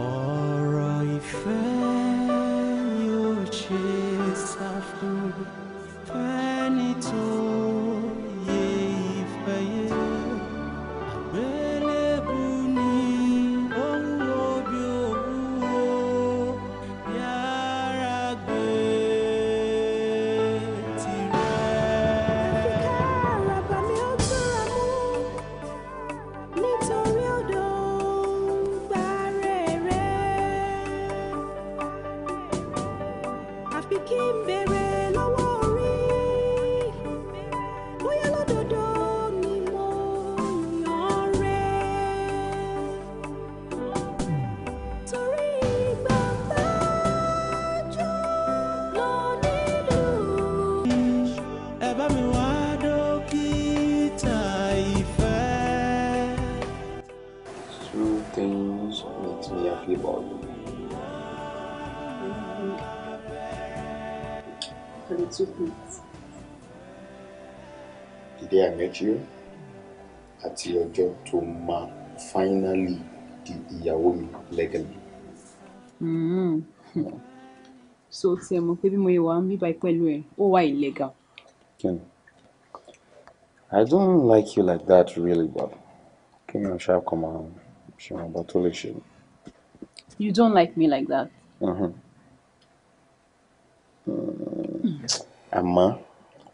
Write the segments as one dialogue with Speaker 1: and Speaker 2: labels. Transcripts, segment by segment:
Speaker 1: ọ̀rọ̀ ìfẹ́ yóò ṣe ṣàfihàn fẹ́ni tó.
Speaker 2: Nigeria àti ọjọ́ tó máa finally di ìyàwó mi legally.
Speaker 3: Mm-hmm.
Speaker 4: so tí ẹ mọ̀ pé bí mo yẹ wà ń bíbá pẹ̀lú ẹ̀ ó wà illegal.
Speaker 2: I don't like you like that really but kí ni ọ̀ṣà kọ́ máa ṣe wọn bá tó lè ṣe.
Speaker 4: You don't like me like that.
Speaker 2: Mm-hmm. Mm. Àmọ́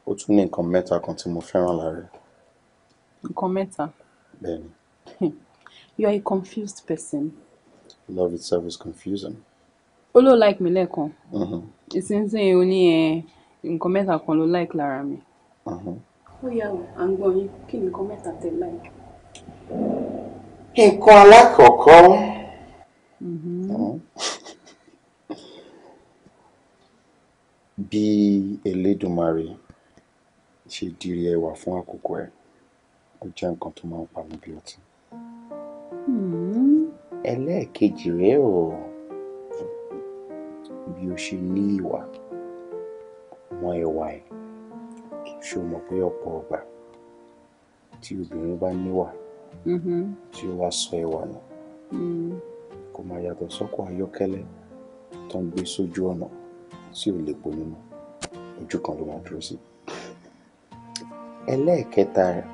Speaker 2: ó tún ní nǹkan mẹ́ta kan tí mo fẹ́ràn lára rẹ̀
Speaker 4: nǹkan mẹ́ta. bẹ́ẹ̀ni. you are a confused person.
Speaker 2: love itself is confusing.
Speaker 4: ó ló like mi lẹ́ẹ̀kan. Mm-hmm. ìsinsìnyí o ní eh, nǹkan mẹ́ta kan ló like lára mi.
Speaker 2: Mm-hmm. ó yà wò à ń gbọ́ yín kí nǹkan
Speaker 4: mẹ́ta tẹ̀ like. nǹkan alákọ̀ọ́kọ́.
Speaker 3: Mm-hmm.
Speaker 2: bí Elédùmarè ṣe dirí ẹwà fún àkókò ẹ̀ ó jẹ́ nǹkan tó máa ń pa mí bí ọtí.
Speaker 3: Hmm.
Speaker 2: ẹlẹ́ẹ̀kejì rèé o bí o ṣe ní ìwà mọ ẹwà ẹ̀ ṣé o mọ̀ pé ọ̀pọ̀ ọgbà tí obìnrin bá níwà mm-hmm. tí ó wá sọ ẹwà nù mm. kò máa yàtọ̀ sọ́kọ̀ ayọ́kẹ́lẹ́ tó ń gbé sójú ọ̀nà tí ò lè po nínú ojú kan ló máa dúró sí. ẹlẹ́ẹ̀kẹta rẹ̀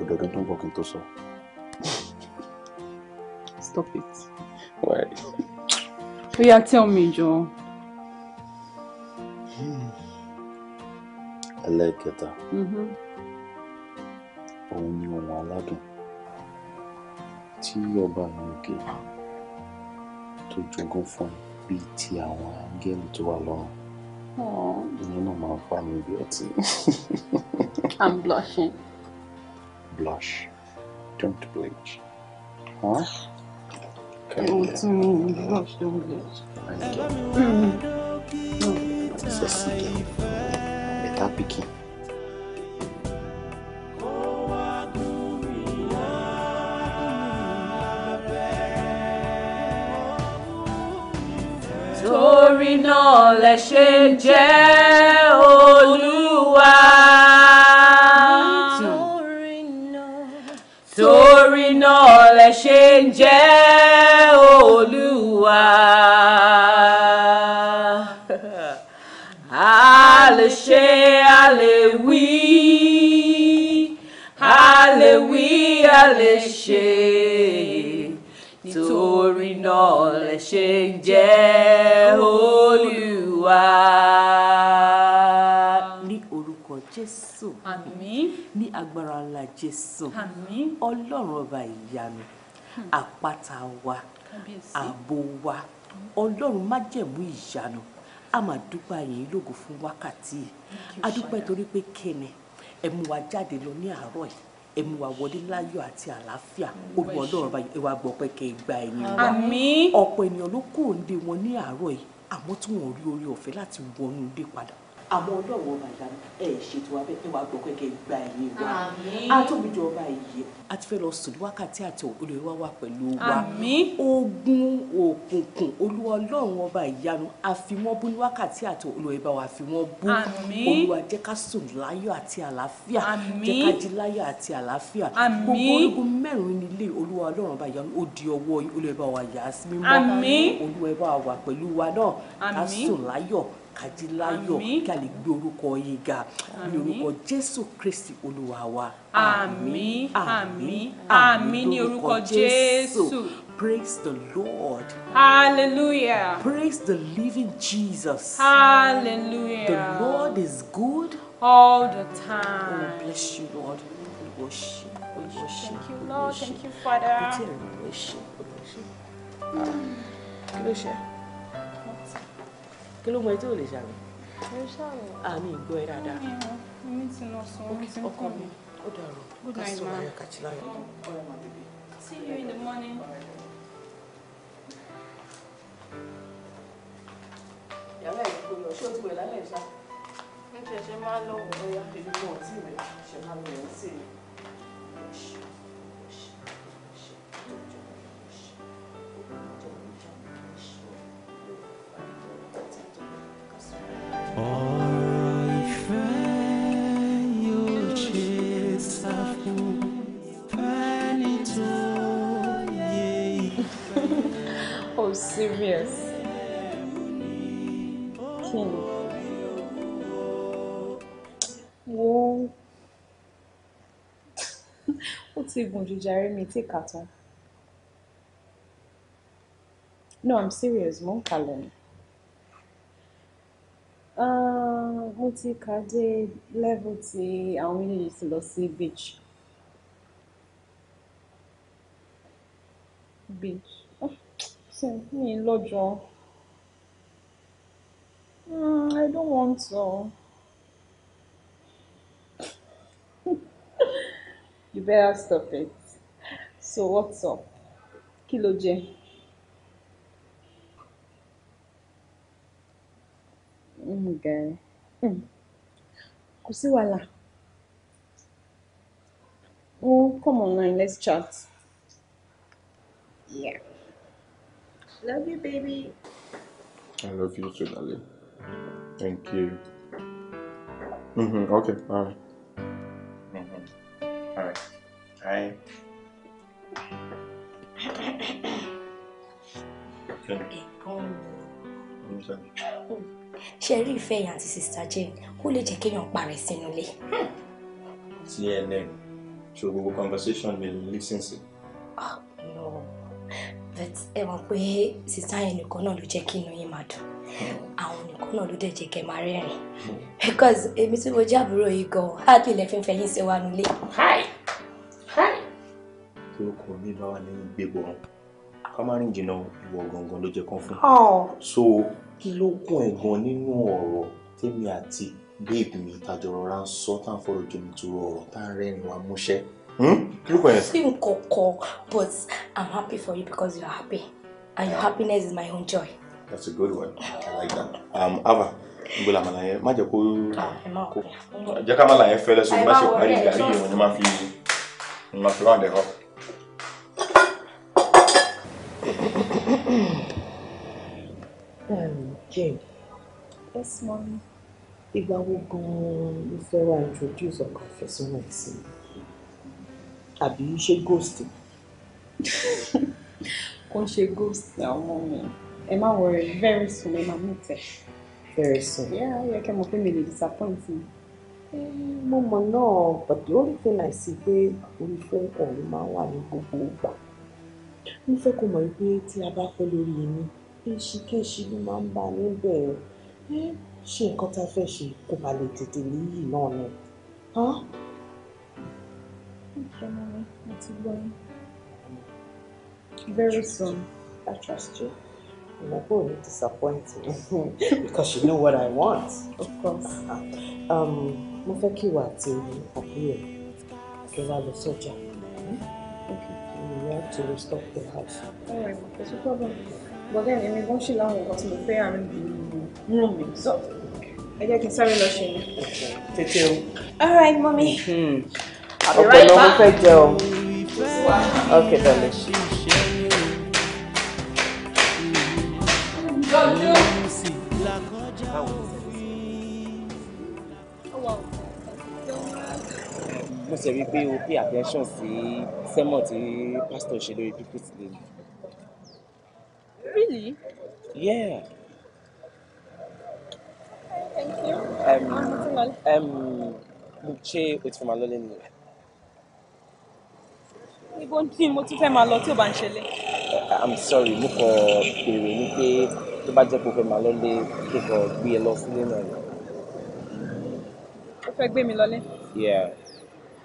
Speaker 2: ọdọọdún tó ń bọ̀ kí n
Speaker 4: stop it. why. Yeah, tell me jọ.
Speaker 2: ẹlẹ́ẹ̀kẹta òun ni ohun aládùn tí ọba àwọn òkè tó jogún fún bíi ti àwọn áńgẹ́lì to wà lọ́run ìyẹn náà máa ń fà mí bí ọtí. I'm blushing blush. Don't bleach, Huh?
Speaker 1: Come no, Blush, don't bleach.
Speaker 3: It's a sick. Better picking.
Speaker 5: torí náà lẹ
Speaker 1: ń jẹ́ olúwa. A lè ṣe, a lè wí,
Speaker 5: a lè wí, a lè ṣe. Nítorí náà lè ṣe ń olúwa. Jésù. Àmín.
Speaker 4: Ní agbára ńlá Jésù. Àmín. Ọlọ́run ọba ìyanu. Hmm. àpáta wa ààbò wa hmm. ọlọ́run májẹ̀mú ìyanu a máa dúpẹ́ yín lógo fún wákàtí a dúpẹ́ torí pé kẹ́ni ẹ mú wa jáde lọ ní àárọ̀ yìí ẹ mú wa wọlé láyọ̀ àti àlàáfíà olùwọ hmm. ọlọ́run bá ẹ wá gbọ́ pé kẹ́ ẹ gba ẹ̀yìn wa ọ̀pọ̀ ènìyàn ló kúrò ń de wọn ní àárọ̀ yìí àmọ́ tí wọ́n rí orí ọ̀fẹ́ láti wọnú ilé padà àmọ́ ọlọ́run ọba ìyá ẹ ṣètò abẹ́ ẹ wà gbọ́ kẹ́kẹ́ gba ẹ̀yìn wa àtòbíjọ ọba ìyẹ a ti fẹ́ lọ sùn wákàtí àti olùwà wa pẹ̀lú wa ogun òkùnkùn olúwa ọlọ́run ọba ìyanu àfimọ́ bú ní wákàtí àti olùwà ìbá wa fimọ́ bú olúwa jẹ́ ká sùn láyọ̀ àti àlàáfíà jẹ́ ká jí láyọ̀ àti àlàáfíà gbogbo ológun mẹ́rin nílé olúwa ọlọ́run ọba ìyanu ó di ọwọ́ olùwà ìbá wa yà á sí mímọ́ olúwa ìbá wa pẹ̀lú wa náà ká sùn láyọ̀ kájí láyọ̀ kí a lè gbé orúkọ yìí ga ní orúkọ Jésù Kristi Olúwa wa àmín àmín àmín ní orúkọ Jésù. Praise the Lord. Hallelujah. Praise the living Jesus. Hallelujah. The Lord is good.
Speaker 5: All the time.
Speaker 4: Oh,
Speaker 3: bless you, Lord. We worship. We worship. Thank you,
Speaker 4: Lord. Thank you, Father. Thank
Speaker 3: you, Father. Mm
Speaker 4: kí ló mọ ẹ tí ò lè ṣàmì. mo ṣàmì. àmì ìgbọ́ ẹ dáadáa.
Speaker 5: mi ti lọ sùn mi ti ń kọ́ mi. ó dàrú
Speaker 4: kásìmáyà kàchíláyà.
Speaker 5: see you in the morning.
Speaker 4: yàrá ẹ̀ kò lọ ṣé o ti wẹ̀ lálẹ́ ìṣá. ń tẹ̀ ṣe máa lọ wọ̀ ọ́ yá. èmi mọ̀ ọ́
Speaker 3: ṣe máa lọ wọ̀ sí i. Thank you.
Speaker 1: serious. King. ni?
Speaker 4: Wo ó ti gùn jù jàre mi tí No, I'm serious, Mon ń Uh, ni. Ah, mo ti kà level tí àwọn méjèèjì ti lọ sí beach. Beach thing mi lọ́jọ́. Mm, I don't want to. You better stop it. So what's up? Kí ló jẹ? Hmm, Gẹ̀ẹ́. Hmm. Kò sí wàhálà. Oh, come online, let's chat. Yeah. Love you, baby.
Speaker 2: I love you too, darling. Thank you. Mm-hmm. Okay. All right.
Speaker 6: Mm-hmm. All right. Hi.
Speaker 5: ṣe rí ìfẹ́ yẹn àti sista jane kó lè jẹ́ kéèyàn parẹ́ sínú ilé.
Speaker 2: ti ẹ lẹ́nu ṣòro conversation mi lè listen sí. Ah,
Speaker 5: ẹ mọ̀ pé sísá yẹn nìkan náà ló jẹ́ kí inú yín máa dùn àwọn nìkan náà ló dẹ̀ jẹ́ kẹ́ máa rẹ́rìn because èmi tí mo jẹ́ àbúrò yìí gan hardly lè fi ń fẹ̀yìn sí nílé.
Speaker 2: tí o kò ní bá wa ní gbégbó ọ̀hún ká má rìn jìnnà ìwọ gangan ló jẹ́ kán fún oh. so kí ló kún ẹ̀ gan nínú ọ̀rọ̀ tèmi àti babe mi tàjọ̀rọ̀ ra ń sọ tá à ń fọ̀rọ̀ jomitoro ọ̀rọ̀ tá à rẹ́rìn wa múṣẹ́. Ṣé
Speaker 5: nǹkan kan but I'm happy for you because you are happy and your happiness is my own joy.
Speaker 2: That's a good one. I like that. Um, Ava, n bolo àmàlà yẹn má jẹ́ kó kó
Speaker 5: ah,
Speaker 7: jẹ́ ká àmàlà yẹn fẹ́lẹ́ so bá ṣe parí
Speaker 2: gàrí yẹn ni máa fi ni máa fi wá àdẹ́kọ́.
Speaker 3: Um, Jane.
Speaker 4: Yes, mommy. Ìgbà wo gan-an ló fẹ́ wá introduce ọkàn fẹ́sọ́nà
Speaker 7: ìsinmi? àbí
Speaker 4: ṣe ghost. kò ń ṣe ghost àwọn ọmọ mi ẹ má wọrẹ very soon ẹ máa mú tẹ. very soon. yẹ́n ayọ̀ kẹ́ mọ̀ pé mi lè disappoint mi. mo mọ̀ náà but the only thing I see pé orí fún ọ̀run máa ń wà ní gbogbo ìgbà. mo fẹ́ kó mọ̀ pé tí a bá pẹ́ lórí ẹni kéṣikéṣi ló máa ń bá níbẹ̀ ṣe nǹkan tá a fẹ́ ṣe kó ba lè tètè níyì náà ni. Okay, mommy, that's one. Very soon, I trust you. My boy will disappoint me because you know what I want. Of course. Um, mo fẹ́ kí wà tí Because I'm a soldier. Okay. You have to restock the house. Alright, there's no problem. But then, èmi gan ṣì láwọn nǹkan tí mo fẹ́ àárín mi rún mi. So, I jẹ́
Speaker 3: kí n sáré lọ ṣe yẹn. Tètè o. Alright, mommy. Mm-hmm ọ̀pọ̀lọ mo fẹ́ jẹ o ok dọ̀lẹ̀.
Speaker 4: mo ṣe rí o pay attention sí sermon tí pastor ṣe lórí people's day. Really? Yeah. Thank you. Um, um, mo ṣe òtún máa lọ lẹ́nu rẹ̀ níbo ni mo tún fẹ́ máa lọ tí ò bá ń ṣẹlẹ̀.
Speaker 6: i'm sorry mo kọ béèrè ni pé tó bá jẹ́ pé o fẹ́ máa lọ́lé kíkọ gbé ẹ lọ sílé náà ni.
Speaker 4: o fẹ́ gbé mi lọlé. yeah.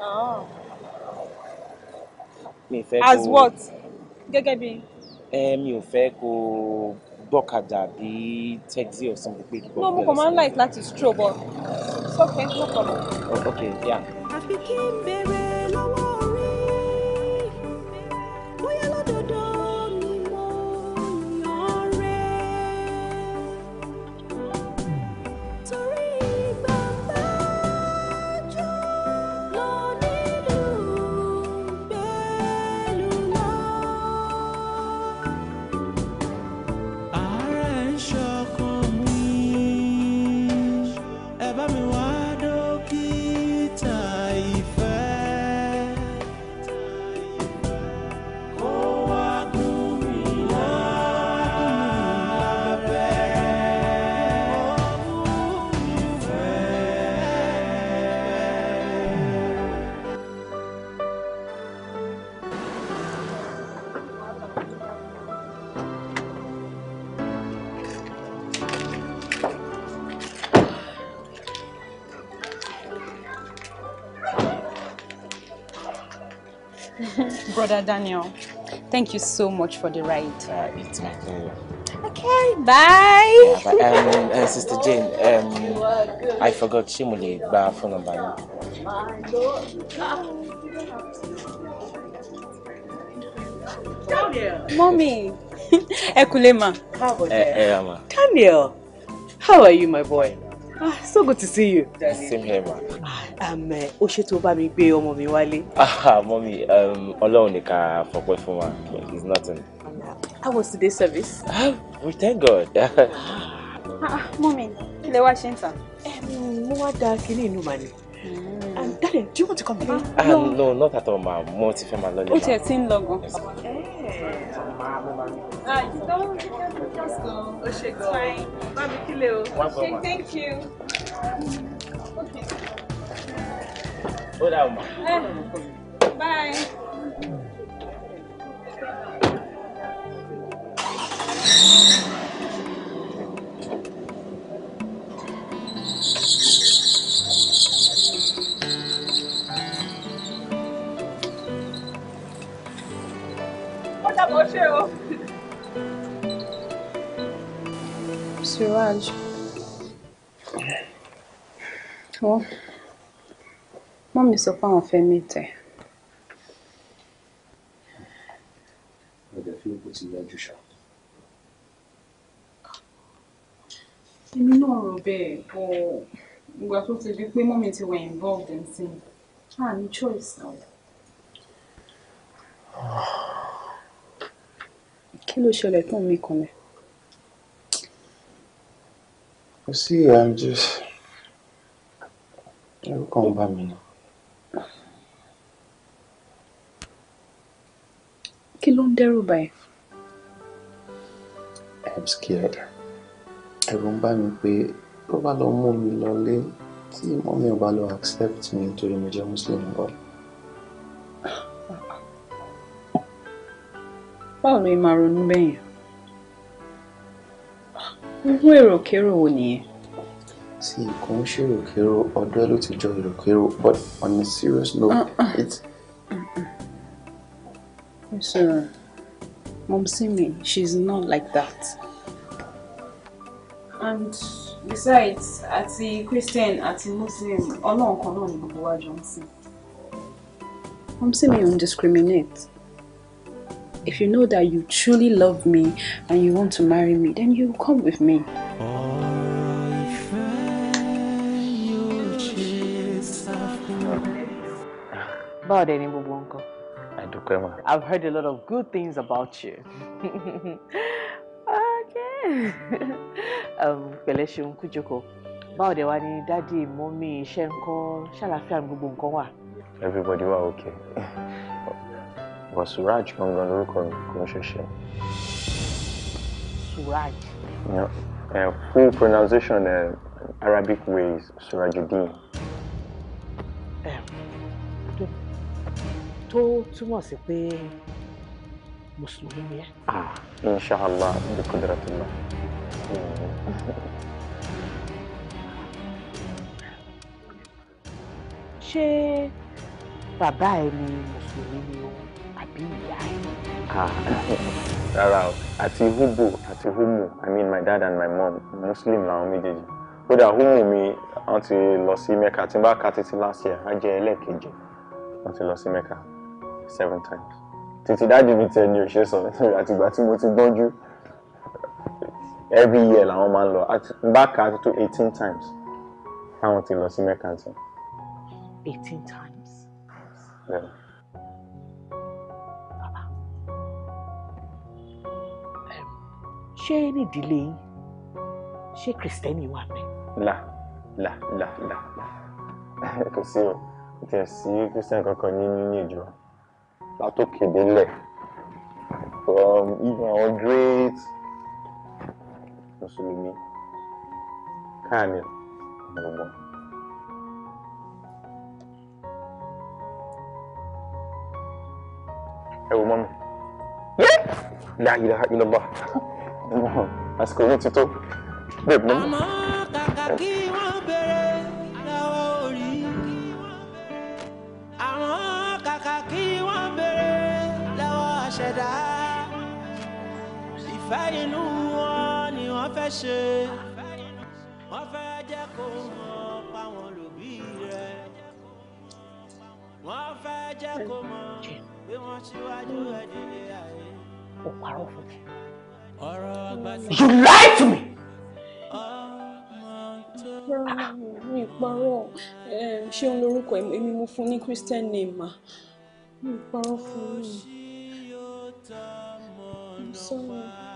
Speaker 4: Oh.
Speaker 6: mi fẹ́ kó as what
Speaker 4: gẹ́gẹ́ bí. ẹ mi ò fẹ́ kó gbọ́kadà bí taxi or something pé
Speaker 6: kíkọ gbé lọ sílé. no mo kàn máa ń
Speaker 4: like láti stroll but it's okay no problem.
Speaker 3: Oh, okay yeah. àfi kí lọ́wọ́ rẹ̀.
Speaker 4: Brother Daniel, thank you so much for the ride. Uh, it's my
Speaker 6: pleasure.
Speaker 3: Okay,
Speaker 4: bye.
Speaker 6: Yeah, but, um, uh,
Speaker 4: Sister Jane, um, I forgot Shimule gba phone number. Daniel. Mommy. Ekulema.
Speaker 1: How about eh,
Speaker 7: you? Eh,
Speaker 4: Daniel, how are you, my boy? Ah, so good to see you.
Speaker 7: Same here, ma.
Speaker 4: Ah, um, eh, ó ṣe tó bá mi gbé ọmọ mi wálé. Ah, mommy, um, Ọlọ́run ni ká fọpẹ́ fún wa. It's nothing. How was today's service? Ah, we thank God. Ah, mommy, kí lẹ wá ṣe ń tà? Um, mo wá da kinní inú màá ni. Mm. Um, darling, do you want to come in? Ah, no. no, not at all, ma. Mo ti fẹ́ máa lọ lẹ́la. Ó tiẹ̀ ti
Speaker 1: ń lọ gan.
Speaker 7: Ah,
Speaker 4: então, just go. Oh, chegou. Fine. Babi,
Speaker 7: que
Speaker 3: Thank you. Okay. Eh, bye.
Speaker 4: sọ pé àwọn fẹ́ mìtẹ́. èmi náà rò bẹ́ẹ̀ bọ́ ìgbà tó ti di pé mọ́mí ti wà involved in sin a ní choice náà. kí ló ṣẹlẹ̀ tó ń mi kan lẹ̀.
Speaker 2: I see, I'm just. Everyone by me now.
Speaker 4: Kí ló ń dẹ́rùbà ẹ́?
Speaker 2: I'm scared. Ẹ̀rù ń bá mi pé tó bá lọ mú mi lọlé tí mọ́mí ò bá lọ accept mi nítorí mo jẹ́ Muslim bọ́.
Speaker 3: Báwo
Speaker 4: ni màá ronú bẹ́yìn? Irú èròkérò wo nìyẹn?
Speaker 2: Sí, kò ń ṣe èròkérò, ọ̀dọ́ ló ti jọ èròkérò, but on a serious note, uh -uh. it's
Speaker 3: I'm sorry.
Speaker 4: Mom Simi, she's not like that. And besides, at the Christian at the Muslim, all kan náà ni gbogbo wa Mom Simi won't discriminate. If you know that you truly love me and you want to marry me, then you come with me. Báwo dẹ̀ ni uncle. Kramer. I've heard a lot of good things about you.
Speaker 3: okay.
Speaker 4: Um, pẹ̀lẹ́ ṣeun kújoko. Báwo dẹ̀ wá ní dádì mọ́mí iṣẹ́ ńkọ́ ṣàlàfíà gbogbo nǹkan wà?
Speaker 2: Everybody wa okay. But Suraj gangan lórúkọ mi kò ń ṣiṣẹ́. Suraj. Yeah. Uh, full pronunciation uh, Arabic way is Surajuddin.
Speaker 4: tó túmọ̀ sí pé mùsùlùmí ni ẹ.
Speaker 2: inṣàlá bí kudratullah.
Speaker 3: ṣé
Speaker 4: bàbá ẹ ni
Speaker 3: mùsùlùmí ni o àbí ìyá ẹ.
Speaker 2: rárá o àti hubo àti humo i mean my dad and my mom muslim làwọn méjèèjì kódà humo mi wọ́n ti lọ sí mẹ́ka tí n bá ka títí last year á jẹ́ ẹlẹ́ẹ̀kejì wọ́n ti lọ sí mẹ́ka seven times Titi, dájú mi tiẹ̀ ni ò ṣe sọ nítorí àtìgbà tí mo ti gbọ́njú every year làwọn máa ń lọ back àti to eighteen times táwọn ti lọ sí Mẹ́kà tí.
Speaker 4: eighteen times.
Speaker 2: Yeah. bàbá
Speaker 4: ṣé ní ìdílé yín ṣé kìrìsìtẹ́nì wà bẹ́ẹ̀.
Speaker 2: la, la, la. là kò sí o kò sí kìrìsìtẹ́nì kankan ní ní ìjọ látòkè délẹ̀ from um, even àwọn great mùsùlùmí Kamil gbogbo. ẹ wo mọ́mi
Speaker 1: la ilaha illallah àsìkò yìí ti tó bẹ́ẹ̀ mọ́mi. àfẹ́ inú wọn ni wọ́n fẹ́ ṣe wọ́n fẹ́ jẹ́ kó mọ̀ pa wọn lòbí rẹ̀ wọ́n fẹ́ jẹ́ kó mọ̀ bí wọ́n ṣíwájú ẹ̀ délé ayé. ó parọ́ fún mi. ọ̀rọ̀ àgbà sí. you lie to
Speaker 7: me.
Speaker 4: mi parọ́ ṣé ń lórúkọ èmi mo fún ní christian name ma
Speaker 3: mi parọ́ fún mi. I'm sorry.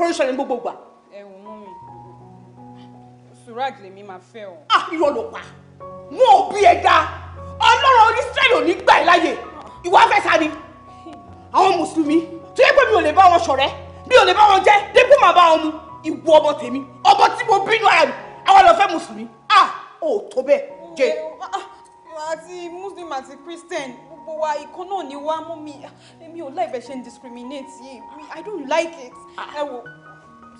Speaker 4: máa sọ̀rọ̀ ní gbogbo gbà. ẹ mú mi suraj lèmi máa fẹ́ o. a ah, ló pa mú òbí ẹ dá ọlọ́run onísírẹ́lì ò ní gbà ẹ́ láyè ìwà fẹ́ta ni àwọn mùsùlùmí tó yẹ pé mi ò lè bá wọn ṣọ̀rẹ́ mi ò lè bá wọn jẹ́ dépò máa bá wọn mu ìwọ ọmọ tèmi ọmọ tí mo bínú ara mi àwọn lọ fẹ́ mùsùlùmí ah ò tó bẹ́ẹ̀ jẹ́. àti muslim àti christian gbogbo wa ikán náà ni wá mú mi èmi ò láì fẹ́ discriminate yìí i don't like it ẹ wo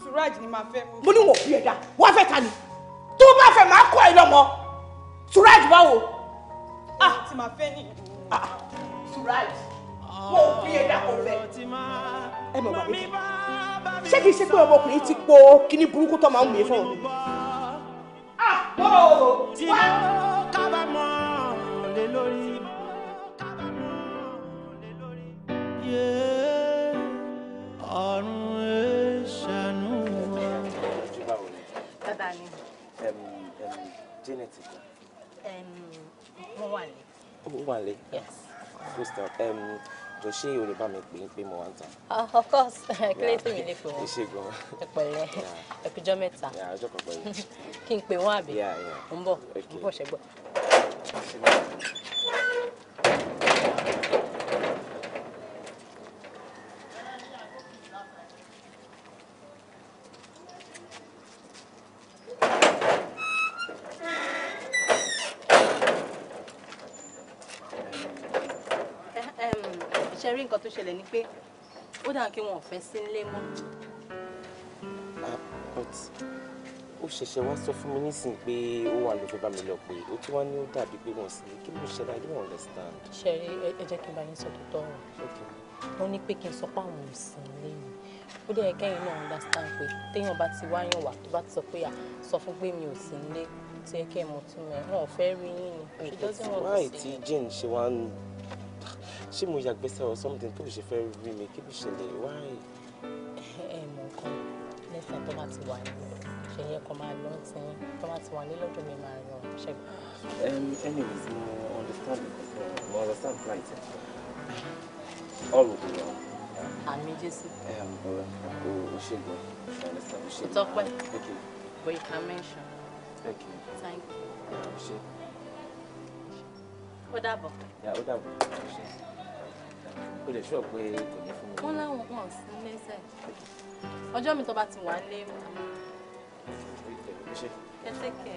Speaker 4: suraj ni màá fẹ́. mo ní wọn ò fi ẹ̀dá wọn fẹ́ ta ni tó bá fẹ́ máa kọ́ ẹ lọ́mọ suraj wá wo. ah ti màá fẹ́ ni. ah suraj wọn ò fi ẹ̀dá kò fẹ́. ẹ mọ̀ bàbá mi ṣé kìí ṣe pé ọmọkùnrin ti po kíní burúkú tó máa ń mìíràn fún mi.
Speaker 1: àpò ah, wá. tí ó Janet kọ. mo wà ní. ó yes. um, jọ ṣé o lè bá mi pè é pé mo wà ń tà.
Speaker 5: Ah, of course kílé tó mi lè fò wọ́n. iṣẹ́ gan. ẹ̀pẹ̀lẹ́ ẹ̀kújọ́ mẹ́ta. ọjọ́ kan pẹ̀lú. kí n pè wọ́n àbí. ń bọ̀ ń bọ̀ ṣẹ́gbọ̀. nǹkan tó ṣẹlẹ̀ ni pé ó dà kí wọn ò fẹ́ sí nílé mọ́.
Speaker 1: Ah, but ó ṣẹ̀ṣẹ̀ wá sọ fún mi nísìnyí pé ó wà lójú bá mi lọ pé ó tún wá ní ó dàbí pé wọ́n sì kí ló ṣẹlẹ̀ i understand.
Speaker 5: ṣẹ̀rí ẹ jẹ́ kí n bá yín sọ tó tọrọ wọ́n ní pé kí n sọ pé àwọn ò sí nílé mi ó dẹ̀ kẹ́yìn náà understand pé téèyàn bá ti wáyàn wá tó bá ti sọ pé à sọ fún pé mi ò sí nílé tí ẹ kẹ́ mọ̀ tún mẹ́ wọn ò fẹ́ rí yín ni. wáyé tí
Speaker 7: jane ṣe wá ń ṣé mo yàgbẹ́ sẹ́ or tó ṣe fẹ́ rí mi kí ló ṣẹlẹ̀ why.
Speaker 5: ẹ mọ nǹkan lẹ́sìn tó bá ti wà ní ṣe yẹ kó máa lọ tí tó bá ti wà ní lọ́dọ̀ mi máa ràn ṣe.
Speaker 4: anyways mo understand because mo understand plight all will be well.
Speaker 5: àmì jésù.
Speaker 2: o ṣe gan o ṣe. ìtọ́pẹ́ but you can mention. thank you.
Speaker 5: thank you.
Speaker 7: Yeah, ó o lè ṣọ́ pé kò ní fún
Speaker 5: mi. wọ́n láwọn kan sí lẹ́sẹ̀ ọjọ́ mi tó bá ti wà lé mi. ẹ tẹ́kẹ̀.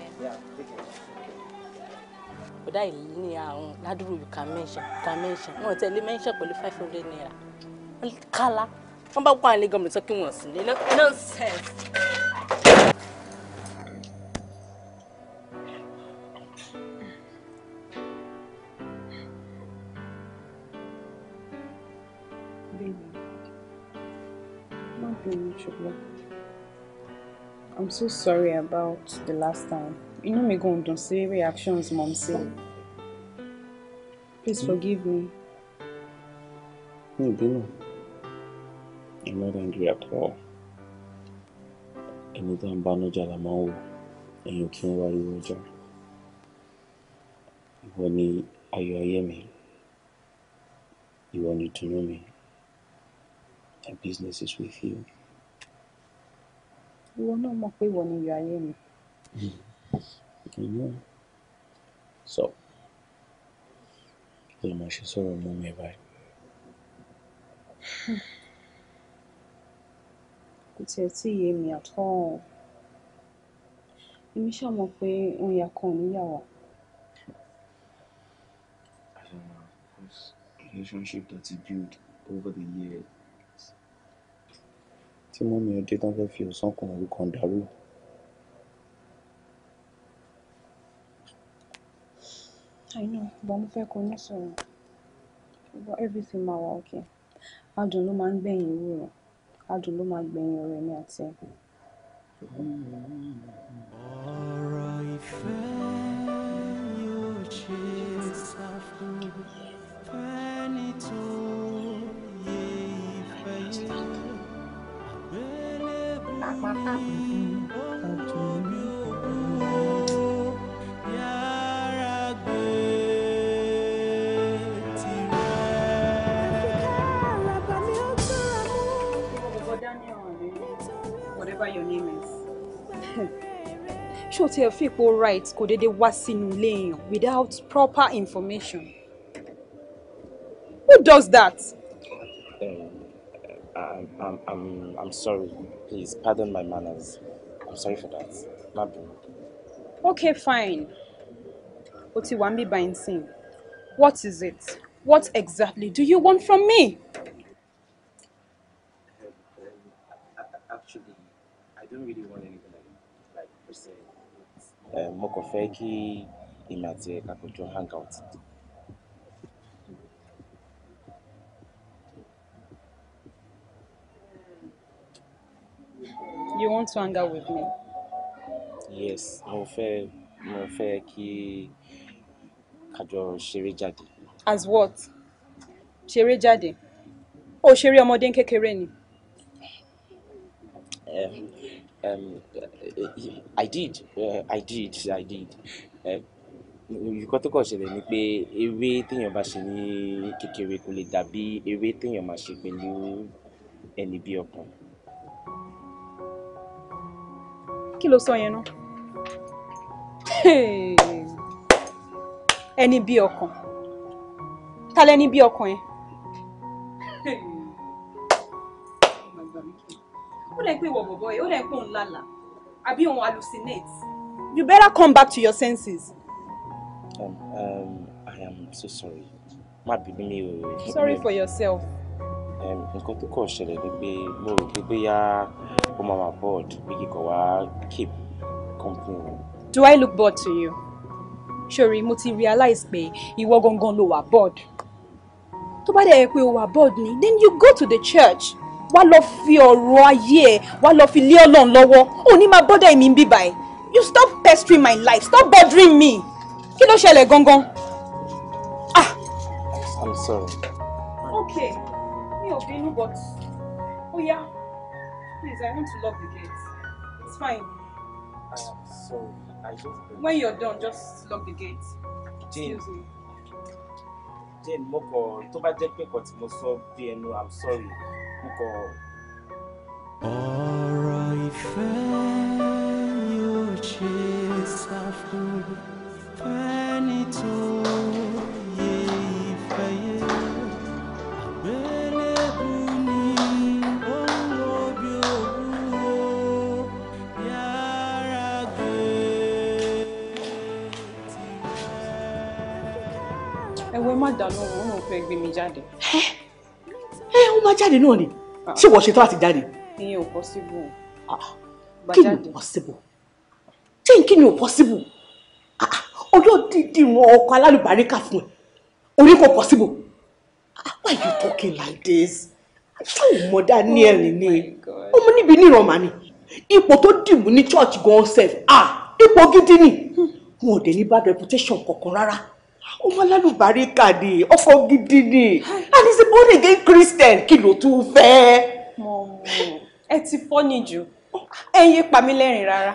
Speaker 5: ọ̀dà yìí ní àrùn ládùúgbò yìí kà mẹ́ṣẹ̀ kà mẹ́ṣẹ̀ wọn ò tẹ̀lé mẹ́ṣẹ̀ pẹ̀lú five hundred naira kálá wọn bá gbọ́n àlẹ́ gọ́ọ̀mù tó kí wọ́n sí lé nonsense.
Speaker 4: gbọ́. I'm so sorry about the last time. Inú mi gan dùn sí reactions mom sí. Please hmm? forgive me.
Speaker 2: No, Bruno. I'm not angry at all. I need to bánújà la máa ń wò, ẹ̀yin kí ń wá irú ọjọ́. Ìwọ ni ayọ̀ You mi. Ìwọ ni ìdùnnú mi. My business is with you
Speaker 4: ìwọ náà mọ̀ pé ìwọ ni iyọ̀ ayé mi.
Speaker 2: sọ ló máa ṣe sọ̀rọ̀ mú mi báyìí.
Speaker 4: kò tiẹ̀ tí ì yé mi àtọ́ èmi ṣáà mọ̀ pé òun yà kan níyàwó.
Speaker 2: relationship that you build over the years tí mọ́mì ẹ dé tán fẹ́ẹ́ fi ọ̀sán kan òru kan dàrú.
Speaker 4: I know, but mo fẹ́ kó ní sọ̀rọ̀. But everything máa wà okay. Adùn ló máa ń gbẹ̀yìn irú rẹ̀. Adùn ló máa gbẹ̀yìn ọ̀rẹ́ mi àti ẹ̀. Ọ̀rọ̀ ìfẹ́
Speaker 1: yóò ṣe é sá
Speaker 3: pátá dúdú ọ̀dùnú.
Speaker 4: Whatever your name is. ṣó tiẹ̀ fi ipò right kò déédéé wá sínú ilé without proper information. Who does that?
Speaker 6: Um, I'm, I'm,
Speaker 2: I'm, I'm sorry. Please, pardon my manners. I'm sorry for that. Mabu.
Speaker 4: Okay, fine. you want me Otiwambi Bainsin, what is it? What exactly do you want from me? Actually, I don't really want anything like per se.
Speaker 2: Eh, mo kàn fẹ́ kí èmi àti ẹ̀ ká hang out.
Speaker 4: you want to hang out with me.
Speaker 6: yes
Speaker 1: mo fẹ́ mo fẹ́ kí a jọ ṣeré jáde.
Speaker 4: as what ṣeré jáde ó ṣeré ọmọdé kékeré ni. Um, um, I did, uh,
Speaker 2: I did, I did. Nǹkan tó kàn ṣẹlẹ̀ ni pé eré téèyàn bá ṣe ní kékeré kò lè dàbí eré téèyàn máa ṣe pẹ̀lú ẹni bí ọkàn.
Speaker 4: kí ló sọ yẹn náà ẹni bí ọkàn ta lẹni bí ọkàn yẹn. ó lè pé ìwọ bọ̀bọ̀ ó lè pé òun lálàá àbí òun hallucinate. you better come back to your senses.
Speaker 2: Um, um, I am so sorry. Má bínú mi o. Sorry for yourself nǹkan tó kàn ṣẹlẹ̀ ni pé mo rò pé bóyá ó máa wà bored bí kíkọ wá keep company.
Speaker 4: do i look bored to you? sori mo ti realize pé ìwọ gangan ló wà bored tó bá dẹ̀ yẹ pé o wà bored ni then you go to the church wá lọ fi ọ̀rọ̀ ayé ẹ̀ wá lọ fi lé ọlọ́run lọ́wọ́ ò ní máa bọ́dọ̀ èmi bíbá ẹ̀ you stop pestering my life stop bothering me kí ló ṣẹlẹ̀ gangan.
Speaker 6: ah i'm sorry.
Speaker 4: okay mi ò bínú but oh yeah, please I want to lock the gate it's fine. I am sorry I just. when you're done just lock the gate. Jane Jane mo kàn tó bá jẹ́ pé mo sọ bí I'm sorry mo kàn.
Speaker 1: ọ̀rọ̀ ìfẹ́ yóò ṣe ṣàfùfẹ́ nítorí.
Speaker 4: má dáná òun òun fẹ́ gbé mi jáde. ẹ ẹ ó máa jáde náà ni ah. ṣé wọ́n ṣe tó àti jáde. ìyẹn ò possible. Ah, kí ni ò possible jane ah, kí ni ò possible ọjọ́ dídì wọn ọkọ̀ alálùbáríkà fún ẹ orí kò possible why you talking like this ṣé o mọ daniel oh ni ọmọ níbi nírọ̀mà ni ipò tó dìbò ní church gan-an sef ipò gidi ni hmm. wọn ò dé ní bad reputation kankan rárá ọmọ alálùbáríkà ni ọkọ gidi ni and he's a born christian kí ló tún fẹ́. ẹ ti fọ́ni jù ẹ yé pa mí lẹ́rìn rárá.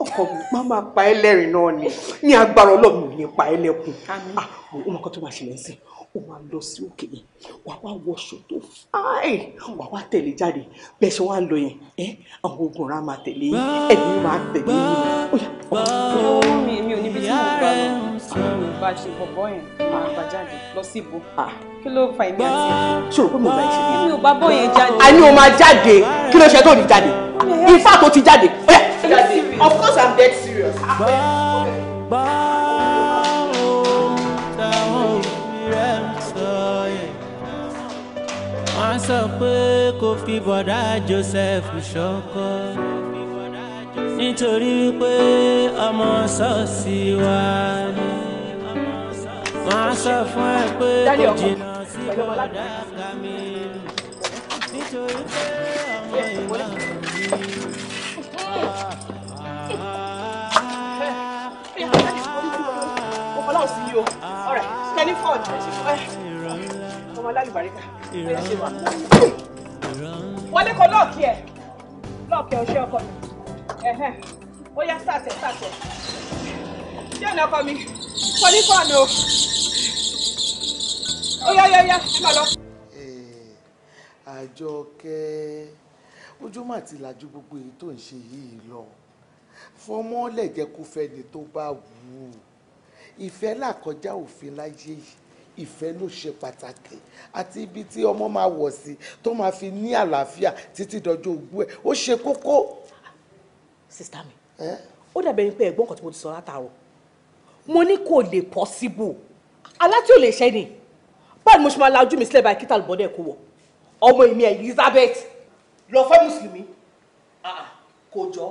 Speaker 4: ọkọ mi má máa pa ẹ́ lẹ́rìn náà ni ní agbára ọlọ́run ò ní pa ẹ́ lẹ́kùn ah, ọmọ kan tó máa ṣẹlẹ̀ sí i ó máa lọ sí òkè yẹn wà wá wọṣọ tó fáì wà wá tẹ̀lé jáde bẹ́ẹ̀ ṣe wá lọ yẹn ẹ àwọn ogun ra máa tẹ̀lé ẹ̀mí máa tẹ̀lé yín. bá bá bá bá bá bá bá bá tí mi ò bá ṣe bọ̀bọ̀ yẹn máa gbà jáde lọ sí ibo kí ló fa èmi àti ẹ̀. ṣòro pé mo bá ṣe. mi ò bá bọ̀ yẹn jáde. a ní o máa jáde kí ló ṣe tó ní jáde ifá tó ti jáde. of course i'm dead serious.
Speaker 1: wọ́n sọ pé kò fi bọ̀dá Joseph ṣọkọ nítorí wípé ọmọ ṣọ́ọ̀ṣì wa ni màá sọ fún ẹ pé kò jìnnà sí bọ́dà kàmí nítorí pé ọmọ ìwà mi
Speaker 4: wọlé kan lọ́ọ̀kì ẹ̀ lọ́ọ̀kì ọ̀ṣẹ́ ọkọ mi ó yá sàtẹ̀ sàtẹ̀ yóò ná ọkọ mi kò ní fọ́ọ̀nù o
Speaker 3: ó yá yá yá ẹ má lọ.
Speaker 7: àjọkẹ́ ojú mà ti làjú gbogbo èyí tó ń ṣe yìí lọ fọmọ lẹ̀jẹ̀ kó fẹ́ni tó bá wù ú ìfẹ́ làkọjá òfin láyé yìí ló ṣe pàtàkì àti ibi tí ọmọ máa wọ̀ sí tó máa fi ní àlàáfíà títí dọjọ́ ogbó ẹ̀ ó ṣe kókó sista mi
Speaker 4: ó dàbẹ̀ ni pé ẹ̀gbọ́n kan tí mo ti sọ látàárọ̀ mo ní kò lè possible aláti ò lè ṣẹ́ ni báyìí mo ṣe máa la ojú mi sílẹ̀ báyìí kíta lùbọ́dẹ̀ kó wọ̀ ọmọ èmi Elizabeth lọ
Speaker 7: fẹ́ mùsùlùmí ah, kò jọ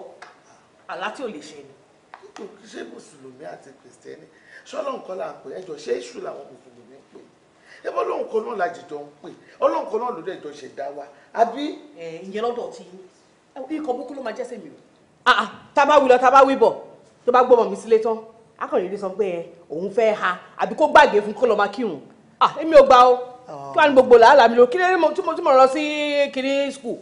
Speaker 7: aláti ò lè ṣẹ́ ni. ṣé mùsùlùmí àti kìrìsìtẹ́nì ṣọ́lá nǹkan là ń pè ẹjọ́ ṣé èṣù làwọn mùsùlùmí ń pè ẹbọ lóǹkan náà làjìjọ ń pè ọlọ́ǹkan náà ló dẹ̀ jọ ṣẹ̀dá wa àbí. ìyẹn lọ́dọ̀ ti yín ikọ̀ búkú ló máa jẹ́ sẹ́mi o Ah, ah, tá a bá wí lọ tá a bá wí bọ̀ tó bá
Speaker 4: gbọ́mọ̀ mi sílé tán akọ̀rẹ́dẹ́ sọ pé ẹ òun fẹ́ ha àbí kó gbàgbé fún kó lọ́ọ́ máa kírun ah èmi ò gbà o ah. kí wàá ní gbogbo làálàá mi lò kí lóore tí mo tí mo lọ sí kiri school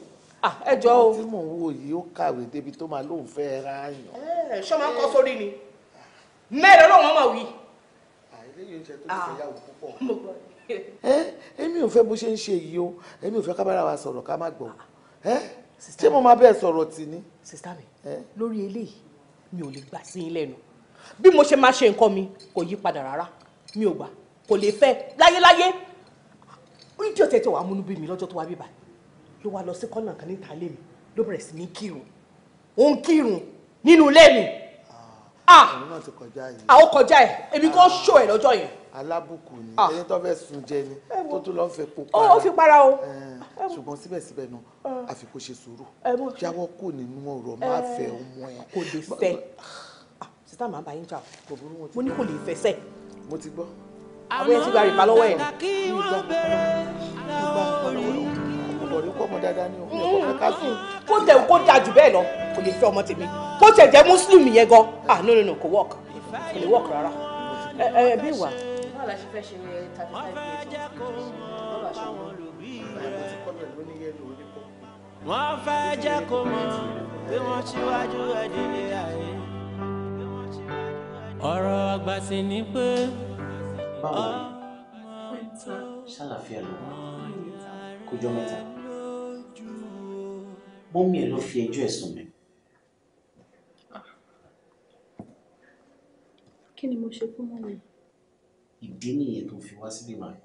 Speaker 7: ah ẹ jọ o. tí mò ń wò yìí ó kàwé débi tó máa lóun fẹ́ ra yàn. ẹ eh, ṣọ́ máa ń kọ́ sórí ni mẹ́rin lọ́wọ́ máa wí. àìlèyìn oúnjẹ tó lè fẹ́ yàwó púpọ̀. Eh, èmi ò fẹ́ bó ṣe ń ṣe yìí o èmi ò fẹ́ ká bára wa sọ̀rọ̀ ká má gbọ́. Eh? ṣé mo máa bẹ́ẹ̀ sọ̀rọ̀ tì ní. sista mi lórí eléyìí mi ò lè gbà sí yín
Speaker 4: lẹ́nu bí mo ṣe máa ṣe nǹkan mi kò yí padà rárá mi ò gbà kò lè fẹ́ láyéláyé oníjì ọ̀tẹ̀ tó wà múnú bí mi lọ́jọ́ tó wá bí báyìí ló wá lọ sí kọ́nà kan níta ilé mi ló bẹ̀rẹ̀ sí ní kírun ó ń kírun nínú ilé mi
Speaker 7: àwọn ah, ah!
Speaker 4: kọjá ẹ̀ èmi kan ṣó ah. ẹ̀ lọ́jọ́ yẹn.
Speaker 7: alábùkù ni ẹni tó fẹ́ sun jẹ ni tó tún lọ ń fẹ́ pupa. ó fi para o. Eh ṣùgbọ́n síbẹ̀síbẹ̀ náà àfi ah. kó ṣe sùúrù jáwọ́ kò nínú ọ̀rọ̀ má eh. fẹ́ ọmọ ẹ̀. kò lè fẹ́
Speaker 4: ah, sísá màá bá yín jà kò burú wọn. mo ní kò lè fẹsẹ̀. mo ti gbọ́. àwọn ẹ̀ ti gba rìpa lọ́wọ́ ẹ̀. kó tẹ̀ kó da jù bẹ́ẹ̀ lọ kò lè fẹ́ ọmọ tèmi kó tẹ̀ jẹ́ mùsùlùmí yẹn gan ah no no no kò work kò lè work rárá. ẹ ẹ eh, eh, bí wà.
Speaker 3: báwo la ṣe fẹ́ ṣe thirty five
Speaker 1: minutes wọ́n fẹ́ jẹ́ kó mọ̀ bí wọ́n ṣíwájú ẹ̀dílé ayé. ọ̀rọ̀ àgbà sì ni pé. báwo ṣàlàfíà ló wà kójọ mẹ́ta mọ́mí ẹ̀ ló fi ẹjọ́ ẹ̀sùn mi.
Speaker 4: kí ni mo ṣe fún mọ́mí.
Speaker 2: ìdí nìyẹn tó fi wá síbí báyìí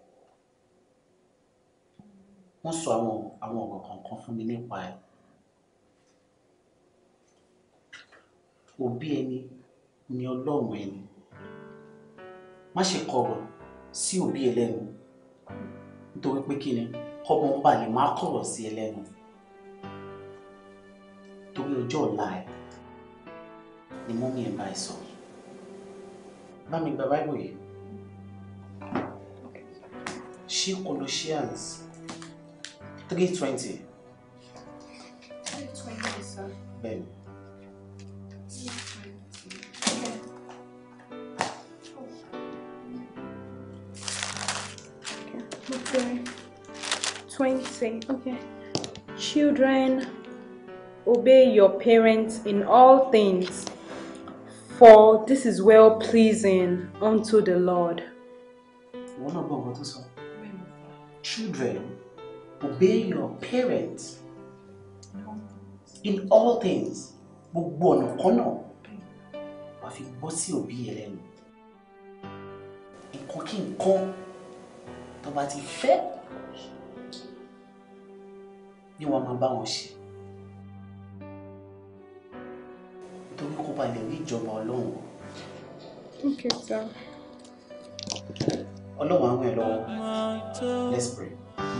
Speaker 4: wọ́n sọ àwọn àwọn ọ̀rọ̀ kọ̀ọ̀kan fún mi nípa ẹ̀.
Speaker 2: òbí ẹni ni ọlọ́run ẹni má ṣe kọ̀rọ̀ sí òbí ẹlẹ́nu
Speaker 4: nítorí pé kí ni kọ́mọ bá lè má kọ̀rọ̀ sí ẹlẹ́nu torí ọjọ́ ọ̀la ẹ̀ ni mọ́mí ẹ̀ bá ẹ sọ bá mi gba báìbù yìí
Speaker 7: ṣé Colossians three twenty.
Speaker 3: twenty sir. bẹ́ẹ̀ni. Okay. Twenty. Okay. Children,
Speaker 5: obey your parents in all things,
Speaker 4: for this is well pleasing unto the Lord. What náà gbọ́ nǹkan tó Children obey your parents in all things gbogbo ọ̀nà kọ́nà wàá fi gbọ́ sí òbí ẹ lẹ́nu nǹkan kí nǹkan tó bá ti fẹ́ ni wàá máa bá wọn ṣe
Speaker 2: nítorí kó ba rí ìjọba ọlọ́run. Okay, Ọlọ́run àwọn ẹ̀ lọ́wọ́. Let's pray. أعوذ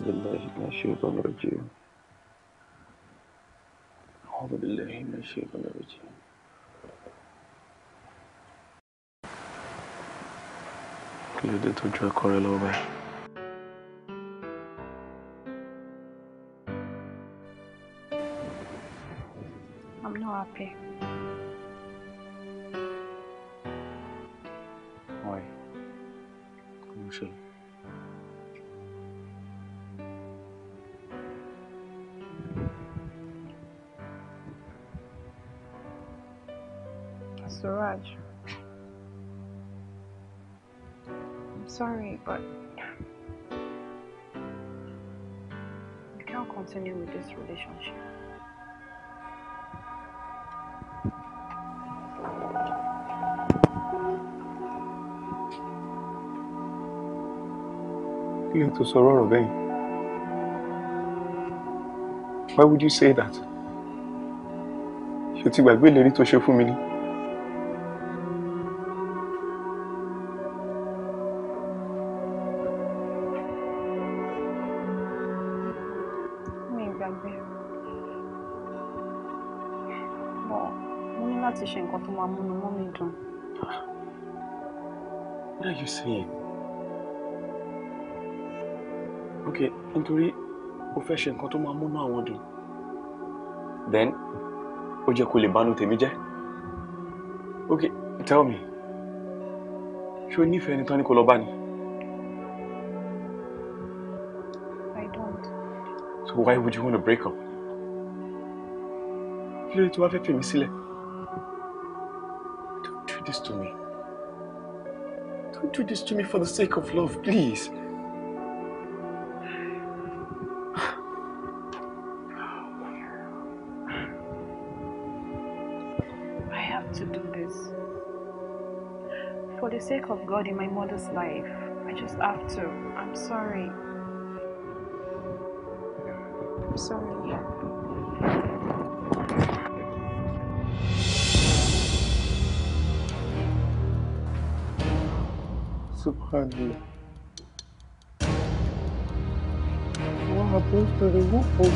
Speaker 1: بالله من الشيطان
Speaker 2: الرجيم أعوذ بالله من الشيطان الرجيم যদি ধৈর্য করে লো ভাই ہے kí lè tó sọ̀rọ̀ ọ̀rọ̀ bẹ́yìn why would you say that ṣe ti gbàgbé ìlérí tó ṣe fún mi ni. fẹ́ ṣe nǹkan tó máa múnú àwọn dùn. then ó jẹ́ kó lè bánú tèmi jẹ́. ok tell me ṣé o nífẹ̀ẹ́ ẹni tán ni kò lọ bá ni.
Speaker 6: I don't. so why would you want to break up?
Speaker 2: kí ló dé tí wàá fẹ́ fèmí sílẹ̀? don't do this to me. Don't
Speaker 4: do this to me for the sake of love, please. God in my mother's life. I just have to. I'm
Speaker 3: sorry. I'm sorry.
Speaker 7: Subhanallah.
Speaker 3: What happens to the world?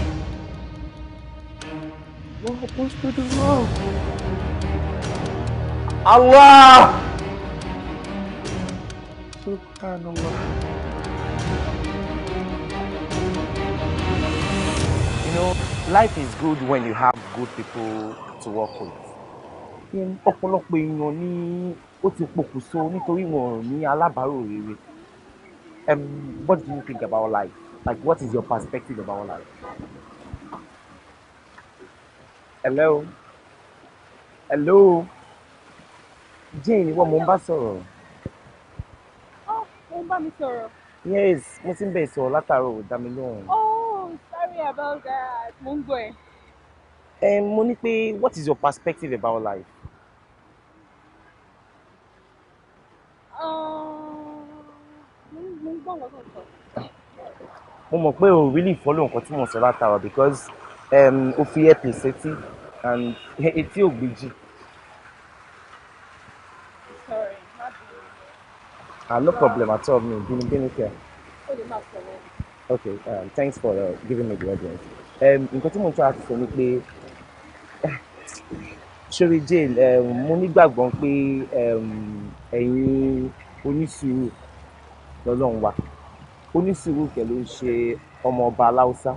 Speaker 3: What happens to the world? Allah! Subhanallah.
Speaker 2: You know, life is good when you have good people to work with.
Speaker 4: ọ̀pọ̀lọpọ̀ èèyàn ni ó ti pokùnso nítorí wọn ò ní alábàárò rere. what do you think about life? Like, what is your perspective about life?
Speaker 2: Hello? Hello? Jane, wọ́n mo ń bá sọ̀rọ̀ bá mi sọ̀rọ̀. yes
Speaker 4: mo ti ń bẹ̀ sọ̀rọ̀ látàárọ̀ ò
Speaker 3: oh sorry about that mo ń gbọ́ ẹ.
Speaker 4: ẹ mo ní pé what is your perspective about life.
Speaker 3: Um, mo ń gbọ́ nǹkan tó ń sọ.
Speaker 2: mo mọ̀ pé o really follow nǹkan tí mo sọ látàárọ̀ because um,
Speaker 4: o fi epi sétí and etí ò gbé jì. Uh, no problem at all, Me, bínú bínú kẹ́. Okay, um, thanks for uh, giving me the audience. Um, nǹkan tí mo ń tọ́ àti sọ ni pé sori jane um, mo nígbàgbọ́ pé
Speaker 7: um, ẹ̀yin onísùúrù lọ́lọ́run wa onísùúrù kẹ̀ ló ń ṣe ọmọ ọba aláùsá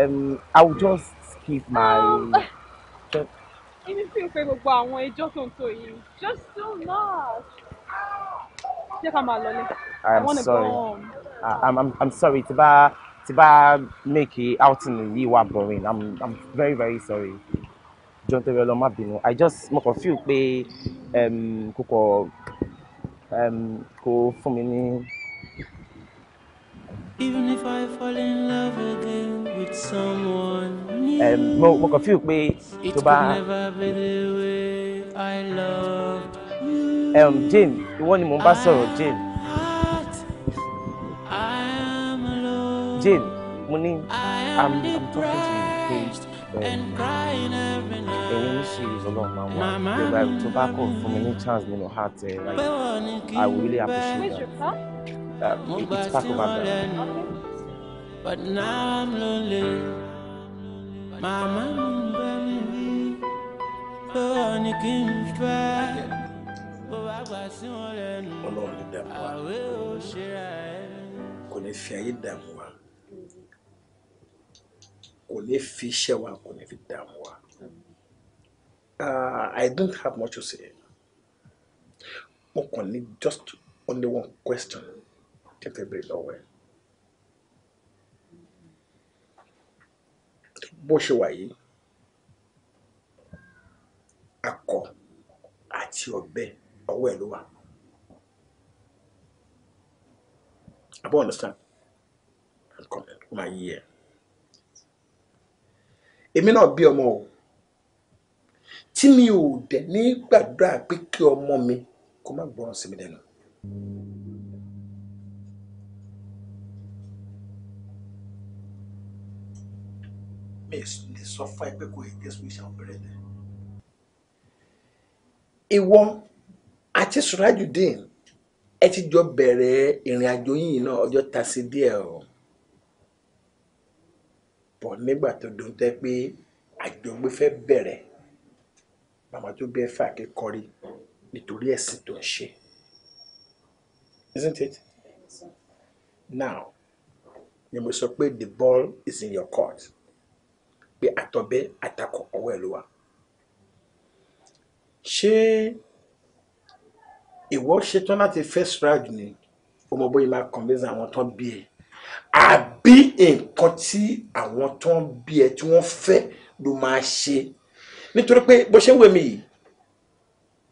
Speaker 7: i will just
Speaker 2: keep my.
Speaker 4: èmi fi ń pe gbogbo àwọn ẹjọ́ tó ń tó yìí just so much i'm sorry i'm i'm i'm sorry Tiba tiba tí out in outing yìí wà boring i'm i'm very very sorry john torí ọlọ i just mo kàn feel pé um, kò kọ um, kò fún mi ní.
Speaker 1: Even if I fall in love again with someone
Speaker 4: um, mo, mo kàn feel pé
Speaker 1: never be the way I
Speaker 4: love um, Jane ìwọ ni mò ń bá sọ̀rọ̀ Jane
Speaker 1: Jane mo ní I'm, I'm talking to you pé ẹ̀yin ní series ọlọ́run máa wà bẹ́ẹ̀ báyìí tó bá kọ̀ fún mi ní chance nínú heart ẹ̀
Speaker 2: like I really appreciate that it, it's
Speaker 3: part of mi rí.
Speaker 1: Lọ́wọ́ ni kí n fẹ́ ọlọ́run ní dààmú wa kò ní fi ayé dààmú wa
Speaker 4: kò ní fi iṣẹ́
Speaker 2: wa kò ní fi dààmú wa ah, I don't have much to say mo kàn ní just only one question tí fẹ́ bèrè
Speaker 7: lọ́wọ́ ẹ̀ bó ṣe
Speaker 4: wà yìí akọ àti ọ̀bẹ ọwọ́ ẹ̀ ló wà. abọ́
Speaker 7: understand ó máa yí ẹ̀. èmi náà bí ọmọ o tí mi ò dẹ̀ ní gbàdúrà pé kí ọmọ mi kó má gbọ́ràn sí mi lẹ́nu.
Speaker 2: mi lè sọ fún ẹ pé kò yẹ
Speaker 7: ìwọ àti surajudeen ẹ ti jọ bẹ̀rẹ̀ ìrìn àjò yìí náà ọjọ́ ta sí díẹ̀ o bọ̀ nígbà tó dùn tẹ́ pé àjọgbé fẹ́ bẹ̀rẹ̀ màmá tó bẹ́ẹ̀ fà ké kọrí nítorí ẹ̀sìn tó ń ṣe isn't it now ni mo sọ pé the ball is in your court pé
Speaker 4: àtọ̀bẹ́ àtakọ̀ ọwọ́ ẹ̀ ló wà
Speaker 7: ṣé ìwọ ṣetán láti first round ni ọmọ bóyá máa convince àwọn tán bí ẹ àbí nǹkan tí àwọn tán bí ẹ tí wọ́n
Speaker 4: fẹ́ ló máa ṣe nítorí pé bó ṣe ń wèmí yìí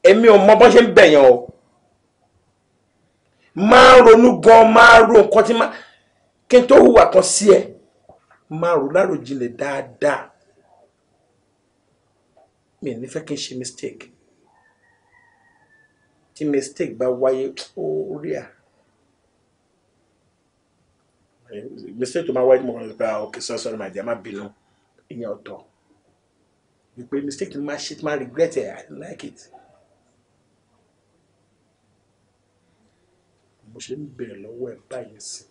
Speaker 4: èmi ò
Speaker 7: mọ bó ṣe ń bẹ̀yàn o máa ronú gan máa ro nǹkan tí máa kí n tó hùwà kan sí ẹ máa rò láròjinlẹ̀ dáadáa mi ò ní fẹ́ kí n ṣe mistake tí mistake bá wáyé ó rí à mistake tó máa wáyé mo kàn lè pa ok sorry sorry my dear má bínú ìyẹn
Speaker 2: ọ̀tọ̀ wípé mistake máa ṣe máa regret it i like it. mo ṣe ń bèrè lọ́wọ́ ẹ̀ báyìí sí.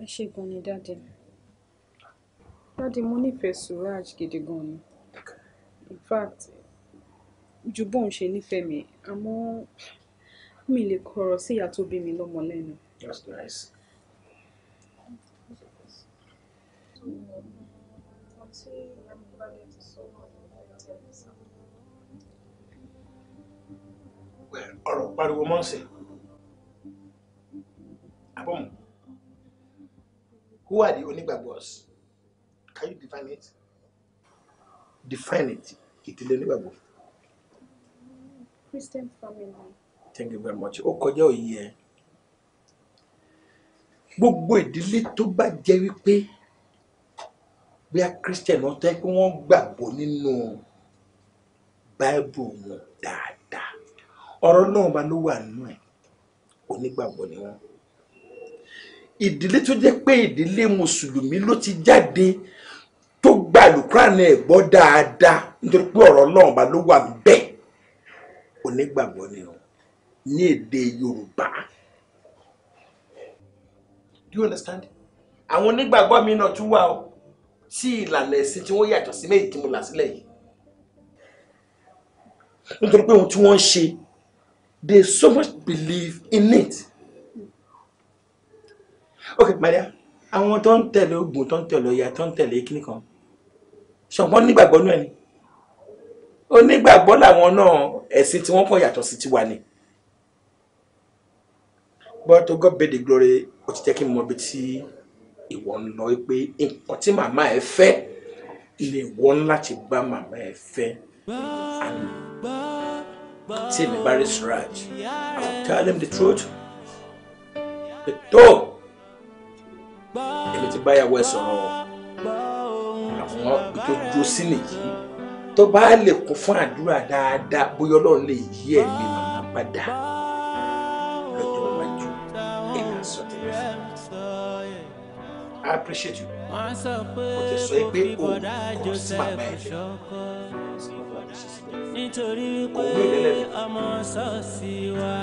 Speaker 3: ẹ ṣe gan ni
Speaker 4: dáàdi dáàdi mo nífẹ̀ẹ́ Suraj gidi gan ni in fact ju bóun ṣe nífẹ̀ẹ́ mi àmọ́ mi lè kọ̀rọ̀ sí ìyá tó bí mi lọ́mọ lẹ́nu. That's nice.
Speaker 7: ọ̀rọ̀ pariwo mọ́ ọ̀sẹ̀ abọ́mu who are the only bad boss? can you define it define it ìdílé onígbàgbọ́.
Speaker 4: Christian family. Thank you very much. Ó kọjá òye ẹ. Gbogbo ìdílé tó bá jẹ́ wípé bóyá Christian wọn tẹ́ pé wọ́n gbàgbọ́ nínú
Speaker 7: Báíbù wọn dáadáa. Ọ̀rọ̀ náà bá ló wà nínú ẹ̀.
Speaker 2: Onígbàgbọ́ ni wọ́n.
Speaker 7: Ìdílé tó jẹ́ pé ìdílé Mùsùlùmí ló ti jáde àlùkùránì náà gbọ́ dáadáa nítorí pé ọ̀rọ̀ ọlọ́run bá ló wà bẹ́ẹ̀ onígbàgbọ́ ni o ní èdè yorùbá do you understand àwọn
Speaker 4: onígbàgbọ́ mi náà tún wà o sí ìlànà ẹ̀sìn tí wọ́n yàtọ̀ sí méjì tí mo là sílẹ̀ yìí
Speaker 7: nítorí pé ohun tí wọ́n ń ṣe they so much believe in it okay my àwọn tó ń tẹ̀lé ogun tó ń tẹ̀lé ọya tó ń tẹ̀lé kíní kan ṣùgbọ́n nígbàgbọ́ náà ni onígbàgbọ́ làwọn náà ẹ̀sìn tí wọ́n kàn yàtọ̀ sí tiwa ni but to God be the glory ó ti jẹ́ kí n mọ ibi tí ìwọ ń lọ pé nǹkan tí màmá ẹ fẹ́ ni ìwọ láti bá màmá ẹ fẹ́ and tí èmi bá rí Suraj I will tell them the truth pé tó èmi
Speaker 4: ti báyàwó ẹ sọ̀rọ̀ o wọn tó dúró sí nìyí tó bá lè kún fún àdúrà dáadáa bóyá ọlọ́run lè yí ẹ̀ lè padà
Speaker 1: lọ́jọ́ iwájú ẹ̀yà sọ tẹ̀lé fún I appreciate you kò tẹ̀ sọ pé o kò sí bàbá ẹ̀ fẹ́ nítorí pé ọmọ ṣọ́ọ̀ṣì wa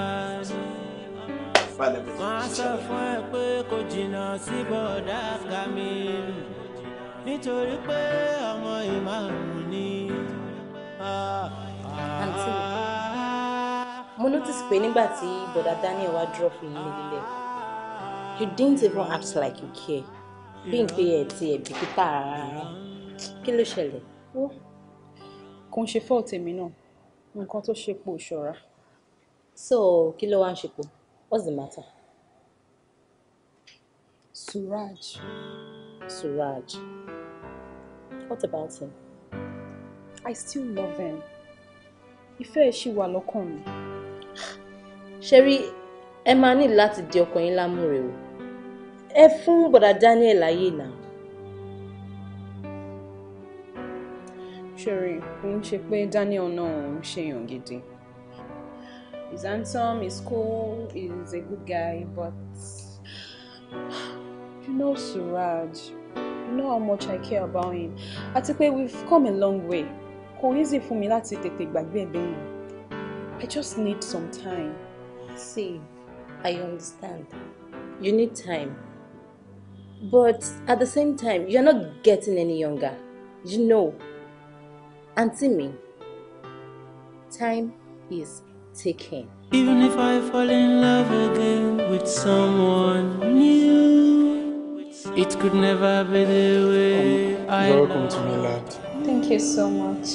Speaker 1: ni wọ́n sọ fún ẹ pé kò jìnnà sí bọ̀dá Kamilu nítorí pé ọmọ ìmáàmù ni. àǹtí mo notice pé nígbà tí
Speaker 5: bọ̀dá Daniel wá drop yín nílẹ̀ you didn't even act like you care bí n pe ẹ̀ ti ẹ̀ bìkítà rárá kí ló ṣẹlẹ̀.
Speaker 4: kò ń ṣe fọ́ọ̀tì mi náà nǹkan tó ṣe pò ṣọ́ra. so kí ló wá ń ṣe pò what's the matter. Suraj. Suraj. What about him? I still
Speaker 5: love him. Ìfẹ́ ẹ̀ ṣì wà lọ́kàn mi. Ṣẹ́rí, ẹ máa ní láti di ọkàn yín lámú rẹ̀ o. Ẹ fún bọ̀dà Daniel láyè náà. Sherry, kò
Speaker 4: ń ṣe Daniel náà ń ṣèyàn gidi. He's handsome, he's cool, he's a good guy, but you know Suraj you know how much I care about him àti pé we've come a long way kò easy fún mi láti tètè gbàgbé ẹ̀bẹ̀ yẹn I just need some time.
Speaker 5: see I understand you need time but at the same time you're not getting any younger you know aunty me. time is ticking.
Speaker 1: even if I fall in love again with someone new. It could never be the way um, I Welcome to Milad.
Speaker 4: Thank you so much.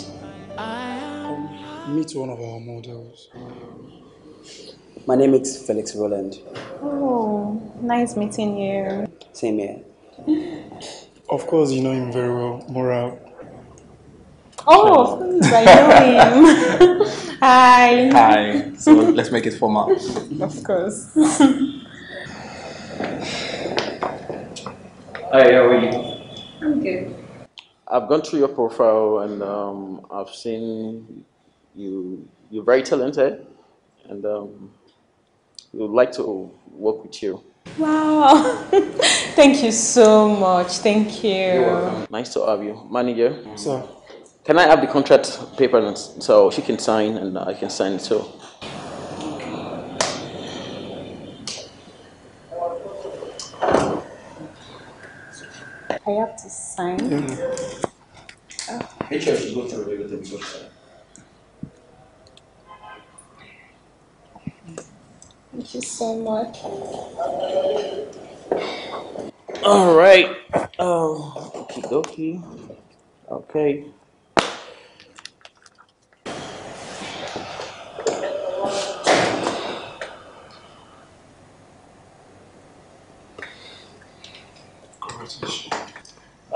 Speaker 4: Um,
Speaker 6: meet one of our
Speaker 4: models. My name
Speaker 6: is Felix Roland.
Speaker 4: Oh, nice meeting you.
Speaker 6: Same here. Of course, you know him very well, Moral.
Speaker 4: Oh, I know him. Hi.
Speaker 6: Hi. So let's make it formal.
Speaker 3: of course. Hi, how are you? I'm good.
Speaker 2: I've gone through your profile and um, I've seen you. You're very talented, and um, we would like to work with you.
Speaker 4: Wow. Thank you so
Speaker 1: much. Thank You're welcome. Nice to have you, manager. Sir, Can I have the contract
Speaker 6: paper so she can sign and I can sign too?
Speaker 3: I have to sign. Mm.
Speaker 2: Oh. HR should go through everything
Speaker 5: before. Thank you so much.
Speaker 3: All right. Oh, okie dokie. Okay.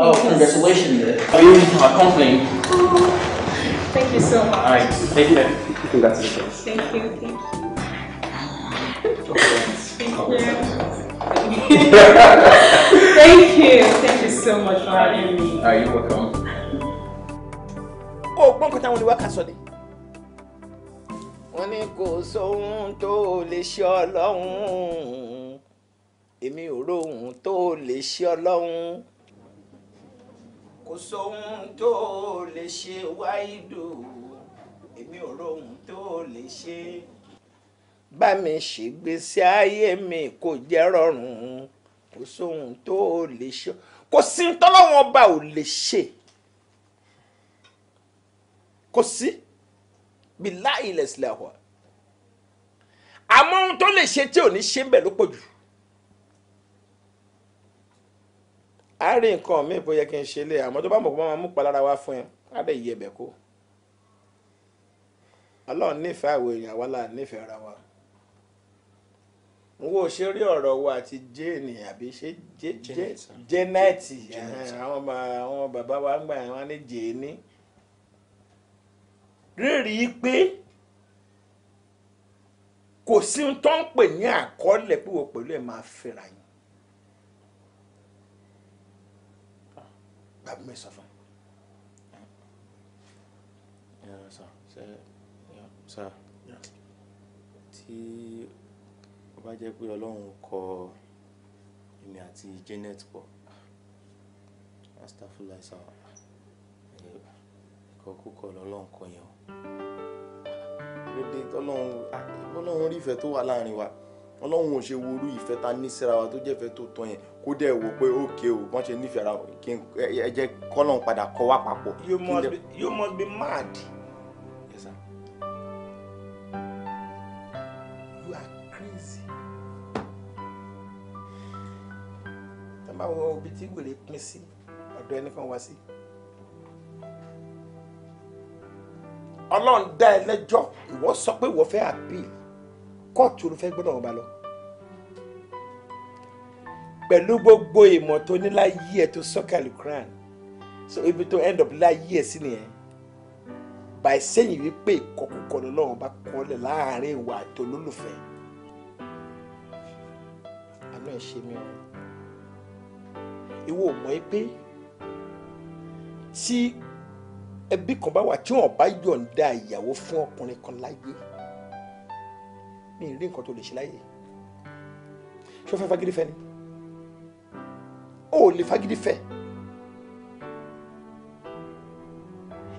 Speaker 4: Oh, congratulations. Are oh, you in our company?
Speaker 6: thank you
Speaker 1: so much. All right, take care. Congratulations. Thank you, thank you.
Speaker 7: thank you. thank you. Thank you so much for having me. Are you welcome? Oh, gbọ́n kọ́ta wọn work wákà sọ̀dẹ̀. Wọ́n ní kò sóhun tó lè ṣe Ọlọ́run. Èmi ò róhun tó lè ṣe Ọlọ́run
Speaker 4: kò sóhun tó lè ṣe wáìdù èmi ò róhun tó lè ṣe.
Speaker 7: bá mi ṣègbésí ayé mi kò jẹ́ rọrùn kò sóhun tó lè ṣe kò sí tọ́lọ́wọ́n ọba ò lè ṣe
Speaker 4: kò sí bíláì ilẹ̀ sílẹ̀ wà àmọ́ ohun
Speaker 7: tó lè ṣe tí ò ní ṣe ń bẹ̀ ló pọ̀ jù. á rí nǹkan míì bó yẹ kí n ṣe lé àmọ́ tó bá mọ̀ kó máa mú palára wá fún ẹ á lè yẹ bẹ̀ kó ọlọ́run nífẹ̀ẹ́ àwọn èèyàn wa là nífẹ̀ẹ́ ara wa n wo ṣe rí ọ̀rọ̀ wa àti jane àbí ṣe jẹ́nẹ́ẹ̀tì àwọn bàbá wa ń gbà wọn ní jẹ́ni rírì pé kò sí tó ń pè ní àkọọ́lẹ̀ pé wò pẹ̀lú ẹ̀ máa fẹ́ra yín gbàgbé mi sọ fún.
Speaker 2: sà tí ó bá jẹ́ pé ọlọ́run kọ èmi àti Janet pọ̀ astafula sà ẹ̀kọ́ kúkọ lọ́lọ́run kọ yẹn o.
Speaker 7: lóde tọ́lọ́run rí ìfẹ́
Speaker 2: tó wà láàrin wa ọlọ́run ò ṣe worú ìfẹ́ ta ní síra wa tó jẹ́ ìfẹ́ tó tọ́ yẹn kó dẹ̀ wò pé òkè o bọ́n ṣe nífẹ̀ẹ́ ara kí ẹ jẹ́ kọ́lọ́n padà kọ́ wá papọ̀. you must be
Speaker 7: you must be mad. yes sir. you are crazy. tá a bá wọ ibi tí wèrè pín sí ọ̀dọ̀ ẹni kan wá sí. ọlọ́run dá ẹ lẹ́jọ́ ìwọ sọ pé ìwọ fẹ́ appeal kóòtù ló fẹ́ gbọ́dọ̀ ọba lọ pẹ̀lú gbogbo ìmọ̀ tó ní láyé ẹ̀ tó sọ́kàlù Quran so ibi tó end up láyé ẹ̀ sí nìyẹn by saying wípé ìkọkúkọ lọ́wọ́n bá kọ́lẹ̀ láàárín ìwà àti olólùfẹ́ àná ẹ̀ ṣe mí o ìwọ mọ̀ ẹ́ pé tí ẹbí kan bá wà tí wọn bá yọ̀ǹda ìyàwó fún ọkùnrin kan láyé mi ì rí nǹkan tó lè ṣe
Speaker 4: láyè ṣé o fẹ́ fagídí fẹ́ ni o ò lè fagídí fẹ́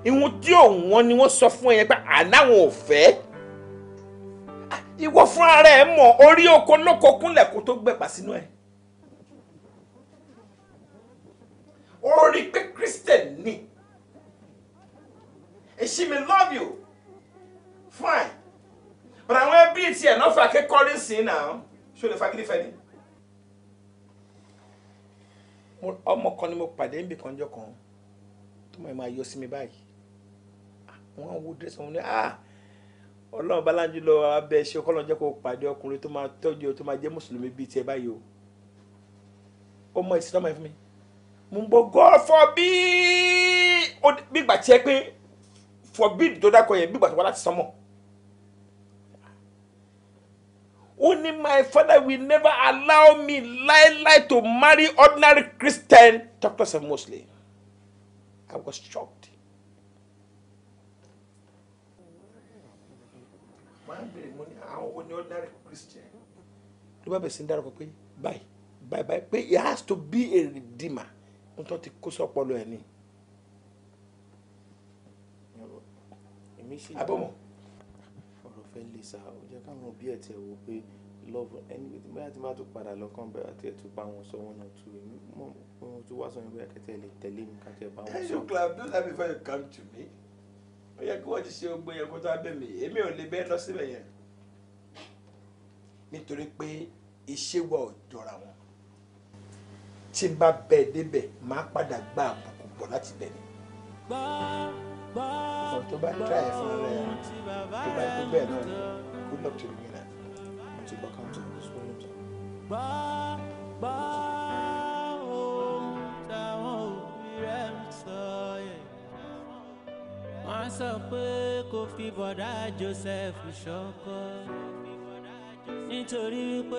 Speaker 4: ìwọ̀n tí òun ni wọ́n sọ fún ẹ yẹn pé àláwọn ò fẹ́ ah, ìwọ fún ara ẹ mọ̀ orí oko lóko kúnlẹ̀ kó tó gbẹ̀pà sínú ẹ̀ ó rí pé Christian ni and she may love you fine but I want to beat Not àwọn ẹbí tiẹ̀ náà fà kékọ́rí sí náà ṣó lè fagídí fẹ́ ni.
Speaker 7: ọmọ kan ni mo pàdé níbi kan jọ kan tó mọ̀ ẹ́ máa yọ sí mi báyìí ah, wọ́n wo dírẹ́sì wọn ni ah ọlọ́run balanjú lọ abẹ́ ṣe ọkọ́lọ́n jẹ́ kó pàdé ọkùnrin tó máa tọ́jú ọ tó máa jẹ́ mùsùlùmí bíi tiẹ̀ báyìí o ó mọ ìsìn tọ́mọ ẹ̀ fún mi mo ń bọ gọ́ọ̀fọ̀ bíi bí ìgbà tiẹ̀ pé forbid tó dákọ̀ yẹn bí ìgbà tó wá láti sánmọ̀. ó ní my father will never allow me lie, to marry ordinary Christian doctors and mostly. I was shocked. máa ń bèrè mo ní ordinary Christian. ló bá bẹ̀ sí ń dárúkọ pé Bye, bye, bye. pé it has to be a redeemer n tó ti kó sọ́pọ̀ lọ ẹ̀ àbọ̀mọ̀ fẹ́ lè sá ó jẹ́ káwọn òbí ẹ̀ tiẹ̀ wò pé love anyway tí bóyá tí bá tún padà lọ kàn àti ẹ̀ bá wọn sọ wọn náà tún èmi mọ̀ ohun tó wá sọ yẹn bóyá kẹ́tẹ́ lè tẹ̀lé mi ká bá wọn sọ. you clap do that before you come to me ó yẹ kí wọ́n ti ṣe ogbó yẹn kó tó abẹ́ mi èmi ò lè bẹ́ẹ̀ lọ síbẹ̀ yẹn nítorí pé iṣẹ́ wa ò jọra wọn tí n bá bẹ́ẹ̀ débẹ̀ máa padà gba àbùkù bọ̀ láti bẹ̀ bọ̀ tó bá try ẹ̀ fún rẹ̀ tó bá ikú bẹ́ẹ̀ good luck to the winner mo ti gbọ́ káwọn tó ń sọ
Speaker 1: ló wọ́n sọ pé kò fi bọ̀dá Joseph ṣọkọ nítorí pé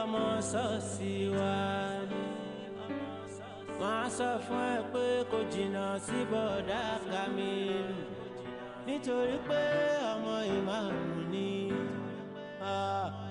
Speaker 1: ọmọ ṣọ́ọ̀ṣì wa ni máa sọ fún ẹ pé kò jìnnà sí bọ̀dá Kamilu nítorí pé ọmọ ìmáàmù ni. Ah.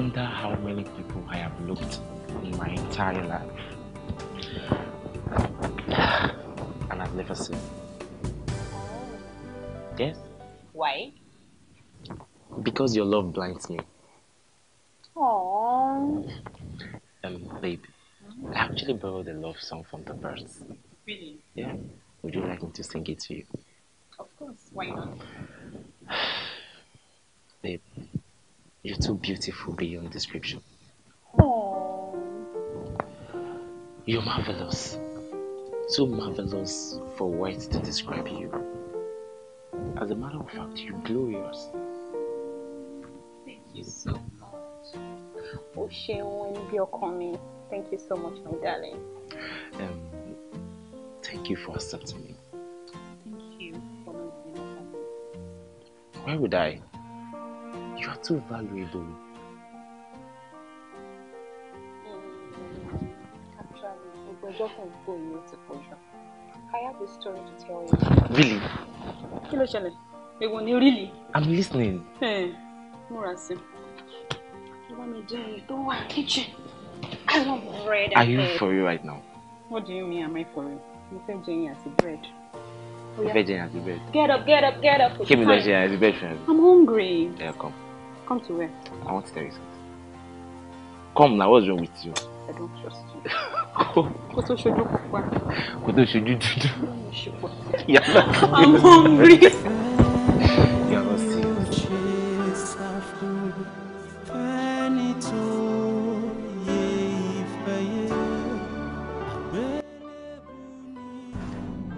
Speaker 4: wonder how many people I have looked in my entire life. And I've never seen. Yes? Why? Because your
Speaker 1: love blinds me.
Speaker 4: Aww.
Speaker 1: Um, babe, I actually borrowed a love song from the birds. Really? Yeah. Would you like me to sing
Speaker 2: it to you?
Speaker 4: Of course, why not?
Speaker 2: Babe, you're too beautiful beyond description.
Speaker 4: Oh.
Speaker 2: You're marvelous. Too marvelous for words to describe you. As a matter of fact, you're glorious. Thank you so much.
Speaker 4: O Thank you so much, my darling.
Speaker 2: Um, thank you for accepting me. Thank you for not being Why would I? You are too valuable.
Speaker 4: I have a story to tell you. Really? Kí ló ṣẹlẹ̀? Èwo ni really? I'm listening. Hey,
Speaker 3: sí. Mo bá mi dín iye tó wà kitchen. I want bread Are you for
Speaker 7: you right now?
Speaker 4: What do you mean am I for you? You fẹ́ Jenny has the bread. Mo fẹ́ jẹ
Speaker 7: yín àti bread.
Speaker 5: Get up, get up, get up.
Speaker 7: Keep me lọ jẹ yín àti bread fún mi.
Speaker 5: I'm hungry. Yeah, come. Come to where?
Speaker 6: I want to tell you something. Come now, what's wrong with you? I don't trust you. What tó you do? Kò tó ṣojú dúdú. I'm hungry. You're not
Speaker 1: serious.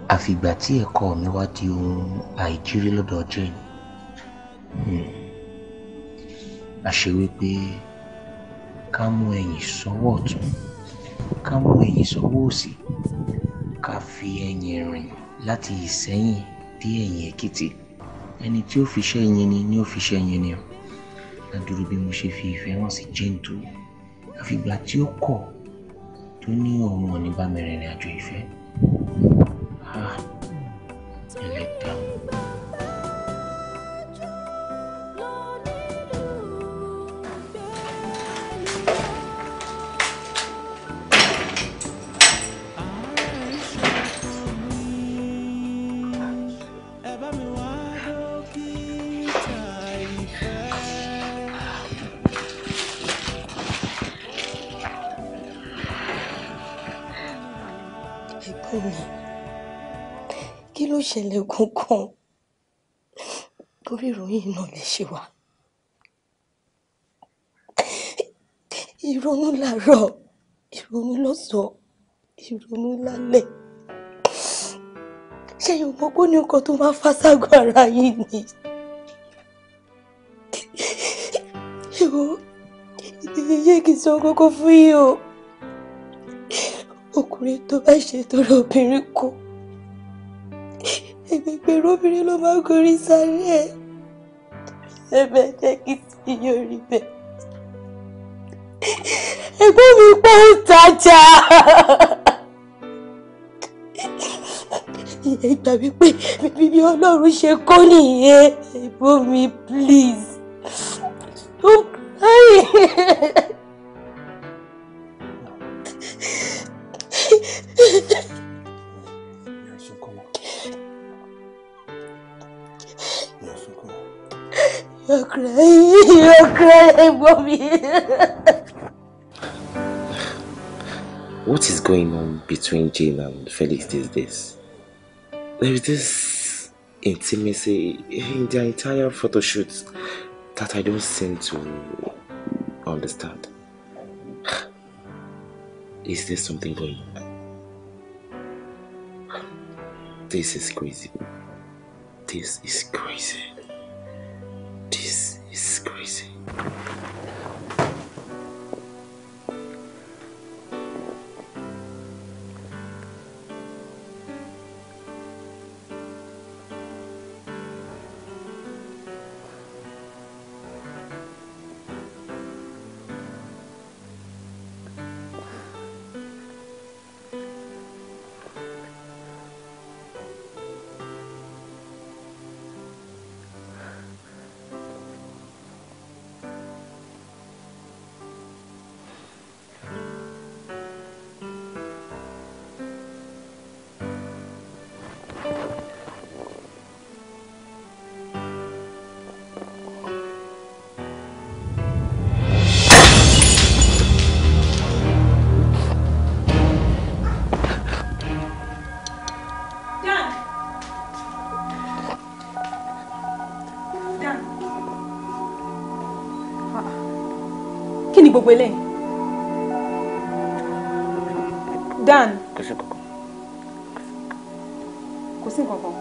Speaker 2: àfìgbà tí ẹ̀kọ́ mi wá di ohun àìjírí lọ́dọ̀ Jane. Hmm la ṣe wípé ká mú ẹ̀yìn sọ́wọ́ ọ̀tún ká mú ẹ̀yìn sọ́wọ́ òsì ká fi ẹ̀yìn rìn láti ìsẹ́yìn dé ẹ̀yìn èkìtì ẹni tí ó fi ṣẹ́yìn ni ni ó fi ṣẹ́yìn ni ládùúrú bí mo ṣe fi ìfẹ́ hàn sí jane tó àfìgbà tí ó kọ̀ tó ní òun ní bá mi rìnrìn àjò ìfẹ́ ah, ẹlẹ́dàá.
Speaker 5: ṣẹlẹ̀ gangan torí ìròyìn náà lè ṣe wá. ìrònú làárọ̀ ìrònú lọ́sàn-án ìrònú lálẹ́ ṣé ìwọ kó ní nǹkan tó máa fà ságọ́ ara yìí ni. ìwọ ìyẹ́ kì í sọ kókó fún yìí o ọkùnrin tó bá ṣètò obìnrin kan ẹgbẹgbẹ̀rún obìnrin ló máa ń gorí sáré ẹ̀ ẹ̀bẹ̀ jẹ́ kí sí yóò rí bẹ́ẹ̀. ẹ̀gbọ́n mi pọ̀ ń tajà ìyẹn ìgbà wípé bíbí ọlọ́run ṣe kọ́ nìyẹn ẹ̀gbọ́n mi please. Oh, crying, you're crying, mommy.
Speaker 2: what is going on between Jane and Felix these days? There is this intimacy in their entire photo shoot that I don't seem to understand. Is there something going on? This is crazy. This is crazy. This
Speaker 4: is crazy. gbogbo eléyìí Dan kò sí kankan kò sí kankan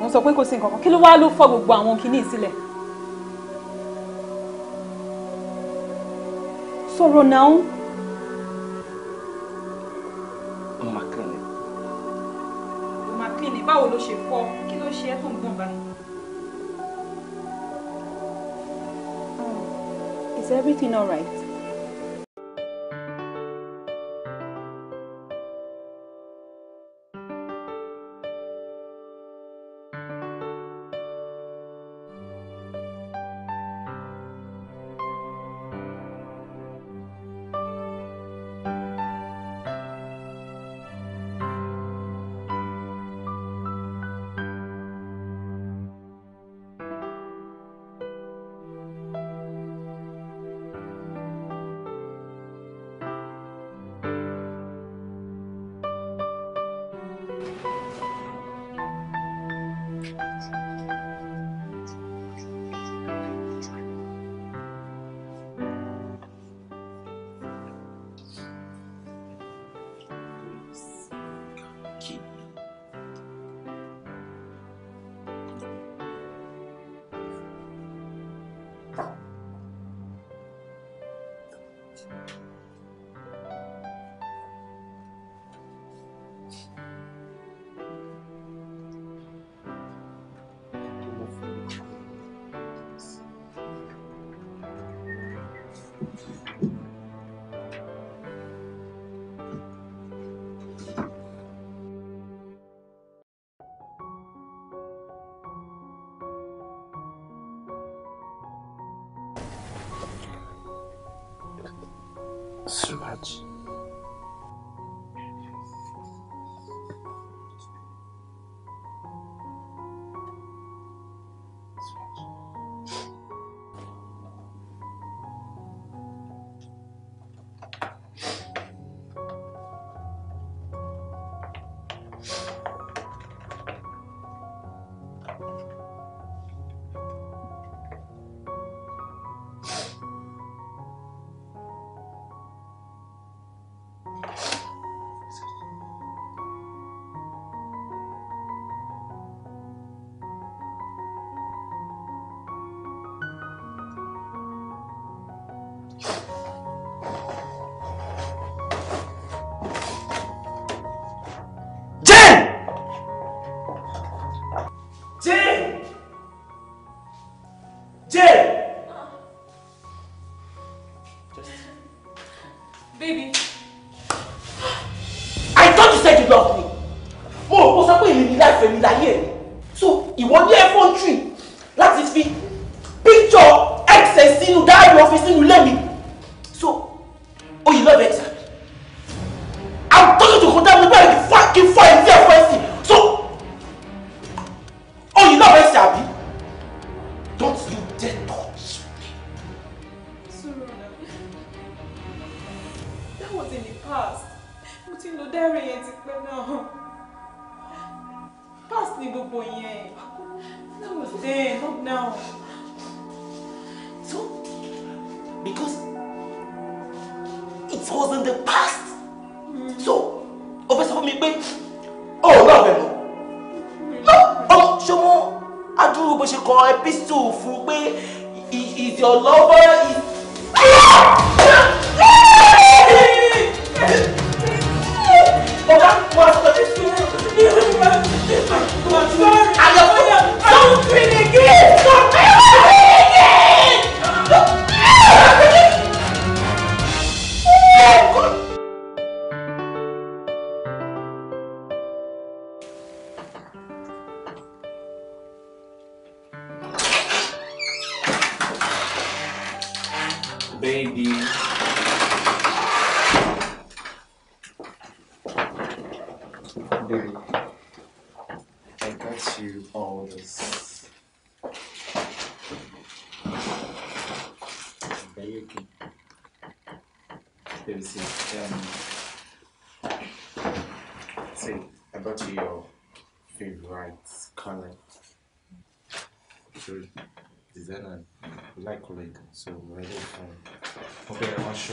Speaker 4: mo sọ pé kò sí kankan kí ló wá ló fọ gbogbo àwọn kinní sílẹ̀ sọ̀rọ̀ náà. Oh, is everything all right?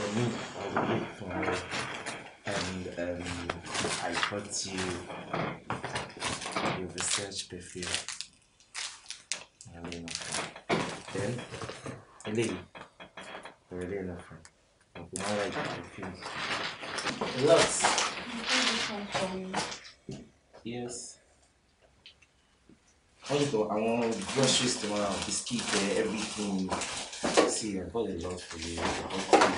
Speaker 6: your I all the way And um, I got you your research
Speaker 2: perfume. Really enough. Then, Eleni.
Speaker 1: Really enough. I do not like perfume.
Speaker 6: Lots. Yes. I want àwọn groceries tí wọ́n ra biscuit uh, everything see I bought a lot for you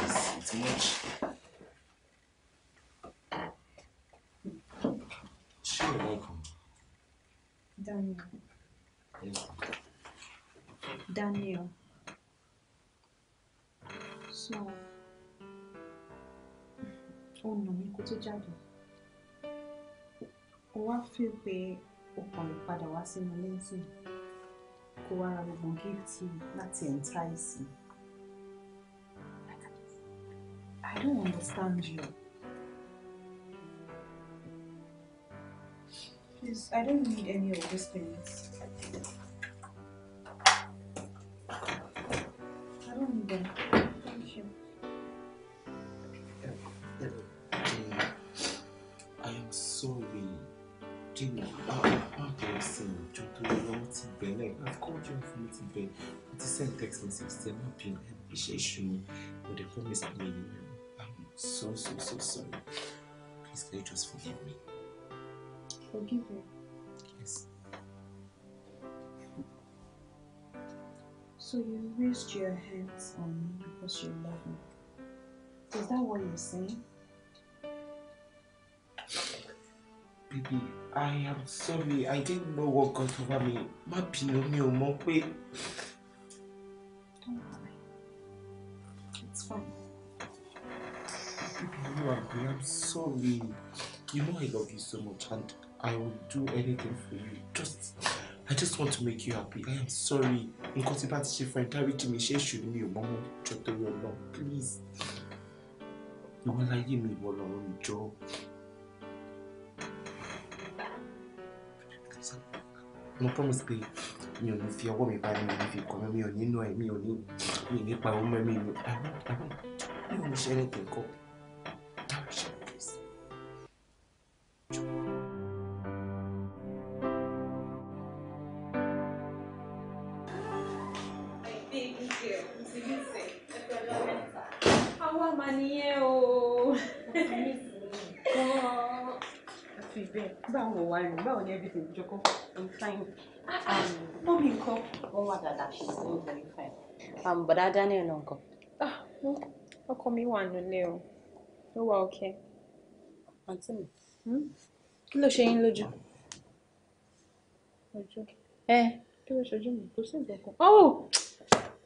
Speaker 6: it's, it's much. Sure, welcome. Daniel. Yes.
Speaker 4: Daniel. So, Oh no, I'm going to Ó wá fi pé ó kàn wá sínú lẹ́sìn kó wá ra gbogbo gíftì láti entice I don't understand you. Please, I don't need any of these things.
Speaker 2: I have called you from meeting Ben to send text message saying I've been appreciation But the promise I made you. I'm so, so, so sorry. Please, can you just forgive me? Forgive me? Yes.
Speaker 4: So you raised your hands on me because you love me. Is that what you're saying?
Speaker 7: Baby, I am sorry. I didn't know what got over me. Ma bínú mi ò mọ̀ pé.
Speaker 3: Don't worry. It's fine.
Speaker 2: Baby, I'm sorry. You know I love you so much and I will do anything for you. Just, I just want to make you happy. I am sorry. Nǹkan tí bá ti ṣe fún ẹ dáríjì should ṣe é ṣù mí ò mọ́ mọ́ jọ torí Ọlọ́run. Please. Ìwọ láyé mi ìwọ lọ́run
Speaker 4: mo promise pé mi ò ní fi ọwọ́ mi báyìí mi ò ní fi kọ́ mi mi ò ní nù ẹ̀ mi ò ní mi ò ní pa ọmọ mi mi ò ní ṣe anything kọ́. mọ̀ wá rìn báwo ni everything jókòó i'm fine. mọ́mí um, nǹkan wọ́n wà dáadáa she's still very fine.
Speaker 5: Um, bọ̀dá Daniel náà nǹkan. Ah,
Speaker 4: ọkọ mi ah, nílé o ló wà òkè. àǹtí mi hmm?
Speaker 5: kí ló ṣe yín lójú.
Speaker 4: ojú ẹ kí ló ṣojú mi kò sí nǹkan kan. oh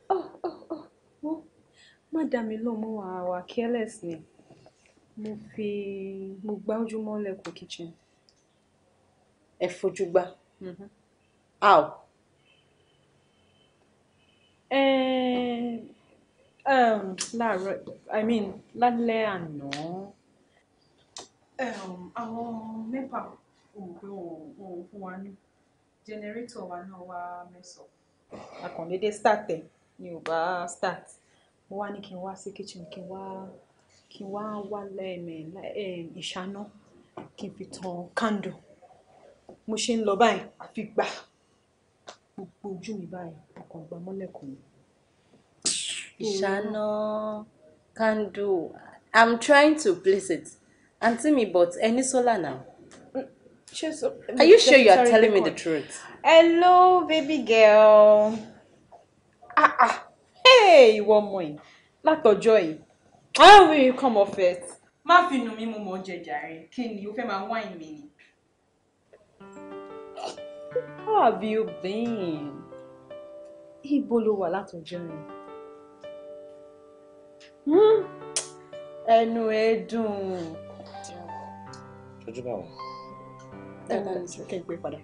Speaker 4: oh oh oh oh má dá mi lóhùn mo wà wà careless ni mo fi mo gbá ojú mọ́lẹ̀ kó kitchen ẹ fojú gbá how. Mm-hmm. Eh, um, láàárọ̀ i mean lálẹ́ àná um, àwọn mẹ́pà ò pé wọn ò fún wa ní jẹnẹrétọ̀ wa náà wá mẹ́sàn-án. àkàndéédé start ẹ ni ò bá start mo wá ní kí n wá sí kitchen kí n wá kí n wá wá lẹ́ẹ̀mẹ̀ ìṣáná kí n fi tan candle mo ṣe ń lọ báyìí àfi
Speaker 5: gbà gbogbo ojú mi báyìí ọkàn gbà mọ́lẹ̀kùn mi. ìṣáná kandu i'm trying to place it aunty mi but ẹni sọ́là náà.
Speaker 3: Are you sure you are telling me the
Speaker 5: truth?
Speaker 4: Hello, baby girl. Ah ah. Hey, ìwọ ọmọ yìí. Látọjọ́ joy. How will you come off it? Ma fi nù mí mo mọ̀ jẹjàre. Kí ni o fẹ́ máa wáìn mi ni? How have you been? Ibo ló wà látọjọ́ yẹn? Hmm. Ẹnu ẹ dùn. Tọ́jú bá wọn. Dáadáa ní sọ kẹ́ padà.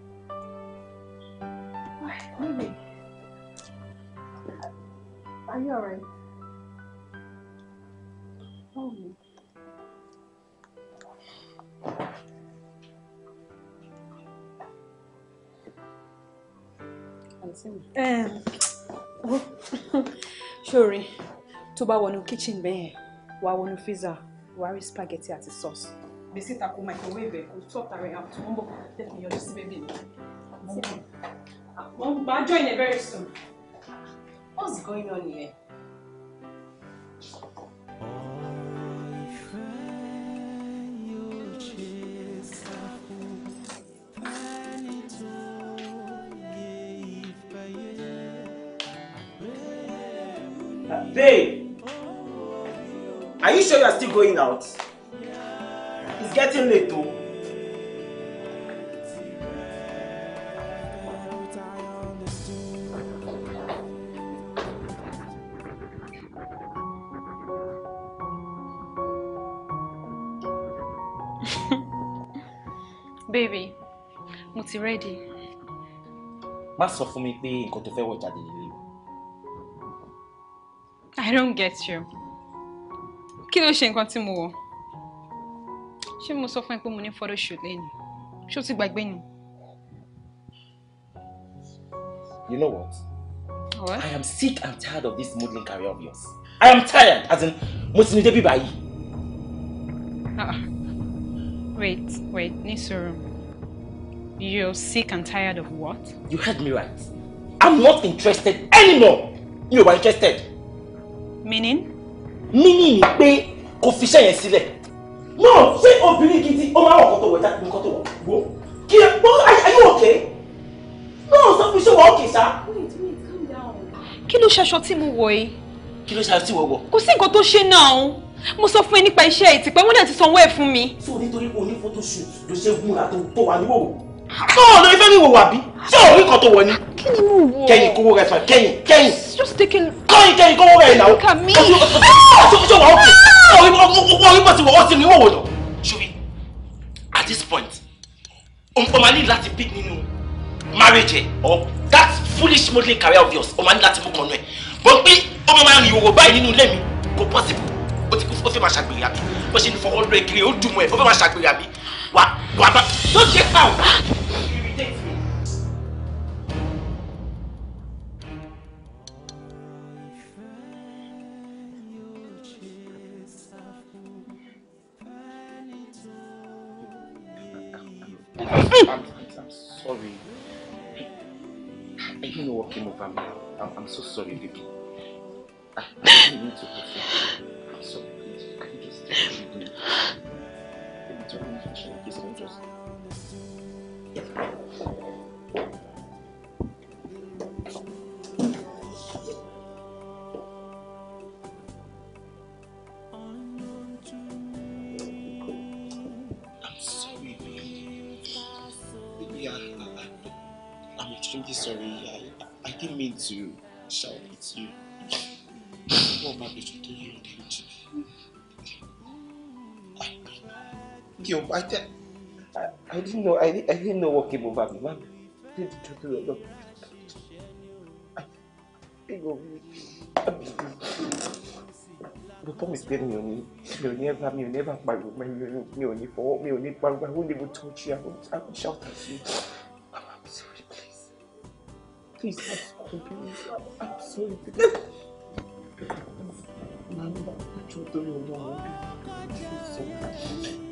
Speaker 3: Are you alright? Oh. àǹtí mi. ṣòre
Speaker 4: tó bá wọnú kitchen bẹ́ẹ̀ wàá wọnú freezer wàá rí spaghetti àti sauce. bísí tako microwave ẹ̀ kò sọ̀tà rẹ̀ àti wọ́n bọ̀ tẹ̀sán yọjú sí bébì mi. wọ́n bá join ẹ̀ very soon. what's going on here? Are you sure you are still going out? It's getting late though.
Speaker 5: Baby, mo ti ready.
Speaker 4: Má sọ fún mi pé nǹkan tó fẹ́ wọ̀ jáde I don't get you kí ló ṣe nǹkan tí mo wọ̀ ṣé mo sọ fún ẹ pé mo ní photoshoot lẹ́yìn ṣé o ti gbàgbé ni. You know what? What? I am sick and tired of this modeling career of yours. I am tired, as in, mo ti ní débi báyìí. Ah, wait, wait, Nisoro, you're sick and tired of what? You heard me right. I'm not interested anymore. You are interested. Meaning? meaning ni pé kò fi iṣẹ́ yẹn sílẹ̀ no ṣé obìnrin gidi ó máa wọ̀ kó tó wọ̀ jáde nǹkan tó wọ̀ wò kí ẹ gbọ́ ayé òkè no sọ fún iṣẹ́ wọ̀ òkè sá. kí ló ṣaṣọ tí mo wọ̀ yìí. kí ló ṣaṣọ tí wọ́n wọ̀. kò sí nǹkan tó ṣe náà mo sọ fún ẹ nípa iṣẹ́ ìtìpẹ́ wọ́n dẹ̀ ti sanwó ẹ̀ fún mi. sọ nítorí onífótóṣù ló ṣe gúnra tó wà níwòwò tó o lórí fẹ́mi wò wà bí tí o rí kan tó wọ ni. kí ni mo wọ. kẹyìn kówó rẹ fún ẹ kẹyìn kẹyìn. just take a. kọyìn kẹyìn kówó rẹ ìnáwó. kà mí. ṣé wàá òkè wọ́n rí bọ́ sí wọ́n sí mi wọ́n wò lọ. ṣùgbọ́n at this point o máa ní láti pick nínú marriage or that foolish modeling career of yours o máa ní láti mú kan nù ẹ bọ́n pé ó máa rìn ìwòwò báyìí nínú ilé mi kò possible ó ti kú ó fẹ́ máa ṣàgbèrè àbí bó ṣe ń fọwọ́ lọ ìkiri ó dùn mọ́ ẹ ó fẹ́ máa ṣàgbèrè àbí What? What? Don't get out!
Speaker 3: You me.
Speaker 2: I'm, sorry. I don't know what came over me. I'm, so sorry, baby. I, I didn't mean to hurt you. I'm sorry. Please, can you just tell me to shout at you. What might be to do you attention?
Speaker 4: kí o bá jẹ. I didn't know I didn't, I didn't know what came over me mami bí ti tó
Speaker 2: tóbi ọlọ. Bọ́tọ́ mi sẹ́ni mi ò ní mi ò ní ẹ̀fà mi ò ní ẹ̀fà pariwo mi ò ní fọwọ́ mi ò ní pariwo I won't even touch you I won't I won't shout at you. I'm sorry
Speaker 3: please please I'm sorry I'm sorry please. Màmá mi ò tó lè wọ́n mi ò tó sọ̀rọ̀.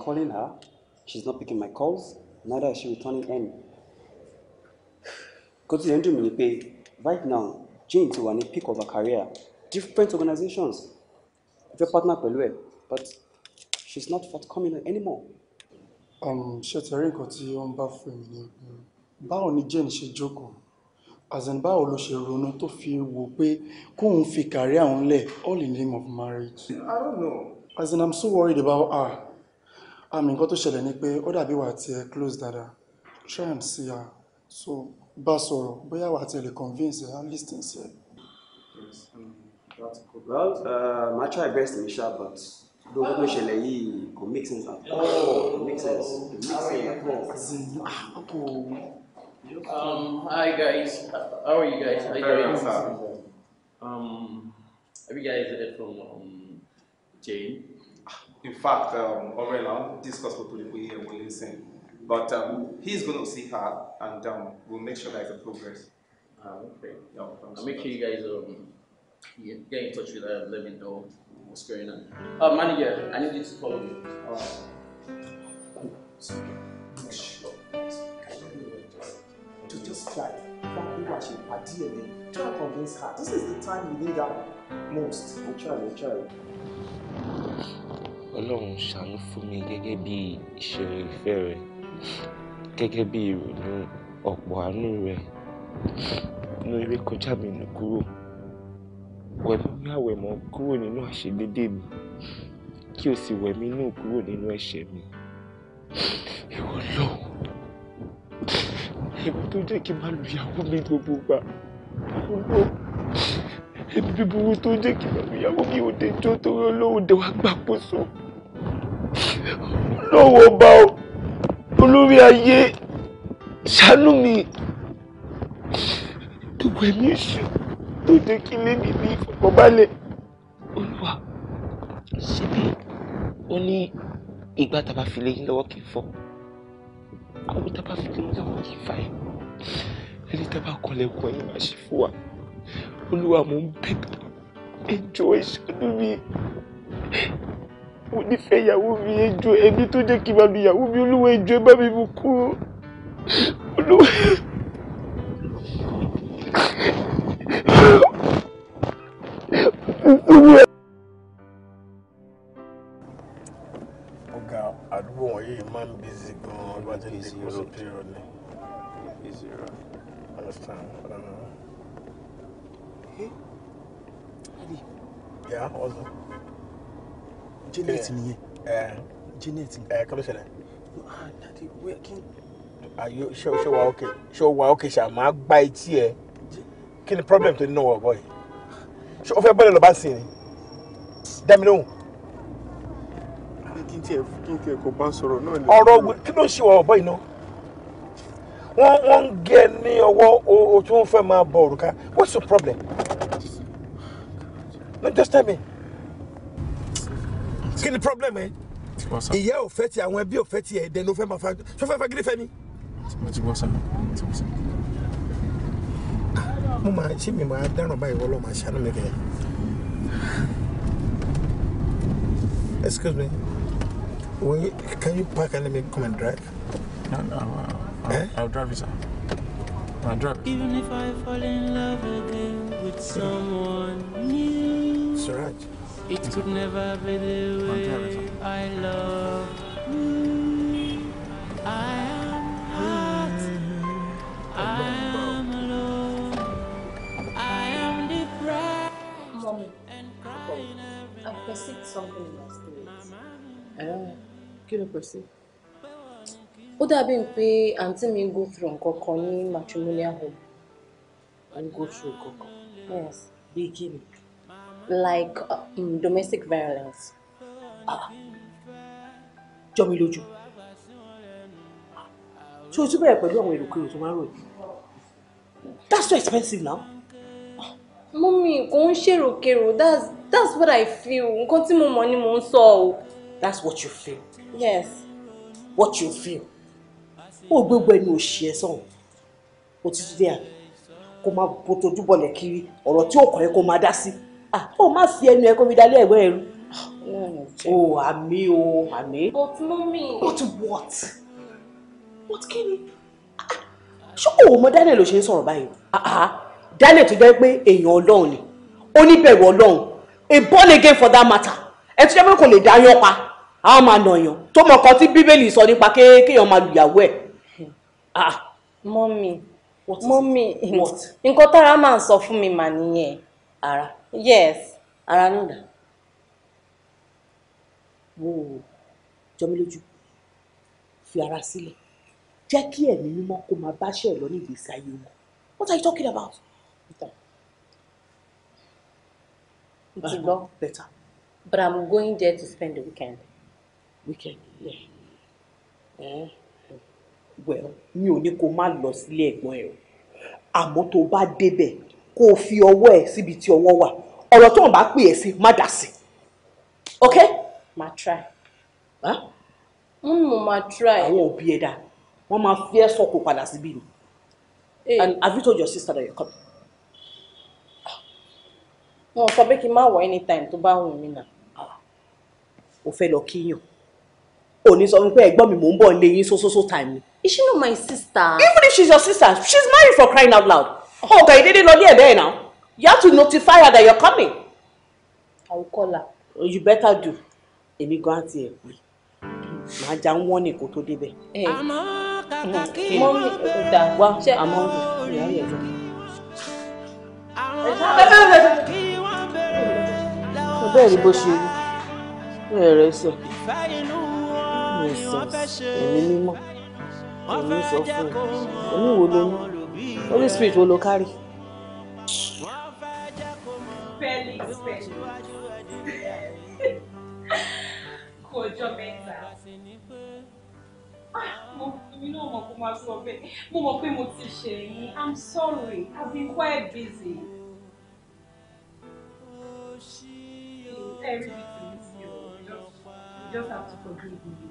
Speaker 4: calling her. She's not picking my calls, neither is she returning any. Because the ń dùn mí ni right now Jane is on the peak of her career different organizations ẹ fẹ́ partner pẹ̀lú but she's not forthcoming
Speaker 2: anymore. Um, she's rí nǹkan tí ó ń bá fún mi ni báwo Jane ṣe jókòó as in báwo ló ṣe ronú tó fi wò pé fi career òun all in the name of marriage. I don't know. as in I'm so worried about her àmì nǹkan tó ṣẹlẹ̀ ni pé ó dàbí wà tí ẹ close dada try and see her so bá sọ̀rọ̀ bóyá wà tí ẹ lè convince her listen sí ẹ.
Speaker 6: Um,
Speaker 4: well uh, my try best mi ṣá but ló gbọ́dọ̀ ṣẹlẹ̀ yìí kò make sense at all
Speaker 6: oh, kò make sense kò make sense at all. Ah, oh.
Speaker 2: Um,
Speaker 3: hi guys, how are you guys? How are you guys?
Speaker 1: Um, have you guys heard from um, Jane? In fact, um, Orela
Speaker 2: discussed here will listen, but um, he's going to see her and um, we'll make sure there's a progress. Ah, okay. Yeah, I'll make sure you guys um, get in
Speaker 4: touch with her let me know what's going on. Uh, manager, I need you to follow me. To just try, frankly, watching her DNA, try to convince her. This is the time you need her
Speaker 1: most. We'll try, we'll try.
Speaker 2: Ọlọ́run ṣàánú fún mi gẹ́gẹ́ bí ìṣeré ìfẹ́ rẹ gẹ́gẹ́ bí ìrònú ọ̀pọ̀ àánú rẹ nínú eré kọjá mi nù kúrò wẹ̀mí wá wẹ̀mọ́ kúrò nínú àṣedédé mi kí o sì wẹ̀mí nù kúrò nínú ẹ̀ṣẹ̀ mi ìwọ
Speaker 3: lọ́wọ́ ìwọ tó jẹ́ kí n
Speaker 2: máa lu ìyàwó mi gbogbo gbà olóò ibi búburú tó jẹ́ kí n máa lu ìyàwó mi ò dé jó torí olóòdè wá gbàgbó lọ́wọ́ ọba olórí ayé ṣàánú mi tó wẹ̀ mí sùn tó jẹ́ kí lè mi ní ìfọ̀kànbalẹ̀ olúwa síbí ó ní ìgbà tá a bá fi lé yín lọ́wọ́ kì í fọ́ àwọn tá a bá fi lé yín lọ́wọ́ kì í fà yín ẹni tá a bá yín máa ṣe fún wa olúwa mò ń bẹ̀ ẹ ìṣàánú mi mo nífẹ̀ẹ́ ìyàwó mi ejò ẹbí tó jẹ́ kí n máa lu ìyàwó mi olúwa ejò ẹ bá mi mú kú olúwa.
Speaker 6: ọ̀gá àdúgbò wọ̀nyí máa ń bízí gan-an ọgbà tí ní ìgbésọ̀ pírọ̀ ni. Understand? I eh? Yeah, what's Janet nìyẹn. Eh, Janet nìyẹn. ẹ eh, kí ló ṣẹlẹ̀. Ah, dadi wíyà kí n. ayo ṣé o ṣe wa ok
Speaker 7: ṣé o wa ok ṣá máa gba etí ẹ kí problem to ní náà wọ ọgbọ yìí ṣé o fẹ́ bọ́lẹ̀ lọ́ba sí ni dẹ́mi lóhùn. kí n tiẹ̀ kí n tiẹ̀ kò bá sọ̀rọ̀ náà ni. ọ̀rọ̀ kí ló ṣe wọ ọ̀bọ yìí náà wọ́n wọ́n ń gẹ ní ọwọ́ o tí wọ́n máa bọ̀ òrùka what's your problem? Ah, no just tell me. problem ṣó ah, excuse me can you park and let me come and drive. no no I'll, eh? I'll drive you sir.
Speaker 6: I'll drive
Speaker 1: even if I fall in love again with someone new. Suraj. So right. It could never be the way I love. you. I am hurt. I am alone. I am depressed. Mommy, I perceived something in my spirit.
Speaker 4: Eh, kí ló perceive? Ó dàbí pé àǹtí mi go through nǹkan kan ní matrimonial home. Wọ́n go through nǹkan kan. Yes. Bí kí ni? like uh, in domestic violence. Ah, jọ mi lójú ṣé o tún bẹ̀rẹ̀ pẹ̀lú àwọn èrò kúrò máa ń rò yìí that's so expensive now.
Speaker 5: mọ́mí kò ń ṣèròkèrò that's
Speaker 4: that's what I feel nǹkan tí mo mọ̀ ni mò ń sọ o. that's what you feel. yes. what you feel. ó gbégbé ẹnu òṣì ẹ sọ̀rọ̀ o ti tún dé àná kó máa bó tojúbọ̀lẹ̀ kiri ọ̀rọ̀ tí ó kọ̀ ẹ́ kó máa dá sí. Ah, ó má sí ẹnu ẹ kó mi dalé ẹ̀gbọ́n ẹ̀rú.
Speaker 5: Mm,
Speaker 4: o àmì o àmì.
Speaker 5: but mummy.
Speaker 4: but what? what kí ni? ṣé o mọ Daniel ló ṣe ń sọ̀rọ̀ báyìí? Ah, ah. Daniel tó jẹ́ pé èèyàn ọlọ́run ni oníbẹ̀rù ọlọ́run a born again for that matter ẹ tó jẹ́ pé kò lè dá yán pa àwọn máa nà yàn tó mọ nǹkan tí bíbélì sọ nípa kéèyàn máa lùyàwó ẹ̀.
Speaker 5: mọ́mì mọ́mì nǹkan tára máa ń sọ fún mi mà nìyẹn. ara yes. ara náà dà wò ó jọmí lójú
Speaker 4: fi ara sílẹ̀ jẹ́ kí ẹ̀mí mímọ́ kó máa báṣẹ́ ẹ̀ lọ ní ìgbésí ayé wọn
Speaker 5: what are you talking about? It's uh, better. But I'm going there to spend the weekend.
Speaker 4: Weekend, yeah. Eh? Well, mi ò ní kó má lọ sílé ẹ̀gbọ́n ẹ̀ o. Àmọ́ tó bá débẹ̀, kó o fi ọwọ́ ẹ̀ síbi tí ọwọ́ wà ọ̀rọ̀ tó ń bá pè ẹ́ sí má dà sí ok. ma try. n mo ma try. àwọn òbí ẹ dá wọn máa fi ẹ sọ kó padà síbí ni. Eh. and have you told your sister that you're coming. wọn sọ pé kí n má wọ
Speaker 5: anytime tó bá wù
Speaker 4: mí nà. Ah. o fẹ́ lọ kíyàn ò ní sọ wípé ẹ̀gbọ́n mi mò ń bọ̀ lé yín so time
Speaker 5: is she not my sister. even
Speaker 4: if she's your sister she's married for crying out loud. Oh, okay, you didn't know you're there now. You have to notify her that you're coming. I will call her. Oh, you better do. Èmi gan àti ẹ̀ pé màá já ń wọ́n to kó tó débẹ̀. Mọ́mí ọ̀dà wá àmọ́
Speaker 3: ìyá yẹ̀ jọ. Bẹ́ẹ̀ ni bó ṣe rí. Bẹ́ẹ̀ rẹ̀ sọ.
Speaker 1: Èmi sọ,
Speaker 4: wo ló ní? holy spirit wo ló kárí. felix kò jọ mẹ́ta ah, mi náà mọ̀ kó mo mọ̀ pé mo ti ṣe yín i'm sorry i've been quite busy. Everything
Speaker 3: is you. You just,
Speaker 4: you just have to forgive me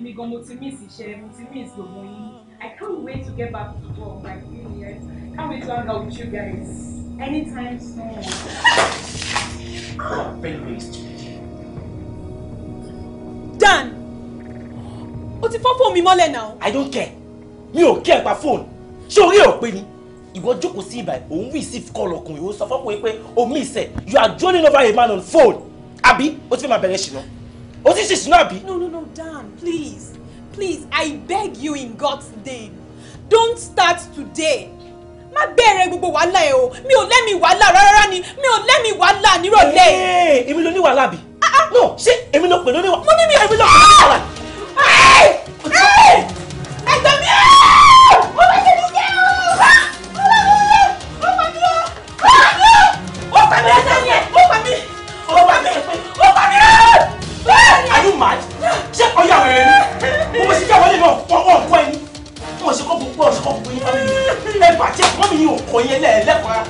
Speaker 4: èmi gan mo ti miss iṣẹ́ mo ti miss gbogbo yín I can't wait to get back to work like three years can't wait to hang out with you guys anytime soon. Ah, Dan o ti fọ́ fóònù mi mọ́lẹ̀ náà. I don't care mi ò kí ẹ̀ pa fóònù ṣé orí ẹ̀ ò pé ni ìwọ jókòó sí ibà òun receive call ọkùnrin òun sọ fọ́pọ̀ yín pé omi ìsẹ̀ you are joining over a man on phone àbí o ti fẹ́ máa bẹ̀rẹ̀ ṣìnà. Oh, this is Nabi.
Speaker 3: no no no Dan please
Speaker 4: please I beg you in God's name don't start today má bẹ̀rẹ̀ gbogbo wàhálà ẹ o mi ò lẹ́mi wàhálà rárá ni mi ò lẹ́mi wàhálà nírọ̀lẹ́. èmi ló ní wàhálà bí. Ah, ah. no ṣé èmi ló pè ló ní wàhálà. mo ní mi ò èmi ló pè òye lẹ́ẹ̀lẹ́kọ̀ọ́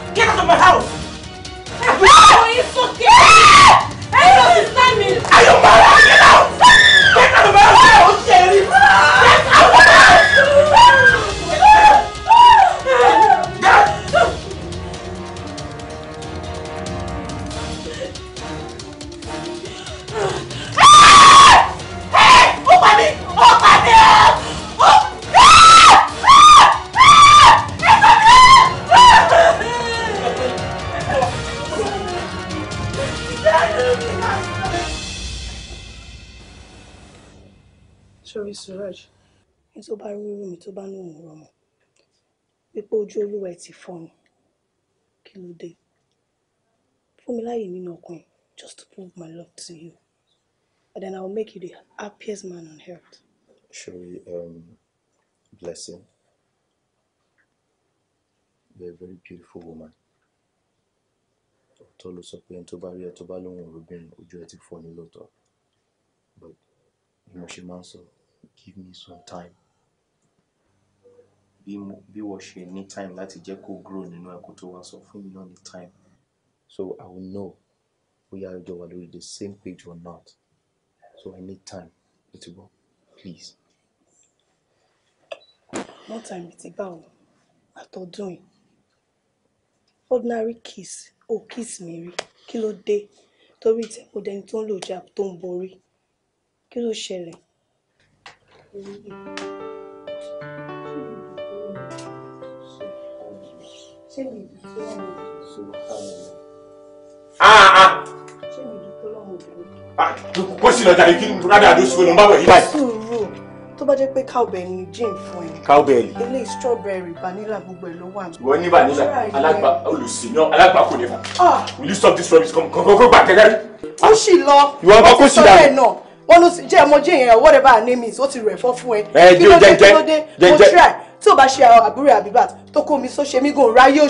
Speaker 4: mi tó bá ní òun rọmọ wípé ojú olúwa ẹ ti fọ́ ni kí ló dé fún mi láàyè nínú ọkùnrin just to prove my love to you and then I will make you the happiest man on earth.
Speaker 2: Shuri um, blessing you are a very beautiful woman ọ̀tọ̀ ló sọ pé ẹni tó bá rí ẹ tó bá lóun òrobìnrin ojú ẹ ti fọ́ ni lóòótọ́ but bí mo ṣe máa ń sọ give me some time bí mo, bí ìwọ ṣe ní time láti jẹ́ kó grow nínú ẹ kó tó wá sọ fún èmi náà ní time. So I will know bóyá a jọ wà lórí the same page or not. So I need time. Ó ti Please.
Speaker 5: More time bí ti báwo? Àtọ́dún
Speaker 4: yìí. Ordinary kiss. O oh, kiss mi rí. Kí ló dé?
Speaker 5: Torí tí mo dẹni tó ń lò jab tó ń borí. Kí ló ṣẹlẹ̀? Mm-hmm.
Speaker 4: Ah, mi ìdí tó wà ní ṣé mi ìdí tó lọ́mọ obìnrin. kó sì lọ jàre kí rádà àdó sùn ló ń bá wẹ̀ yí báyìí. sùúrù tó bá jẹ́ pé cowbell ni jane fún ẹ. cowbell. eléyìí strawberry vanilla gbogbo ẹ̀ ló wà. wọ́n ní vanilla alágbà olùsìyàn alágbà kò ní fà. Ah. will you stop this rubbish come come come back kẹ́kẹ́rí. ó sì lọ ìwọ ọkọ kó sì dànù wọn ló jẹ ọmọ jẹ yẹn whatever her name is ó ti rẹ̀ fọ́ fún ẹ. ẹ jẹ́ jẹ́ jẹ́ jẹ́ jẹ́ tí o bá ṣe àwọn àbúrò àbíbàt tó kó mi só ṣe mí gùn ráyè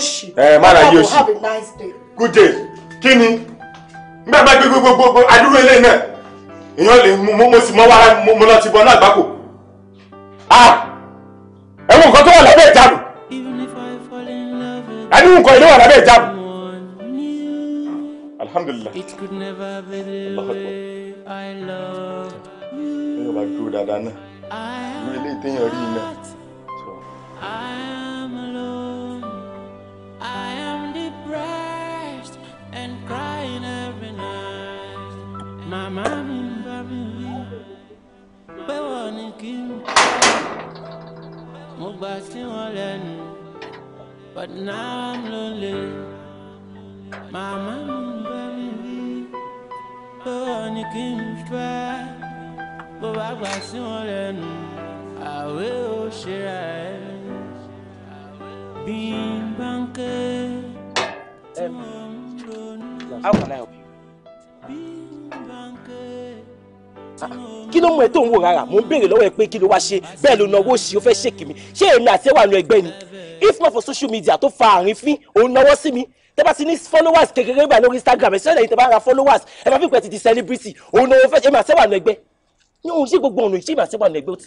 Speaker 2: ẹ má ráyè have
Speaker 4: a nice day.
Speaker 2: good day kí ni nígbà bá gbé gbogbogbò àdúró ilé náà èèyàn lè mú mo sì mọ wàrà mo lọ ti bọ náà gbáko. ẹ wo nǹkan tó wà lábẹ́ ìjánu ẹni nǹkan ìlú wà lábẹ́ ìjánu. alhamdulilah
Speaker 1: allah akbar
Speaker 2: ẹ yóò bá dúró dáadáa náà
Speaker 1: irú ilé ìtẹ̀yìn rí iná. I am alone, I am depressed and crying every night. My mommy and papi pé mo but now I'm lonely. My mommy and papi pé wọ́n ní kí n fẹ́ bó bá gbà Um, how can I help you?
Speaker 4: kí ló mú ẹ tó ń wò rárá mò ń béèrè lọ́wọ́ ẹ pé kí ló wá ṣe bẹ́ẹ̀ ló náwó sí o fẹ́ ṣèkì mi ṣé èmi àti ẹ wà nù ẹgbẹ́ ni if not for social media tó fa àrín fín òun náwó sí mi tẹ bá ti ní followers kékeré bá lórí Instagram ẹ sẹ́yìn tẹ bá ra followers ẹ bá fi pẹ́ ti di celebrity òun náwó fẹ́ ṣe èmi àti ẹ wà nù ẹgbẹ́ ní òun ṣe gbogbo ọ̀nà ìṣe ìbàṣẹ́wà ní ẹgbẹ́ o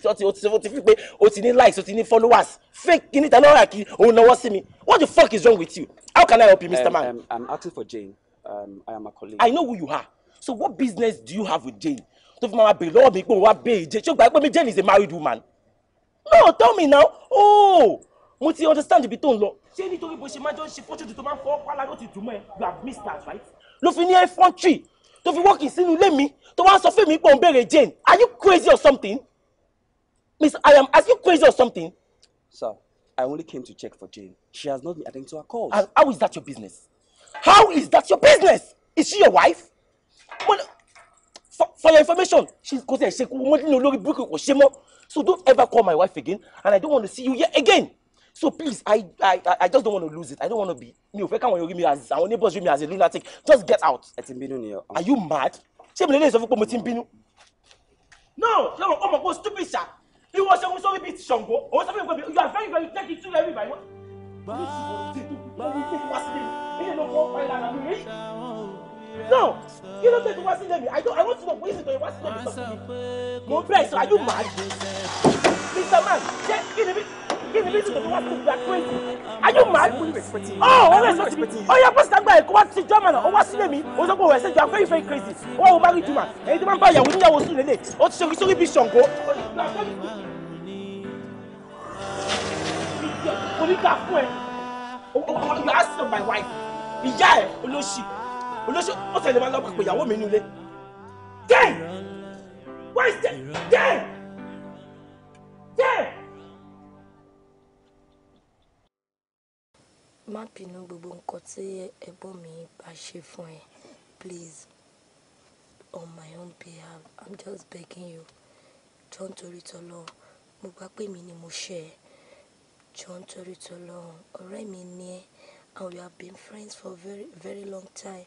Speaker 4: ti fi pé o ti ní likes o ti ní followers fake kí níta lọ́wọ́ àkí òun náwó sí mi what the fuck is wrong with you how can I help you Mr. Um, Man. Um, I'm acting for Jane um, I am her colleague. I know who you are so what business do you have with Jane tó fi máa bèrè lọ́wọ́ mi pé òun wá bèrè Jane ṣé o gbà pé mi Jane is a married woman no tell me now oh mo ti understand ibi tó ń lọ. ṣé nítorí bó ṣe máa jọ ń ṣe fọ́ṣọ́jú tó máa ń fọ́ pálá ló ti dùn mọ́ ẹ you have missed that right. ló fi ní ẹ fọ́ńtì tó fi wọ́ọ̀kì sínú ilé mi tó wá ń sọ fún mi pé òun béèrè Jane are you crazy or something miss I am are you crazy or something. sir I only came to check for Jane she has not been attending to her calls. and how is that your business how is that your business is she your wife. Well, for, for your information she kò tẹ̀ she kó wọ́n dín ní olórí burúkú kò ṣe mọ́ so don't ever call my wife again and I don't want to see you here again so please i i i just don't want to lose it i don't want to be mi ò fẹ́ káwọn èèyàn rí mi as àwọn neighbors rí mi as a lunatic just get out. ẹ ti ń bínú nìyẹn. are you mad ṣé ìbílẹ̀ lè sọ fún pé mo ti ń bínú. no ṣé wọn kọ́ mọ̀ pé stupid ṣá ìwọ ṣe ń sọ bíi ṣàngó òun sọ fún mi pé you are very very techy too very very. No, you don't take to wá I don't. I want to know reason to wá sílé mi. Mo bẹ̀ sọ, are you mad? Mr. Man, ṣé kí ni mi? please you want to black twenty are you mad.
Speaker 3: oh
Speaker 4: o wẹ sọ ti mi o yẹ pọ́sítà gba ẹ̀kọ́ wá ti jọ́mọ̀ náà o wá sílé mi o sọ pé o wẹ̀ very very crazy Oh, o wá o bá rí jùmọ̀ èyí tó máa ń bá ìyàwó níyàwó sùn lélẹ̀ o ti sori sori bí ṣàngó. mo ní ká fún Oh, you ask my wife Yeah, oh no, ìyá ẹ olóṣì olóṣì ó tẹ̀lé wa lọ́pàá pé ìyàwó mi nílé. ten where is ten damn,
Speaker 5: damn. má bínú gbogbo nǹkan tí ẹ̀gbọ́n mi bá ṣe fún ẹ please on my own behalf i'm just begging you John nítorí tọ́lọ́run mo gbà pé mi ni mo ṣe ẹ jọ nítorí tọ́lọ́run ọ̀rẹ́ mi ni ẹ and we have been friends for very very long time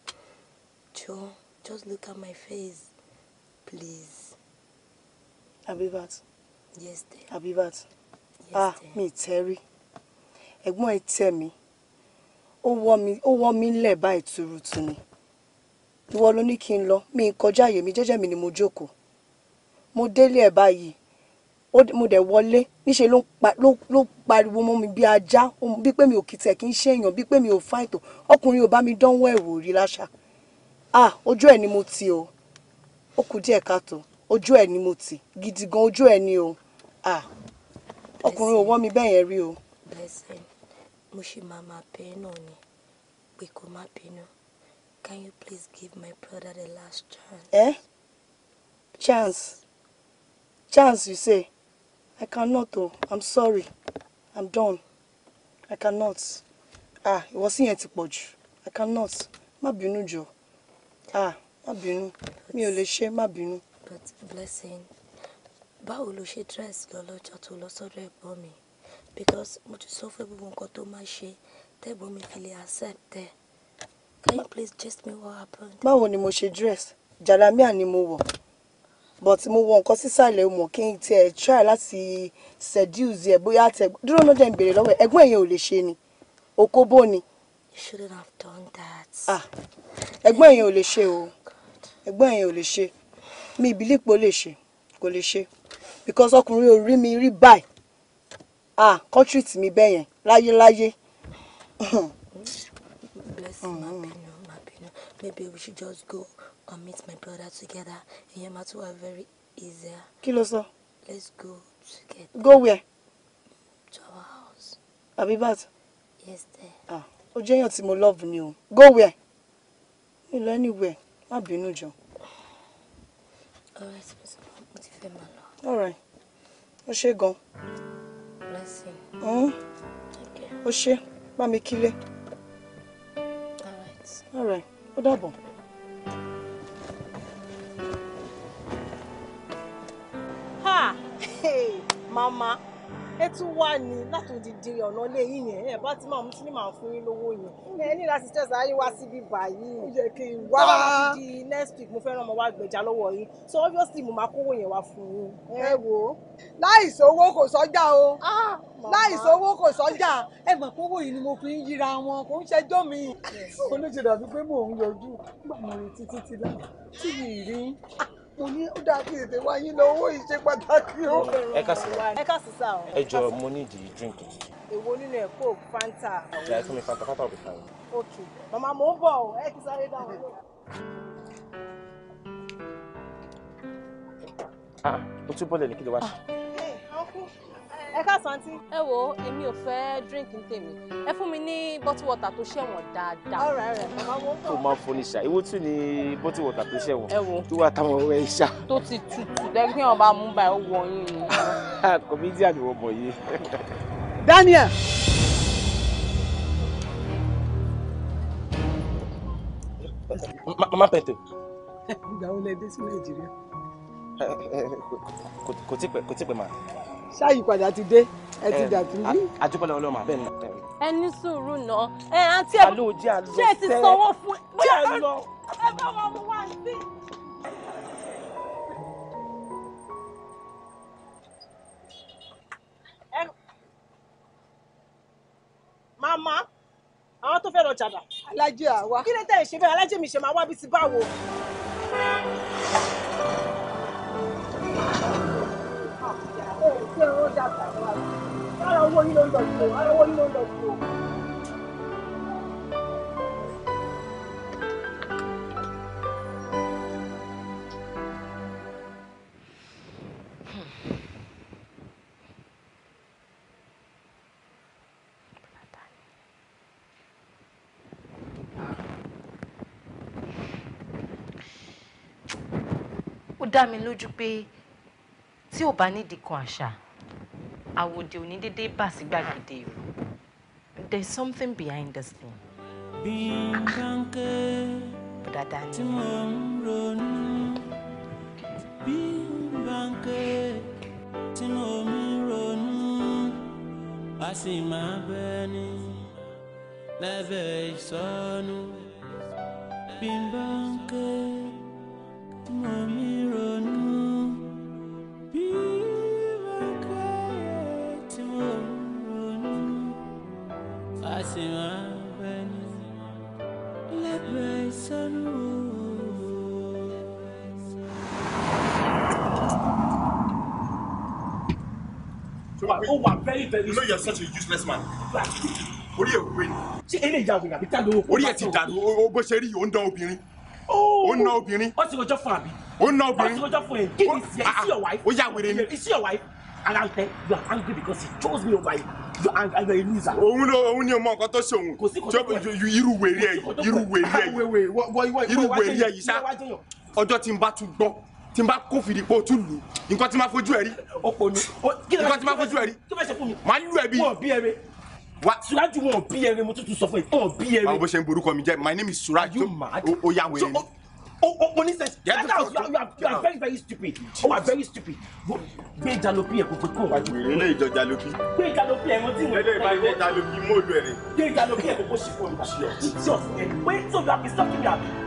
Speaker 5: John, just look at my face please. Abivat. yes dear. Abivat. yes ah, dear. ah mi tẹ́ rí ẹ̀gbọ́n ẹ tẹ́
Speaker 4: mi ó wọ́ mi ó wọ́ mi ńlẹ̀ báyìí tuurutu ni ìwọ ló ní kí n lọ mi kọjá àyè mi jẹ́jẹ́ mi ni mo jókòó mo délé ẹ̀ báyìí mo dẹ̀ wọlé níṣẹ́ ló pariwo mọ́ mi bí ajá bí pé mi ò kìtẹ̀ kí n ṣe èèyàn bí pé mi ò fáìtò ọkùnrin ò bá mi dánwò ẹ̀wò rí láṣà ah ojú ẹ̀ ni mo ti o ó kù díẹ̀ káàtó ojú ẹ̀ ni mo ti gidi gan ojú ẹ̀ ni o ah ọkùnrin ò wọ́n mi bẹ́ẹ̀ yẹn rí o
Speaker 5: mo ṣe máa ma bẹ́ náà ni pé kó má bínú can you please give my brother the last chance. Eh? chance chance you say i cannot o oh. i'm sorry i'm done i cannot ah ìwọ sí yẹn ti pọ̀ jù i cannot má bínú jọ ah má bínú mi ò lè ṣe má bínú. but blessing báwo ló ṣe dress lọ lọ́jọ́ tó lọ sọ́dọ̀ ẹ̀gbọ́n mi because mo ti sọ fún gbogbo nǹkan tó máa ṣe tẹ́gbọ́n mi fi lè accept ẹ̀ can you please gist me what happened. báwo ni mo ṣe dress jalamia ni mo wọ̀ but mo wọ nǹkan sísàlẹ̀ mọ̀ kí n tiẹ̀
Speaker 4: try láti seduce ẹ̀ bóyá tẹ̀ dúró náà jẹ́ n béèrè lọ́wọ́ ẹ̀ ẹ̀gbọ́n ẹ̀yẹ ò lè ṣe ni òkóbó ni. you
Speaker 5: shouldn't have done
Speaker 4: that. ah ẹ̀gbọ́n ẹ̀yẹ ò lè ṣe o ẹ̀gbọ́n ẹ̀yẹ ò lè ṣe mi ìbílípo lè ṣe kò lè ṣe because ọkùnrin ò rí mi rí báyìí ah country treat mi bẹ́ẹ̀ yẹn láyéláyé.
Speaker 5: bless you ma bínú ma bínú maybe we should just go and meet my brother together ìyẹn máa tún wà very easy. kí ló sọ. let's go together. go where. to our house. abibat. yes
Speaker 4: there. ah o jẹ́ èèyàn tí mo love ni o go where. mi lọ anywhere má
Speaker 5: bínú jọ. Alright, right mo ti fẹ́ máa lọ. all ó ṣe gan-an ọ̀hún ó mm. ṣe bá
Speaker 4: mi kílé ọ̀rẹ́ ó dàbọ̀. ha mama ẹ tún wá ní látòdìdì ọ̀nà ilé yìí yẹn ẹ bá ti máa mú sinimá fún yín lówó yẹn ẹ ní láti stress ayé wá síbí báyìí ó yẹ kí n wá di next week mo fẹ́ràn ọmọ wa gbẹ̀jà lọ́wọ́ yín so obviously mo máa kówó yẹn wá fún yín. ẹ wo láì sówó kò sọ́jà o ah, láì sówó kò sọ́jà ẹ mọ̀ kówó yìí ni mo fi ń yíra wọn kò ń ṣẹjọ́ mi. olóṣèlú àbí pé mò ń yọjú gbàmọ̀ràn títí ti láti tí mi ì rí mo ní ó dáa kí ètè wá yín lọ owó yìí ṣe pàtàkì o. ẹ kà sí sá o. ẹ jọ
Speaker 1: mo ní ìdí drink.
Speaker 4: èwo nínú ẹ coke fanta.
Speaker 1: ìyá ẹ fún mi fanta fanta òkè fún mi.
Speaker 4: ok màmá mò ń bọ̀ o ẹ kì í sáré dáhùn.
Speaker 2: ah o tún bọ́lẹ̀ ní kí ló wá ṣe.
Speaker 4: ọkùnrin. Ah, ẹ káàsán àǹtí. ẹ wo èmi ò fẹ́ drink tèmi ẹ fún mi ní bottle water tó ṣẹ̀wọ̀n dáadáa. ọ̀rẹ́ rẹ̀ màmá mo ń bọ̀. tó
Speaker 7: máa ń ṣá ewu tún ni bottle water tó ṣẹ̀wọ̀n. ẹ wo tó wà táwọn ọ̀rẹ́ ṣá.
Speaker 4: tó ti tutù lẹ́gbẹ́ wọn bá mú báyìí ó wọ yín ni. comedian ni wọ́n mọ̀ yìí. Daniel. mama pẹ̀tẹ̀. ìgbà wo lẹ dé sí nàìjíríà. kò tí pẹ́ kò tí pẹ́ màá ṣáàyípadà ti dé ẹ ti dàtú rí. àtúpalẹ̀ ọlọ́mà bẹ́ẹ̀ ni. ẹ ní sùúrù náà ẹ àǹtí ẹ ṣé ẹ ti sanwó fún
Speaker 3: ẹ. jẹ́ ẹ lọ. ẹ bá wọn mú wá sí.
Speaker 4: màmá àwọn tó fẹ́ lọ jàdà. alájẹ àwa. kí ló tẹ̀ ṣe bẹ́ẹ̀ alájẹ mi ṣe máa wá bí ti báwo. dàgbà wá ara owó yín ló ń lọ sí o ara owó yín ló ń lọ sí o. dá mi lójú pé tí ò bá nídìí kan
Speaker 5: àṣà àwòdì òní dédé bà sí gbàgede ìlú there is something behind this thing.
Speaker 1: Bímbánkẹ́ tí mo ń ronú Bímbánkẹ́ tí mo ń ronú a sì máa bẹ́ ní lábẹ́ ìsọnù Bímbánkẹ́.
Speaker 4: wà ó very very. you know you are such a useless man. orí ẹ̀ wé ni. ṣé eléyìí jagun àbí tá lówó. orí ẹ̀ ti dàrú o bó ṣe rí o ń dán obìnrin. o oh, ń ná obìnrin. ó ti rojọ́ fún àbí. ó ń ná obìnrin. ó ti rojọ́ fún ẹ̀ kí ni ìsì ẹ̀ ìsì ọ̀wáyé. ó yà ah, ah, wèrè ni. your wife, ara ń tẹ you are angry because he chose me over you you are angry you are a loser. òun ló òun ni ọmọ nǹkan tó ṣe òun. kò sí kò tó pẹ̀ irú wèrè ẹ̀ irú wèrè ẹ̀ ah, irú wèrè ẹ̀ yìí sá ọjọ́ tí n bá tún gbọ́ tí n bá kófìrí pé o tún lù nǹkan tí n bá fojú ẹ rí nǹkan tí n bá fojú ẹ rí máa lù ẹ bí. wọn bí ẹrẹ suraju wọn bí ẹrẹ mo tuntun sọ fún ẹ wọn bí ẹrẹ. báwo bó ṣe ń borúkọ mi jẹ my name is suraju o ya wẹrẹ ni. o o onisẹs that house you are you are very very stupid you are very stupid gbé jalopi ẹ kókó kó wájú.
Speaker 2: wèrè ilé ìjọ jalopi.
Speaker 4: gbé jalopi ẹ mo ti ẹlẹ́yìn bá gbé jalopi móòlù ẹ̀ gbé jalopi ẹ kókó ṣì fún mi.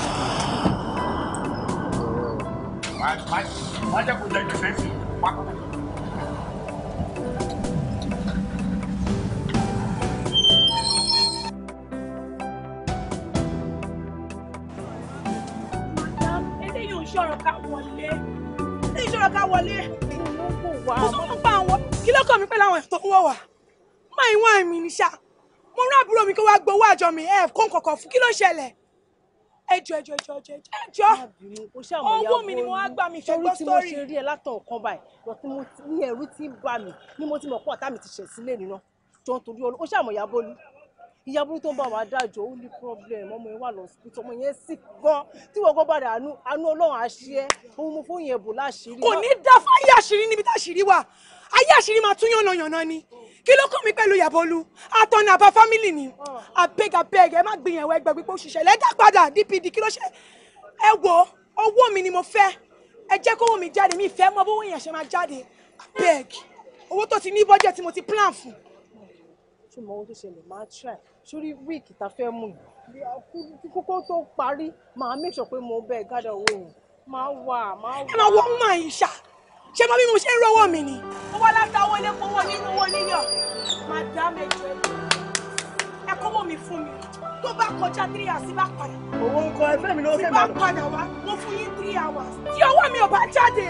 Speaker 2: máa máa máa jẹ́ kó jẹ gbèsè sí pákó.
Speaker 4: ìṣòro ká wọlé ìṣòro ká wọlé kò tó ń gbà wọn kí ló kàn mí pẹ̀lú àwọn ẹ̀tọ́ ń wọ̀ wá máa ń wá mi níṣà mo rán àbúrò mi kó wá gbowó àjọ mi ẹ̀ kó ń kọ̀kọ̀ fún kí ló ṣẹlẹ̀ ẹjọ ẹjọ ẹjọ ẹjọ ẹjọ owó mi ni mo wá gbà mí fẹ́ gbọ́ sọ́rí. torí tí mo ṣe rí ẹ látọ̀ ọ̀kan báyìí lọ tí mo ní ẹ̀rú tí ń bà mí ni mo ti mọ̀ pọ̀ támi ti ṣẹ̀ sílé nínú jọ nítorí ọlọ́ ó ṣàmọ̀ ìyá bólú ìyá bólú tó ń bá wa dájọ́ ó ní problem ọmọ yẹn wà lọ síbi ọmọ yẹn sì gan tí wọn kọ́ padà àánú àánú ọlọ́run àṣẹ òun mo fóyìn ẹ̀bùn láṣìírí. kò ní dáfọ́ ayé àṣírí níbi táṣìírí kí ló kàn mí pẹ̀lú Ìyábọ̀lú àtọ̀nà àbá fámìlì ni abeg ah. abeg ẹ má gbìyànjú ẹgbẹ́ pípọ̀ òṣìṣẹ́ lẹ́dá padà DPD kí ló ṣe ẹ wo owó mi ni mo fẹ́ ẹ jẹ́ kówó mi jáde mi ìfẹ́ mọ bówó yẹn ṣe máa jáde abeg owó tó ti ní budget tí mo ti plan fún. ṣùgbọ́n ohun tó ṣẹlẹ̀ máa try sórí wíìkì tá a fẹ́ mú yìí kókó tó parí màá make pé mo bẹ́ẹ̀ gádà owó yẹn máa wà máa wà. ẹ máa wọ́n máa ń ṣá ṣé mo bí mo ṣe ń rówó mi ni. owó látàwọ ilé kówó nínú owó níyàn madam ẹjọ ẹ kówó mi fún mi tó bá kọjá three hours sí bá padà. owó ń kọ ẹgbẹ́ mi ló fẹ́ bá padà wá
Speaker 3: mo fún yín three hours. tí owó mi ò bá
Speaker 4: jáde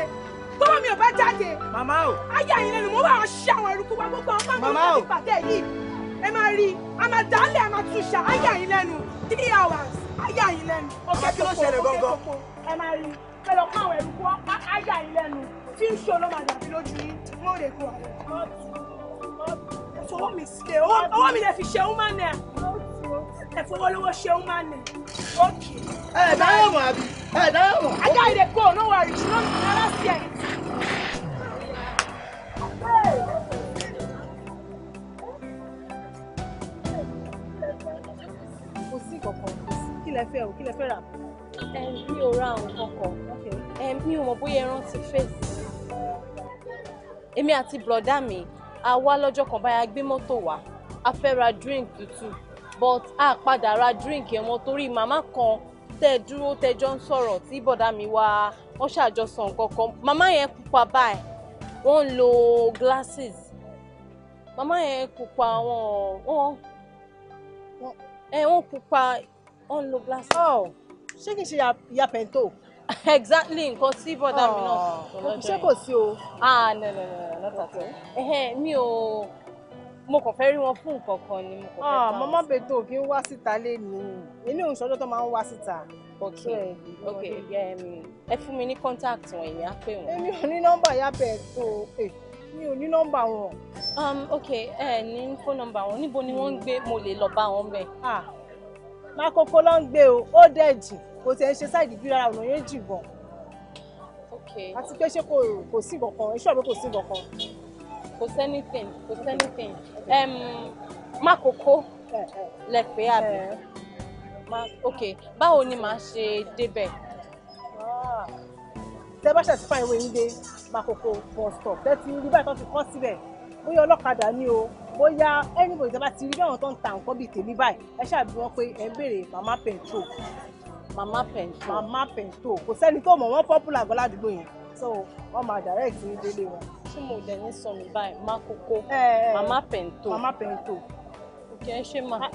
Speaker 4: tọ́wọ́ mi ò bá jáde. màmá o. ayé àyìn lẹ́nu mo bá wọn ṣe àwọn ẹrù kúpa gbogbo àwọn fáwọn tó ti pàtẹ yìí. ẹ máa rí i a máa dálẹ̀ a máa túṣà ayé àyìn lẹ́nu three hours ayé àyìn lẹ́nu. ọkẹ́ kí ló ṣẹlẹ̀ gbọ́ngàn. ẹ máa rí i kẹlẹ̀ kọ́ àwọn ẹrù kúpa ayé àyìn lẹ́nu tí ń ṣòro máa dàbí lójú yín wọ́n lè kó àwọn ẹ̀fọ́ owó mi ṣe owó mi lè fi ṣe human nair ẹ̀fọ́ owó lówó ṣe human nair okay. ẹ dáhùn mọ àbí ẹ dáhùn mọ. ajá ìdè kò no worry she no be my last year. kò sí kankan kí lẹ fẹ́ o kí lẹ fẹ́ rà. mi ò ra àwọn kankan mi ò mọ̀ bóyá ẹran ti fèsì èmi àti bùrọ̀dá mi a wá lọ́jọ́ kan báyà gbé mọ́tò wá a fẹ́ ra drink tútù but a padà ra drink yẹn mọ́ torí màmá kan tẹ́ dúró tẹjọ ń sọ̀rọ̀ tí bọ̀dá mi wá wọ́n ṣàjọsọ nǹkan kan màmá yẹn pupa báyìí wọ́n ń lo glasses màmá yẹn pupa wọn wọn ẹ wọ́n pupa wọ́n ń lo glasses. ọ oh, ṣé kìí ṣe ya pẹ̀ntó. exactly nǹkan tí bọ́dà mi náà sọ lọ́jọ́ yẹn ṣé kò sí o. ah no no no no not at all mi ò mo kàn
Speaker 5: fẹ́ rí wọn fún nǹkan kan ni mo kàn fẹ́ bá wọn. mọ́mọ́
Speaker 4: bètò kí ń wá síta lé mi inú ìṣọ́jọ́ tó máa ń wá síta. ok ok
Speaker 5: ẹ fún mi ní contact wọn èmi á pè wọn. èmi
Speaker 4: ò ní nọ́mbà yábẹ̀ tó eh, mi ò ní nọ́mbà wọn. Um, ok ẹ ní
Speaker 5: phone number wọn níbo ni wọ́n ń gbé mo lè lọ bá wọn bẹ́ẹ̀. Ah,
Speaker 4: máa kókó ló ń gbé o ó dẹ̀ jìn kò tiẹ̀ ń ṣe sáìdì bí rárá ọ̀nà yẹn jì gan. àti pé ṣé kò sí kankan iṣu àbí kò sí kankan.
Speaker 5: kò sẹ́nìtìn kò sẹ́nìtìn
Speaker 4: mákòókò lẹ́pẹ́ àbí ok
Speaker 5: báwo ni màá ṣe débẹ̀. Ah.
Speaker 4: tẹ́ bá ṣàtìfà ìwé yín dé mákòókò bus stop tẹ́ ti rí báyìí tó ti kọ́ síbẹ̀ bóyá ọlọ́kadà ni o bóyá anybody tó bá ti rí bí àwọn tó ń ta nǹkan bíi tèmi báyìí ẹ ṣáà bí pé ẹ ń béèrè mama petrol mama pento mama pento kò sẹ́ni tó mọ̀ wọ́n popular gan ládùúgbò yẹn so wọ́n máa direct ní délé wọn. tí mo dẹ̀ ní sọ mi báyìí má kókó eh, eh, eh. mama pento mama pento. ok ṣé máa.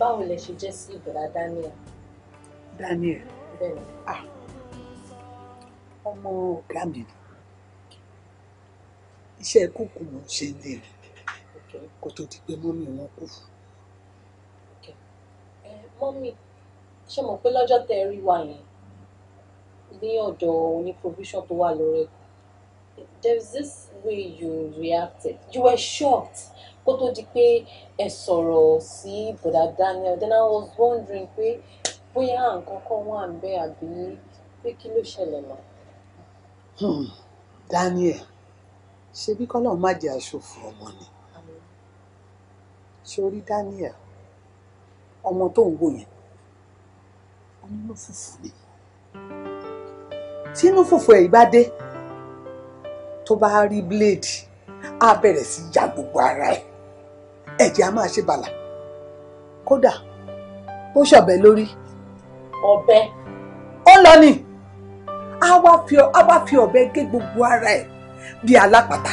Speaker 5: báwo lẹ ṣe jẹ́ sí ìbọ̀dá Daniel. Daniel bẹ́ẹ̀ni ah
Speaker 4: ọmọ ọ̀gá mi ni iṣẹ́ kúkú mo ṣe ń lè kó tó
Speaker 3: di pé mọ́mì wọn kú.
Speaker 4: mọ́mì ṣé mo pé lọ́jọ́ tẹ rí wa yẹn ní ọ̀dọ̀ oní provision tó wà lórí ẹ̀kọ́ there is this way you reacted you were shocked kó tó di
Speaker 5: pé ẹ sọ̀rọ̀ sí bọ̀dà Daniel then I was wondering pé bóyá nǹkan kan wà ń bẹ àbí pé kí ló ṣẹlẹ̀ lọ.
Speaker 6: Hmm,
Speaker 4: Daniel ṣebí kọ́lọ́ má jẹ́ aṣòfò ọmọ ni sórí Daniel ọmọ tó ń wò yẹn onínú fùfù ni tínú fùfù ẹ̀ bá dé tó bá rí blade á bẹ̀rẹ̀ sí ya gbogbo ara ẹ̀ ẹ̀jẹ̀ á máa ṣe bàlà kódà ó ṣọ̀bẹ lórí. ọ̀bẹ. ó lọ ni a wá fi ọ̀bẹ gé gbogbo ara ẹ̀ bíi alápàtà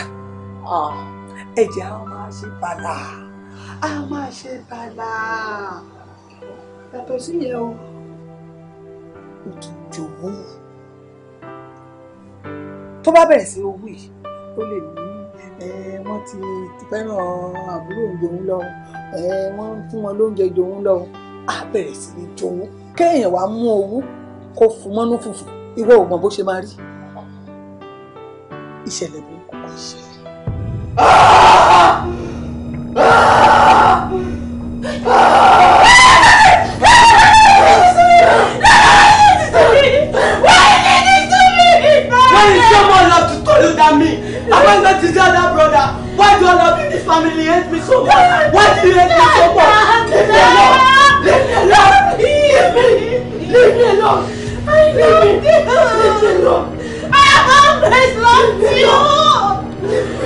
Speaker 4: ẹ̀jẹ̀ á máa ṣe bàlà á máa ṣe bàlà yàtọ̀ síyẹn o ó ti tó bá bẹ̀rẹ̀ sí owó yìí ó lè ní wọ́n ti fẹ́ràn àbúrò jòun lọ wọ́n fún wọn lóúnjẹ jòun lọ á sí ní jòun kéèyàn wá mú owó kó fún mọ́nú fùfù ìwọ ò bó ṣe máa rí ìṣẹ̀lẹ̀
Speaker 3: burúkú kò ṣẹlẹ̀.
Speaker 4: I went back to other brother. Why do all of this family hate me so
Speaker 3: much? Why do you hate me so much? Leave me alone. Leave me alone. Leave me. Leave me alone. I love Leave me alone. I have always loved you.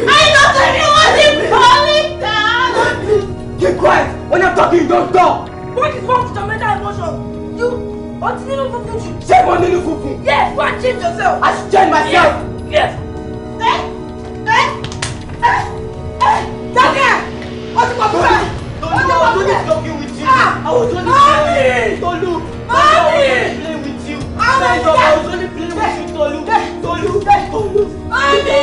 Speaker 4: I don't love everyone in calling down. Keep quiet. When I'm talking, don't talk. What is wrong with your mental emotion? You. What is nínú funfun? Ṣé mo nínú funfun? Yes, go and change yourself. I should change myself. Yes. yes. I was only playing Tolu. Mami! Play with you. Mami! I was only playing with you, Tolu. Tolu. Tolu.
Speaker 3: Mami!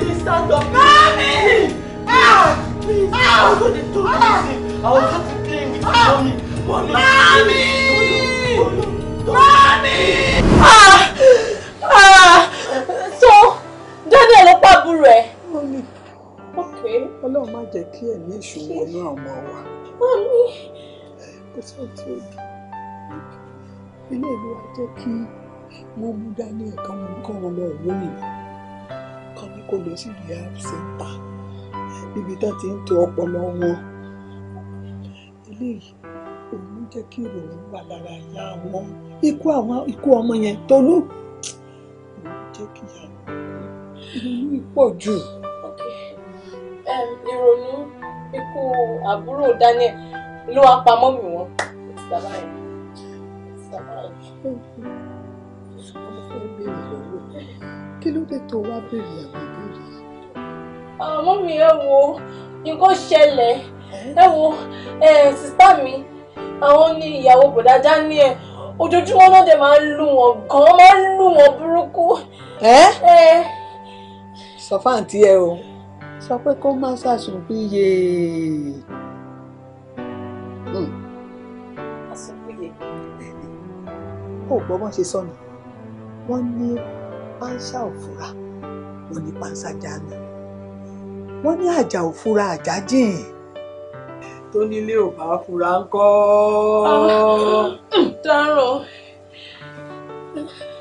Speaker 3: Please stand up. Mami! Ah! Please. I was only too I was happy playing with you, mommy. Mommy! Mami! Ah!
Speaker 4: So,
Speaker 5: Daniel ló pàbúrò ẹ̀.
Speaker 4: Mami. Okay. Ọlọ́run
Speaker 3: má jẹ́ kí ẹ̀mí ìṣòro inú àwọn wa.
Speaker 4: Mami. Kò sọ tí ó dùn. Ilé ìlú wa jẹ́ kí wọ́n mú dání ẹ̀ka wọn kọ́ wọn lọ ìlú òyìnbó. Kọ́ ni kò lọ sí rehab center níbi tá ti ń to ọpọlọ wọn. Eléyìí òun jẹ́ kí ìròyìn
Speaker 3: wà lára ìyá wọn.
Speaker 4: Ikú àwọn ikú ọmọ yẹn Tolú. Òun
Speaker 3: jẹ́ kí ìyá wọn. Ìròyìn
Speaker 4: pọ̀ kú àbúrò Daniel ló wá pa mọ́mì wọn. kí ló dé tó wá béèrè àwọn ìbéèrè yìí. Ah, mọ́mì ẹ wo
Speaker 5: nǹkan ṣẹlẹ̀ ẹ wo sísá mi àwọn ní ìyàwó bọ̀dá Daniel ojoojúmọ́ náà dẹ̀ máa ń lù wọ́n gan-an máa ń lù wọ́n burúkú.
Speaker 4: ẹ sọ fáǹtì ẹ o sọ pé kó má ṣàṣùbí yèé. Hmm. àṣùbíyè. ó gbọ́ wọ́n ṣe sọ́nà wọ́n ní pánsá òfura wọ́n ní pánsá jáàmì wọ́n ní àjà òfura àjà jìn tó nílé ò bá fura ńkọ́. tọrọ. Ah,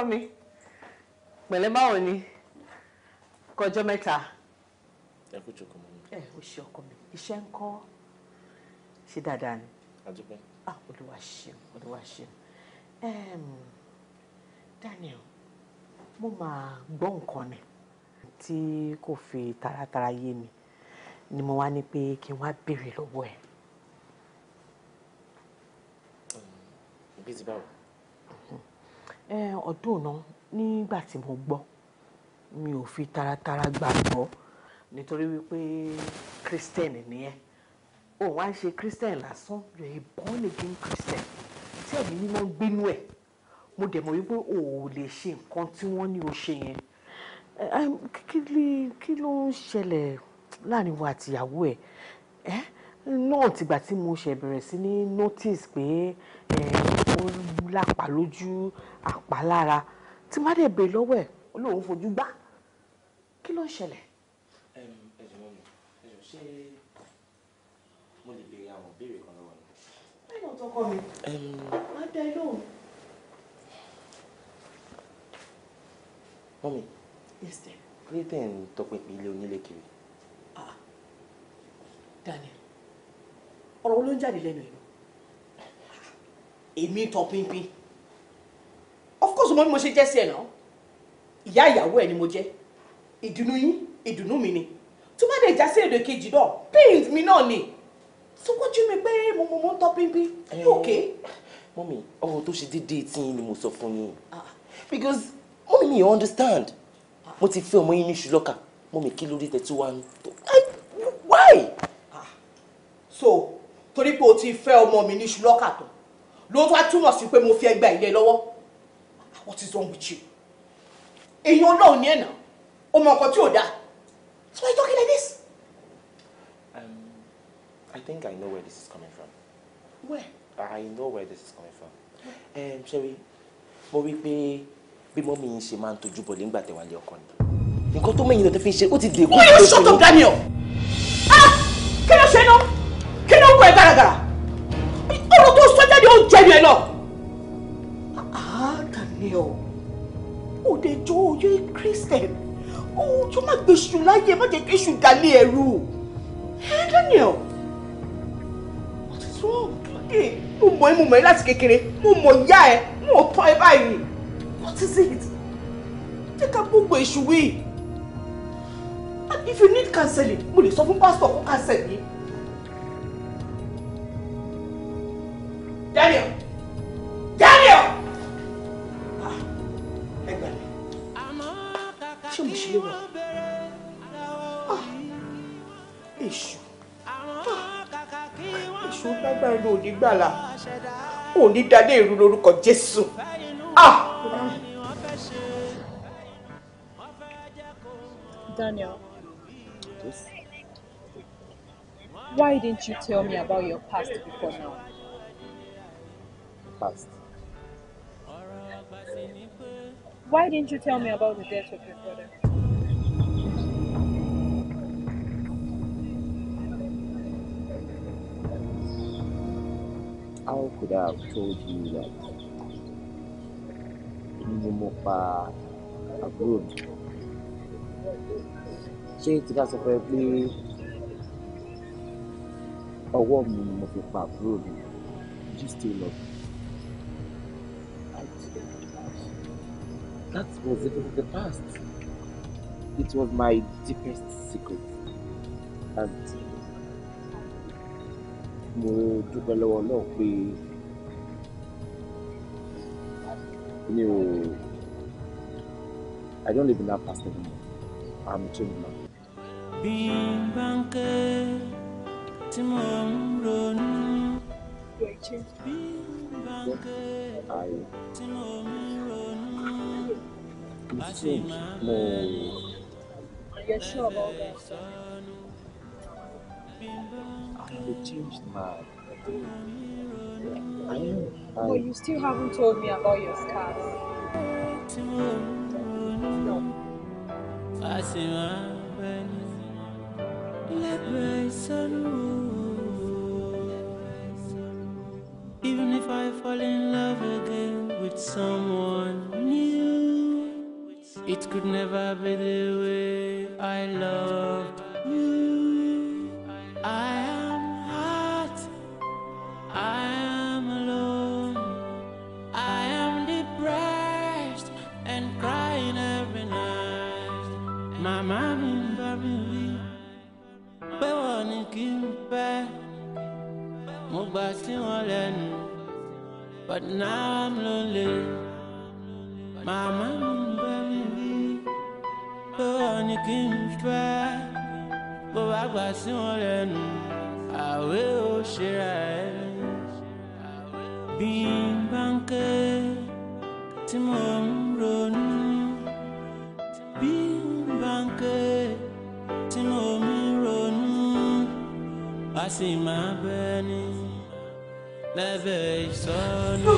Speaker 4: ọkọ mi pẹ̀lẹ́ báwo ni kọjọ́ mẹ́ta.
Speaker 2: ẹ
Speaker 7: kú jókòó
Speaker 4: mọ́ mi. ẹ o ṣe ọkọ mi iṣẹ́ ń kọ́ ṣe dáadáa ni. àdúgbò. ah olúwa ṣeun olúwa ṣeun Daniel mo máa gbọ́ nǹkan ni tí kò fi taratara yé mi ni mo wá ní pé kí n wá béèrè
Speaker 7: lọ́wọ́ ẹ̀. bí ti báwo
Speaker 4: ọdún náà nígbà tí mo gbọ́ mi ò fi taratara gbàgbọ́ nítorí wípé Christian nìyẹn o wá ń ṣe Christian lásán you are a born again Christian tí ẹ̀mí mímọ́ ń gbénú ẹ̀ mo dẹ̀ mọ̀ wípé o ò lè ṣe nǹkan tí wọ́n ní o ṣe yẹn kí ló ń ṣẹlẹ̀ láàrin wa àtìyàwó ẹ̀ ẹ́ náà tìgbà tí mo ṣe bẹ̀rẹ̀ sí ní notice pé ó ń lápá lójú àpá lára tí má dẹ̀ bèè lọ́wọ́ ẹ̀ ó lóun fojú gbá kí ló ń ṣẹlẹ̀. ẹ
Speaker 1: jọ tọpinpin ilé onílé kiri. Ah,
Speaker 7: Daniel
Speaker 4: ọ̀rọ̀ wo ló ń jáde lẹ́nu ẹ̀ èmi tọ pínpín of course mo ní mo ṣe jẹ́ sí ẹ̀ náà ìyá ìyàwó ẹ̀ ni mo jẹ́ ìdùnnú yín ìdùnnú mi ni tó bá dẹ̀ já sí èdè kejì náà pains mi náà ni sọkójú mi pé mo mo mo ń tọ pínpín ní eh, òkè. mọ́mí ọ̀rọ̀ tó ṣe déédéé tí ni mo sọ fún yín ah. because mọ́mí mi you understand mo ti fẹ́ ọmọ yín ní ṣùlọ́kà mọ́mí kí lórí tẹ̀ tí ń tọ́ why. Ah. so torí pé o ti fẹ́ ọmọ mi ní ṣùlọ́kà tó ló wá túmọ̀ sí pé mo fi ẹgbà ilé lọ́wọ́ what is wrong with you èèyàn ọlọ́run ní ẹ̀nà ó mọ ọkọ tí ò dáa so why you talking like this.
Speaker 2: Um, I think I know where this is coming from. Where? I know where this is coming from. Um,
Speaker 4: Sherry, mo rí i pé bí mọ́mí ṣe máa ń tojú bọ̀ lé ńgbà tẹ̀wálé ọkọ ni nǹkan tó mẹ́yìn ló ti fi ṣe ó ti dè kú. wọ́n yóò ṣọ́tọ̀ Daniel. ló ń jẹnu ẹ lọ. Daniel òdejò oyè Christian ojú má gbèsù láyé má jẹ́ kí èṣù dalẹ̀ ẹ̀rù. Daniel
Speaker 3: what is wrong
Speaker 4: today? mo mọ̀ ẹ́ mo mọ̀ ẹ́ láti kékeré mo mọ̀ ìyá ẹ̀ mo tọ́ ẹ báyìí what is it? jẹ́ ká gbogbo èṣù wí. if you need counseling mo lè sọ fún pásítọ̀ kó cancel yìí. Daniel! Daniel!
Speaker 3: ah, Ẹ gbà mí. Ṣé mo ṣe lè ah, Èṣù. Ah,
Speaker 4: Èṣù lágbára ló ní gbàlà. Ò ní dalé ìrú lórúkọ Jésù. Ah. Daniel. Why didn't you tell me about your past before now? past. Why didn't you tell me about the death of your brother?
Speaker 6: How could I have told you that?
Speaker 2: Mo mọ̀ pa àbúrò mi. Ṣé tí ká sọ fẹ́ pé
Speaker 4: ọwọ́ mi mo fi pa àbúrò mi? Do still love me? That was even the past.
Speaker 2: It was my deepest secret. And mo dúpẹ́ lọ́wọ́ Ọlọ́run pé mi ò I don't live in that past anymore. I'm changed now.
Speaker 1: Bí n bá ń ké tí mo
Speaker 3: ń ronú. Bí n bá ń ké tí mo ń ronú. more.
Speaker 1: Are sure about that?
Speaker 4: you still haven't told me
Speaker 1: about your scars. No. Even if I fall in love again with someone new. It could never be the way I loved you. I am hot. I am alone. I am depressed and crying every night. My mom n family. mi wi pe won ni ki n pe Mo gbà but now I'm lonely. Mama, mi ń bá mi wí ó ní kí n fẹ́ bó bá gbà sí wọn lẹ́nu àwẹ̀ ó ṣera ẹni bí n bá ń ké tí mo ń ronú bí n bá ń ké tí mo ń ronú wá sì máa bẹ́ẹ̀ ni lẹ́bẹ̀ẹ́ ìsọ́nù.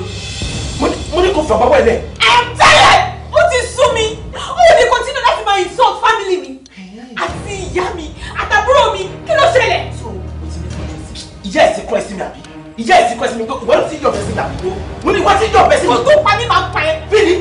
Speaker 4: ìyá ìsìnkú ẹsìn mi gbọ́ ìwọ́n ti yọ̀ bẹ́sìn mi àbúrò mo ní ìwọ́n ti yọ̀ bẹ́sìn mi. o tó pa mí máa pa ẹ. bí ni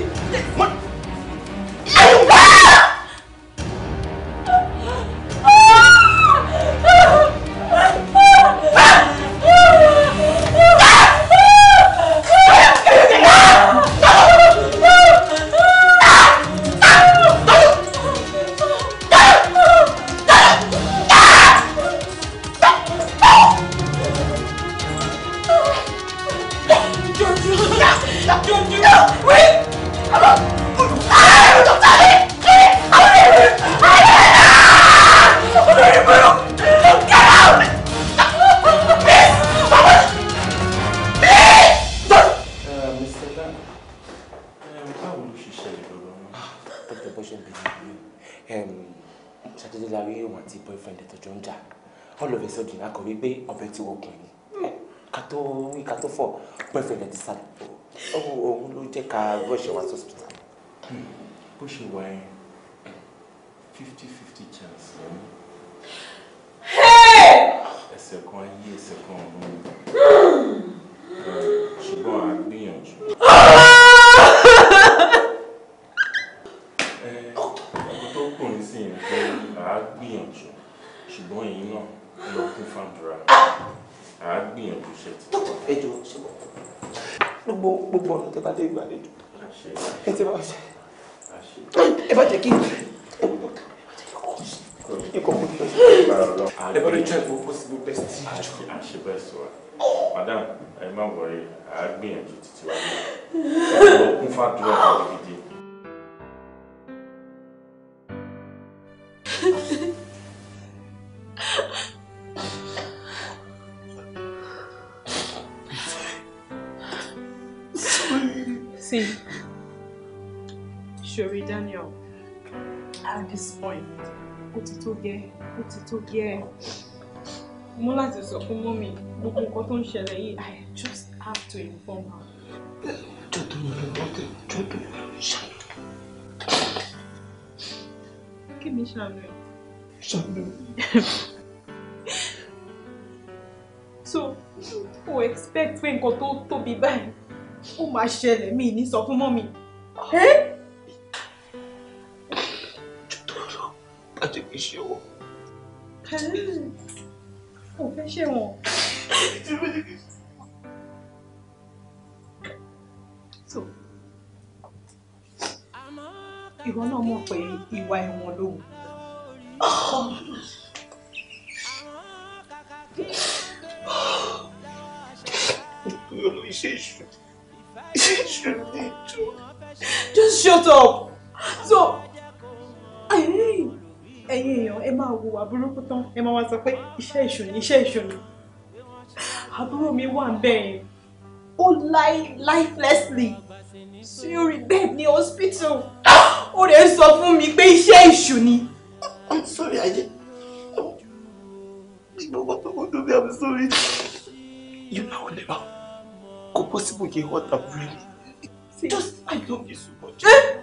Speaker 4: fọ boyfriend ti sálẹ̀ òun ló jẹ́ ká rush wá sí hospital. Hmm. bó ṣe wà ẹ fifty fifty chance
Speaker 3: ẹ kan ayé ẹsẹ̀ kan ọ̀run ṣùgbọ́n a gbìyànjú. ọkọ tó kù ní sí ìrìn pé a gbìyànjú ṣùgbọ́n èyí náà ló kún fàdúrà
Speaker 1: à á gbìyànjú ṣe ti. dókítà ẹ jọ ṣe bọ gbogbo gbogbo ọ̀nà tẹ́ bá dé ìgbàlejò ẹ ti bá ṣe ẹ bá jẹ́ kí ẹ wù dókítà
Speaker 7: ẹ kọ́ kó tó ṣe. ẹ bá rí jẹ́ ìwọ possible best tí ẹ jọ. a ṣe bẹ́ẹ̀ sọ wa madam ẹ má wọrí à á gbìyànjú títí wa ní ọkùn fàdúrà àwọn gidi. Ha ha ha. See,
Speaker 4: Shuri Daniel, at this point, ó ti tó gẹ́, ó ti Mo láti sọ fún mọ́mì gbogbo nǹkan tó ń ṣẹlẹ̀ yìí, I just have to inform her.
Speaker 3: Jọ́dún ni mo bọ́ tẹ̀, jọ́dún ni mo ṣàlù.
Speaker 4: Kí ni ṣàlù ẹ̀? So, o expect pé nǹkan tó tóbi báyìí ó máa ṣẹlẹ̀ mi ní sọ fún mọ́mi.
Speaker 2: jùtọ̀rọ̀ láti fi ṣe wọ́n.
Speaker 4: kò fẹ́ ṣe wọ́n. ìwọ náà mọ̀ pé ìwà ẹ̀wọ̀n lòun.
Speaker 2: Meu Deus, isso.
Speaker 4: Just shut up. So, ẹ̀yin èèyàn ẹ máa wo àbúrúkú tán ẹ máa wá sọ pé iṣẹ́ èṣù ni iṣẹ́ èṣù ni. Àbúrò mi wà ń Ó láì lifelessly sí orí bed ní hospital. Ó rẹ̀ sọ fún mi pé iṣẹ́ èṣù ni.
Speaker 7: I'm sorry, I did. Gbogbo tó kọjú bí I'm sorry. You know never kò possible kí n hurt am really
Speaker 4: just I love you so much. Eh?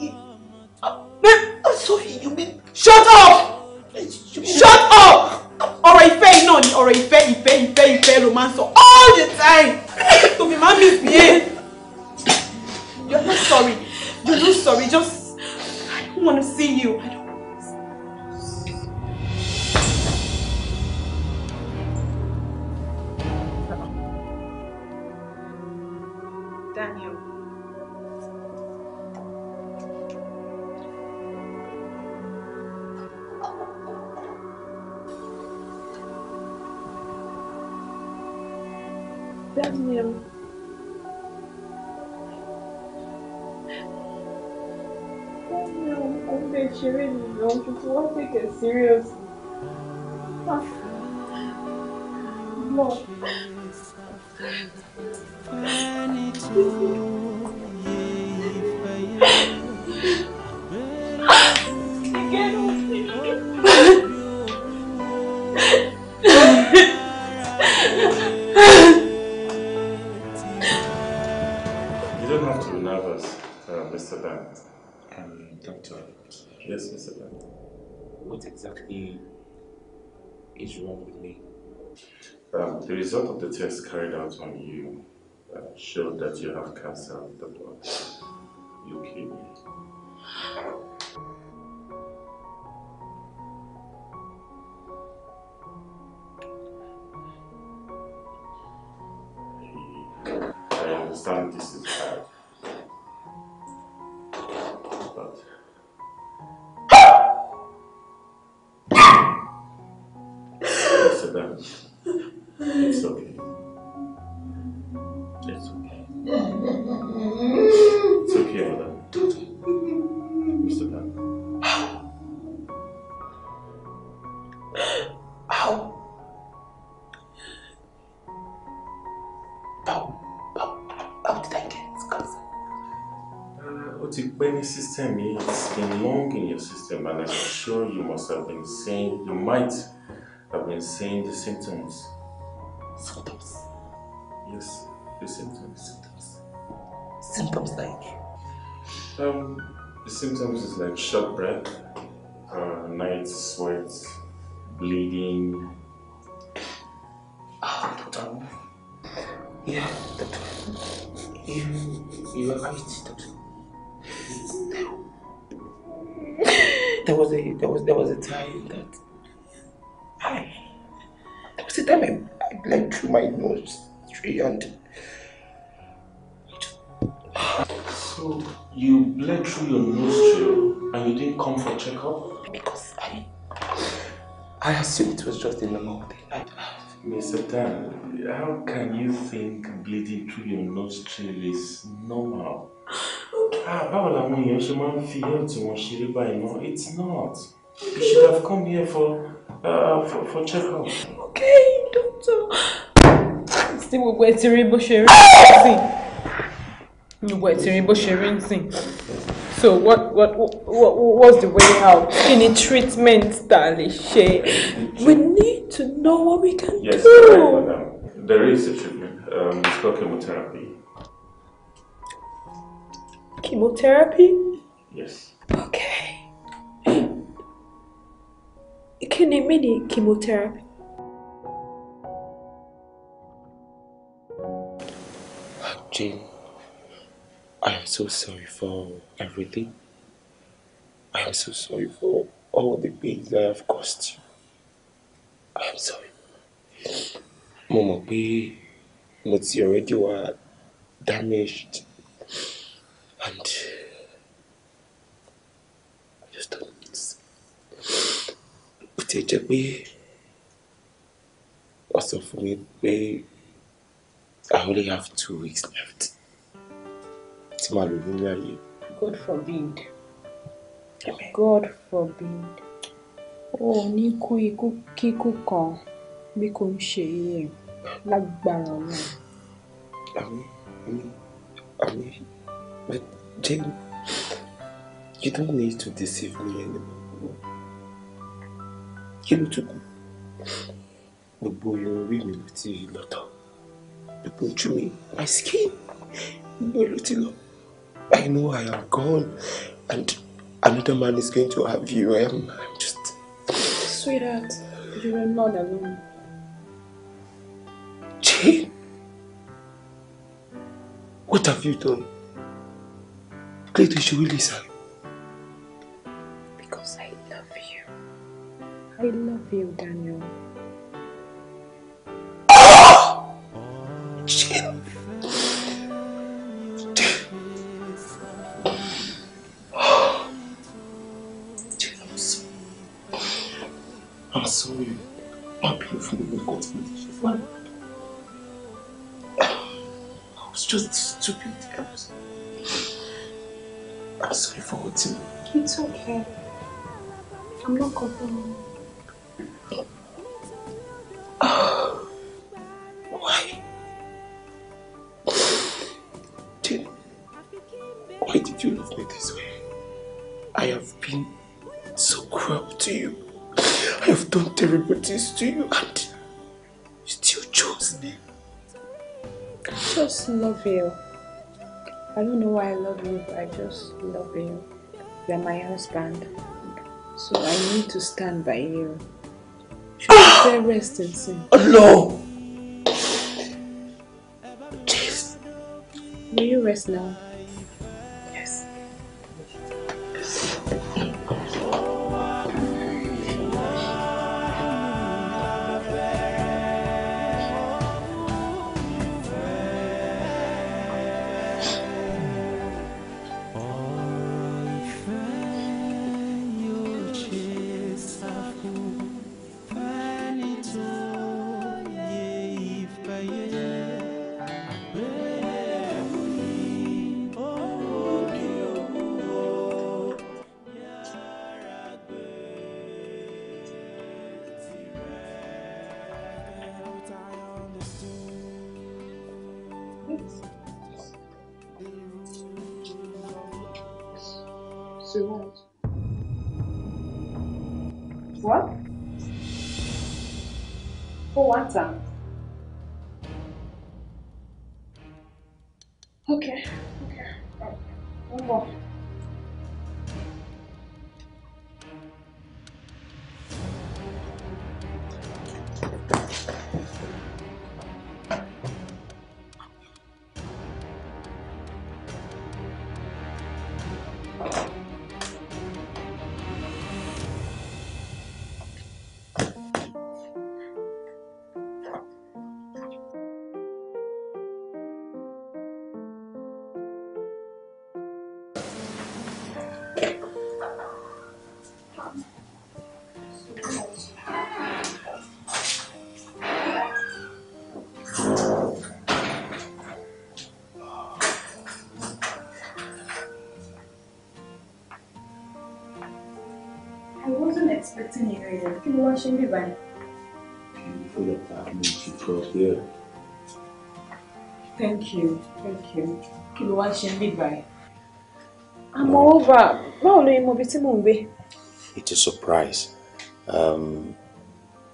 Speaker 4: Babe, I'm sorry, you mean. Shut up! Shut up! Ọ̀rọ̀ ìfẹ́ yìí náà ni ọ̀rọ̀ ìfẹ́ ìfẹ́ ìfẹ́ ìfẹ́ ló máa ń sọ all the time. Tomi máa ń me. You're not sorry. You're not sorry. Just I don't want to see you. I don't Bilmiyorum. Bilmiyorum. I'm going to share it with
Speaker 3: you want to take it serious. No.
Speaker 6: the tests carried out on you uh, showed that you have cancer of the blood, leukemia.
Speaker 2: been seeing, you might have been seeing the symptoms.
Speaker 6: Symptoms? Yes, the symptoms. Symptoms. Symptoms like? Um, the symptoms is like short breath,
Speaker 2: uh, night sweats, bleeding. Ah, oh, doctor. Yeah, doctor. You, you are right, doctor. there was a there was there was a time that I there was a time I, I bled through my nose three and
Speaker 7: so you bled through your nostril and you didn't come for checkup
Speaker 2: because I I assumed it was just a normal thing. I, Mr. Dan, how can you think bleeding through your nostril is normal?
Speaker 1: Ah, báwo làwọn èèyàn ṣe máa ń fi health wọn ṣeré báyìí náà it's not you should have come here for uh, for, for check-up. okay doctor
Speaker 4: sí gbogbo ẹ ti rí bó ṣe rí nsìn gbogbo ẹ ti rí bó ṣe rí nsìn so what what what what's the way out kí ni treatment tá ṣe we need to know what we can yes, do. yes
Speaker 6: madam there is a treatment um, it's called chemotherapy.
Speaker 5: Chemotherapy?
Speaker 6: Yes. Okay.
Speaker 4: Can you mean chemotherapy?
Speaker 2: Jane, I am so sorry for everything. I am so sorry for all the pains I have caused you. I am sorry. Mama. We, but you already were damaged and I just don't bó ti jẹ́ pé wọ́n sọ me, mi I only have two weeks left It's my lò
Speaker 4: God forbid. Amen. God forbid. Oh, ò ní kú ikú kíkú kan lagbaro. kò ń ṣe iye lágbára
Speaker 3: náà.
Speaker 2: But Jane, you don't need to deceive me anymore. Kí ló tún kù? boy you're orí mi ló ti lọ The boy to me,
Speaker 4: my skin, gbogbo ló ti lọ.
Speaker 2: I know I am gone and another man is going to have you. I eh, am I'm
Speaker 7: just...
Speaker 4: Sweetheart, you are not alone.
Speaker 2: Jane, what have you done? Clay, do you really sir?
Speaker 5: Because I
Speaker 4: love you. I love you, Daniel. It's okay. I'm not complaining.
Speaker 3: Why?
Speaker 2: Jane, why did you love me this way? I have been so cruel to you. I have done terrible things to you and you still
Speaker 7: chose me. I
Speaker 4: just love you. I don't know why I love you, but I just love you. You're my husband. So I need to stand by you. Should I ah! say rest and sin? Oh, no!
Speaker 5: Jeez. Will you rest now?
Speaker 4: ṣe ń bì thank you thank you kí ló wá ṣe ń bì báyìí. àmọ́ over báwo ló yẹ mọ ibi tí
Speaker 2: it's a surprise um,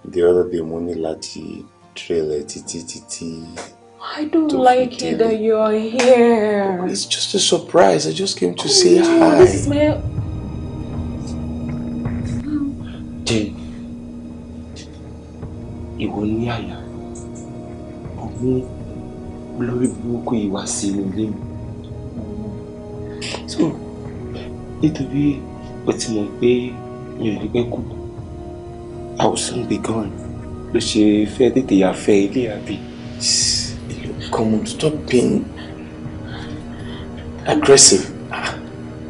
Speaker 2: the other day money, láti trailer títí títí.
Speaker 5: I don't Don't like it that you're here.
Speaker 2: It's just a surprise. I just came to say hi. This is my ní àyà mo mú burúkú yìí wá sí inú ilé mi so nítorí ó ti mọ̀ pé mi ò ní kú I will soon be gone ló ṣe fẹ́ tètè yà fẹ́ ilé àbí. come on stop being aggressive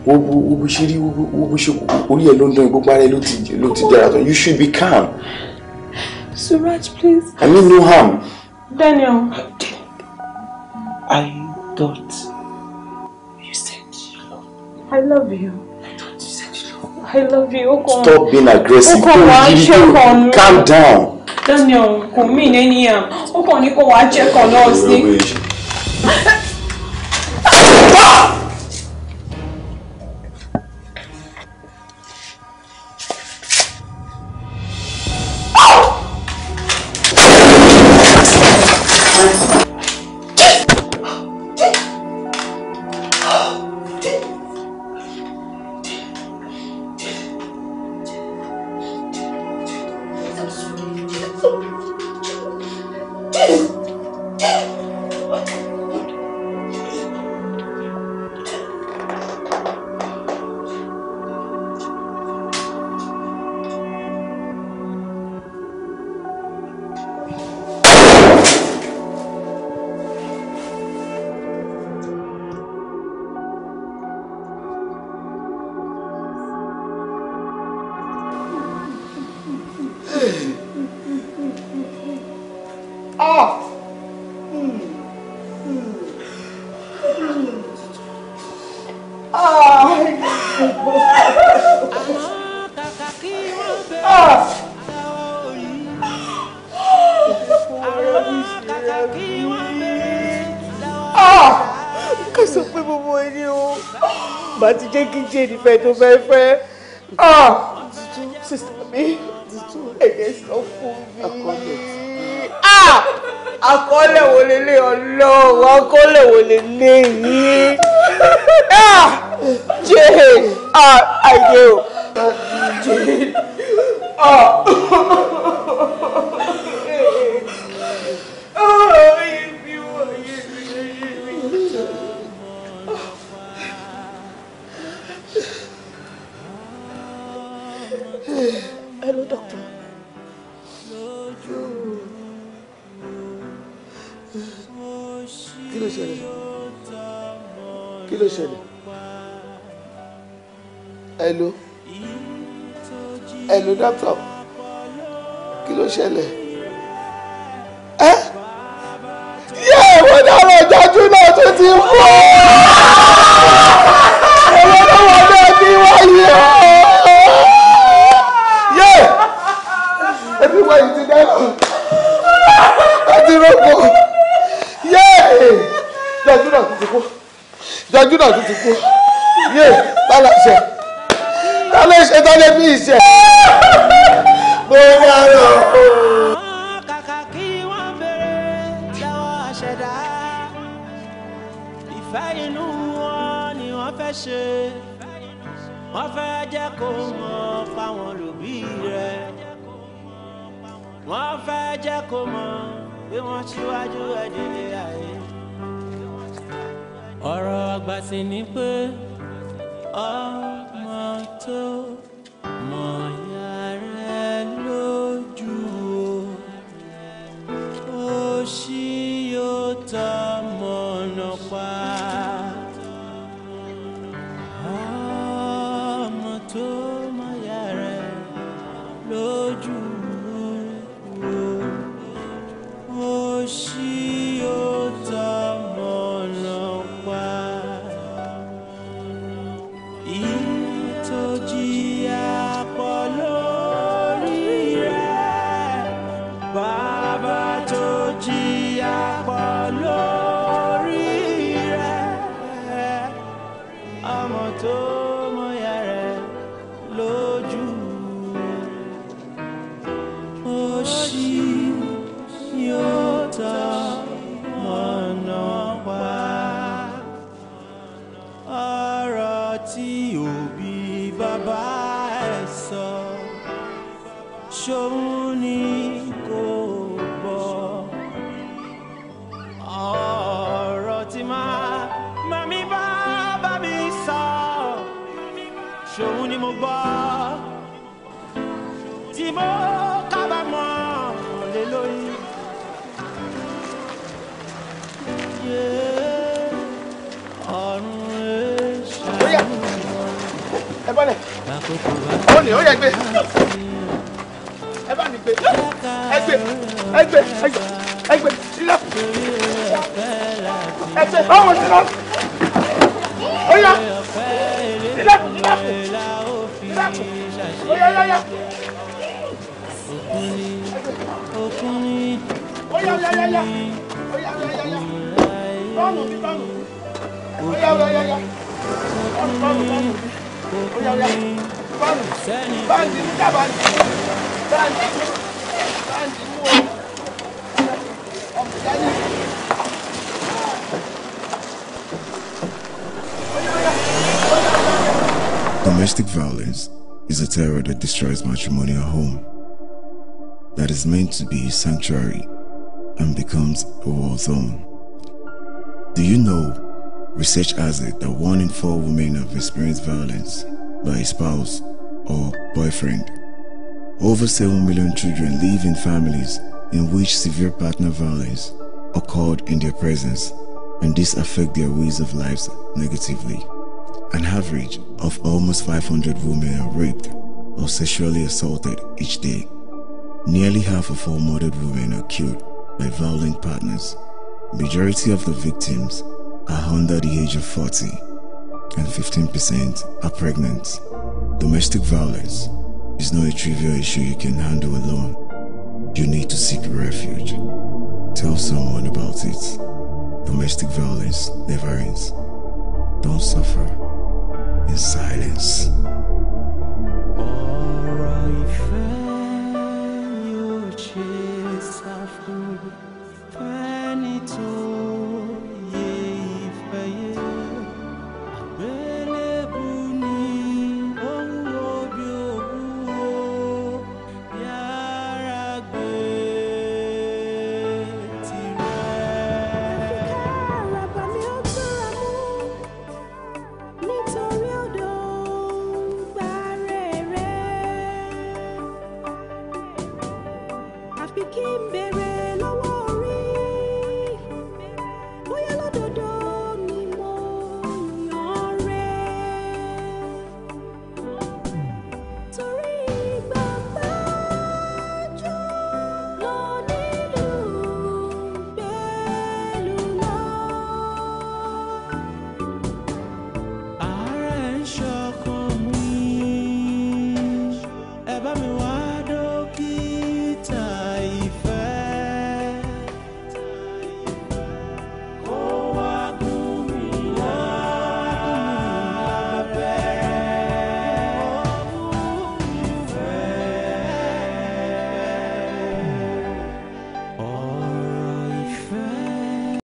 Speaker 2: wo bó ṣe rí wo bó ṣe orí ẹ ló ń dán gbogbo ara ló ti dára tán you should be calm.
Speaker 3: Suraj, please. I mean no harm. Daniel. I did.
Speaker 1: I thought you
Speaker 4: said you love me. I love you. I thought you said you love I love you. Okon. Stop being aggressive. Okon, why check on Calm down. Daniel, kò mí ní ẹni yàn. Okon ní kò check on us
Speaker 7: tí de feito bem fẹ́. ni ó yẹ gbé ẹ bá mi gbé ẹ gbé ẹ gbé ẹ gbé
Speaker 4: sílẹ̀ ẹ gbé báwo sílẹ̀
Speaker 1: ó yá sílẹ̀ sílẹ̀ sílẹ̀ ó yá yá yá. Ó yá yá yá yá. Ó yá yá
Speaker 7: yá yá. Báwo ni
Speaker 6: Domestic violence is a terror that destroys matrimonial home that is meant to be a sanctuary and becomes a war zone. Do you know research has it that one in four women have experienced violence by spouse or boyfriend. Over 7 million children live in families in which severe partner violence occurred in their presence and this affects their ways of life negatively. An average of almost 500 women are raped or sexually assaulted each day. Nearly half of all murdered women are killed by violent partners. Majority of the victims are under the age of 40 and 15% are pregnant. Domestic violence is not a trivial issue you can handle alone. You need to seek refuge. Tell someone about it. Domestic violence never ends. Don't suffer in silence.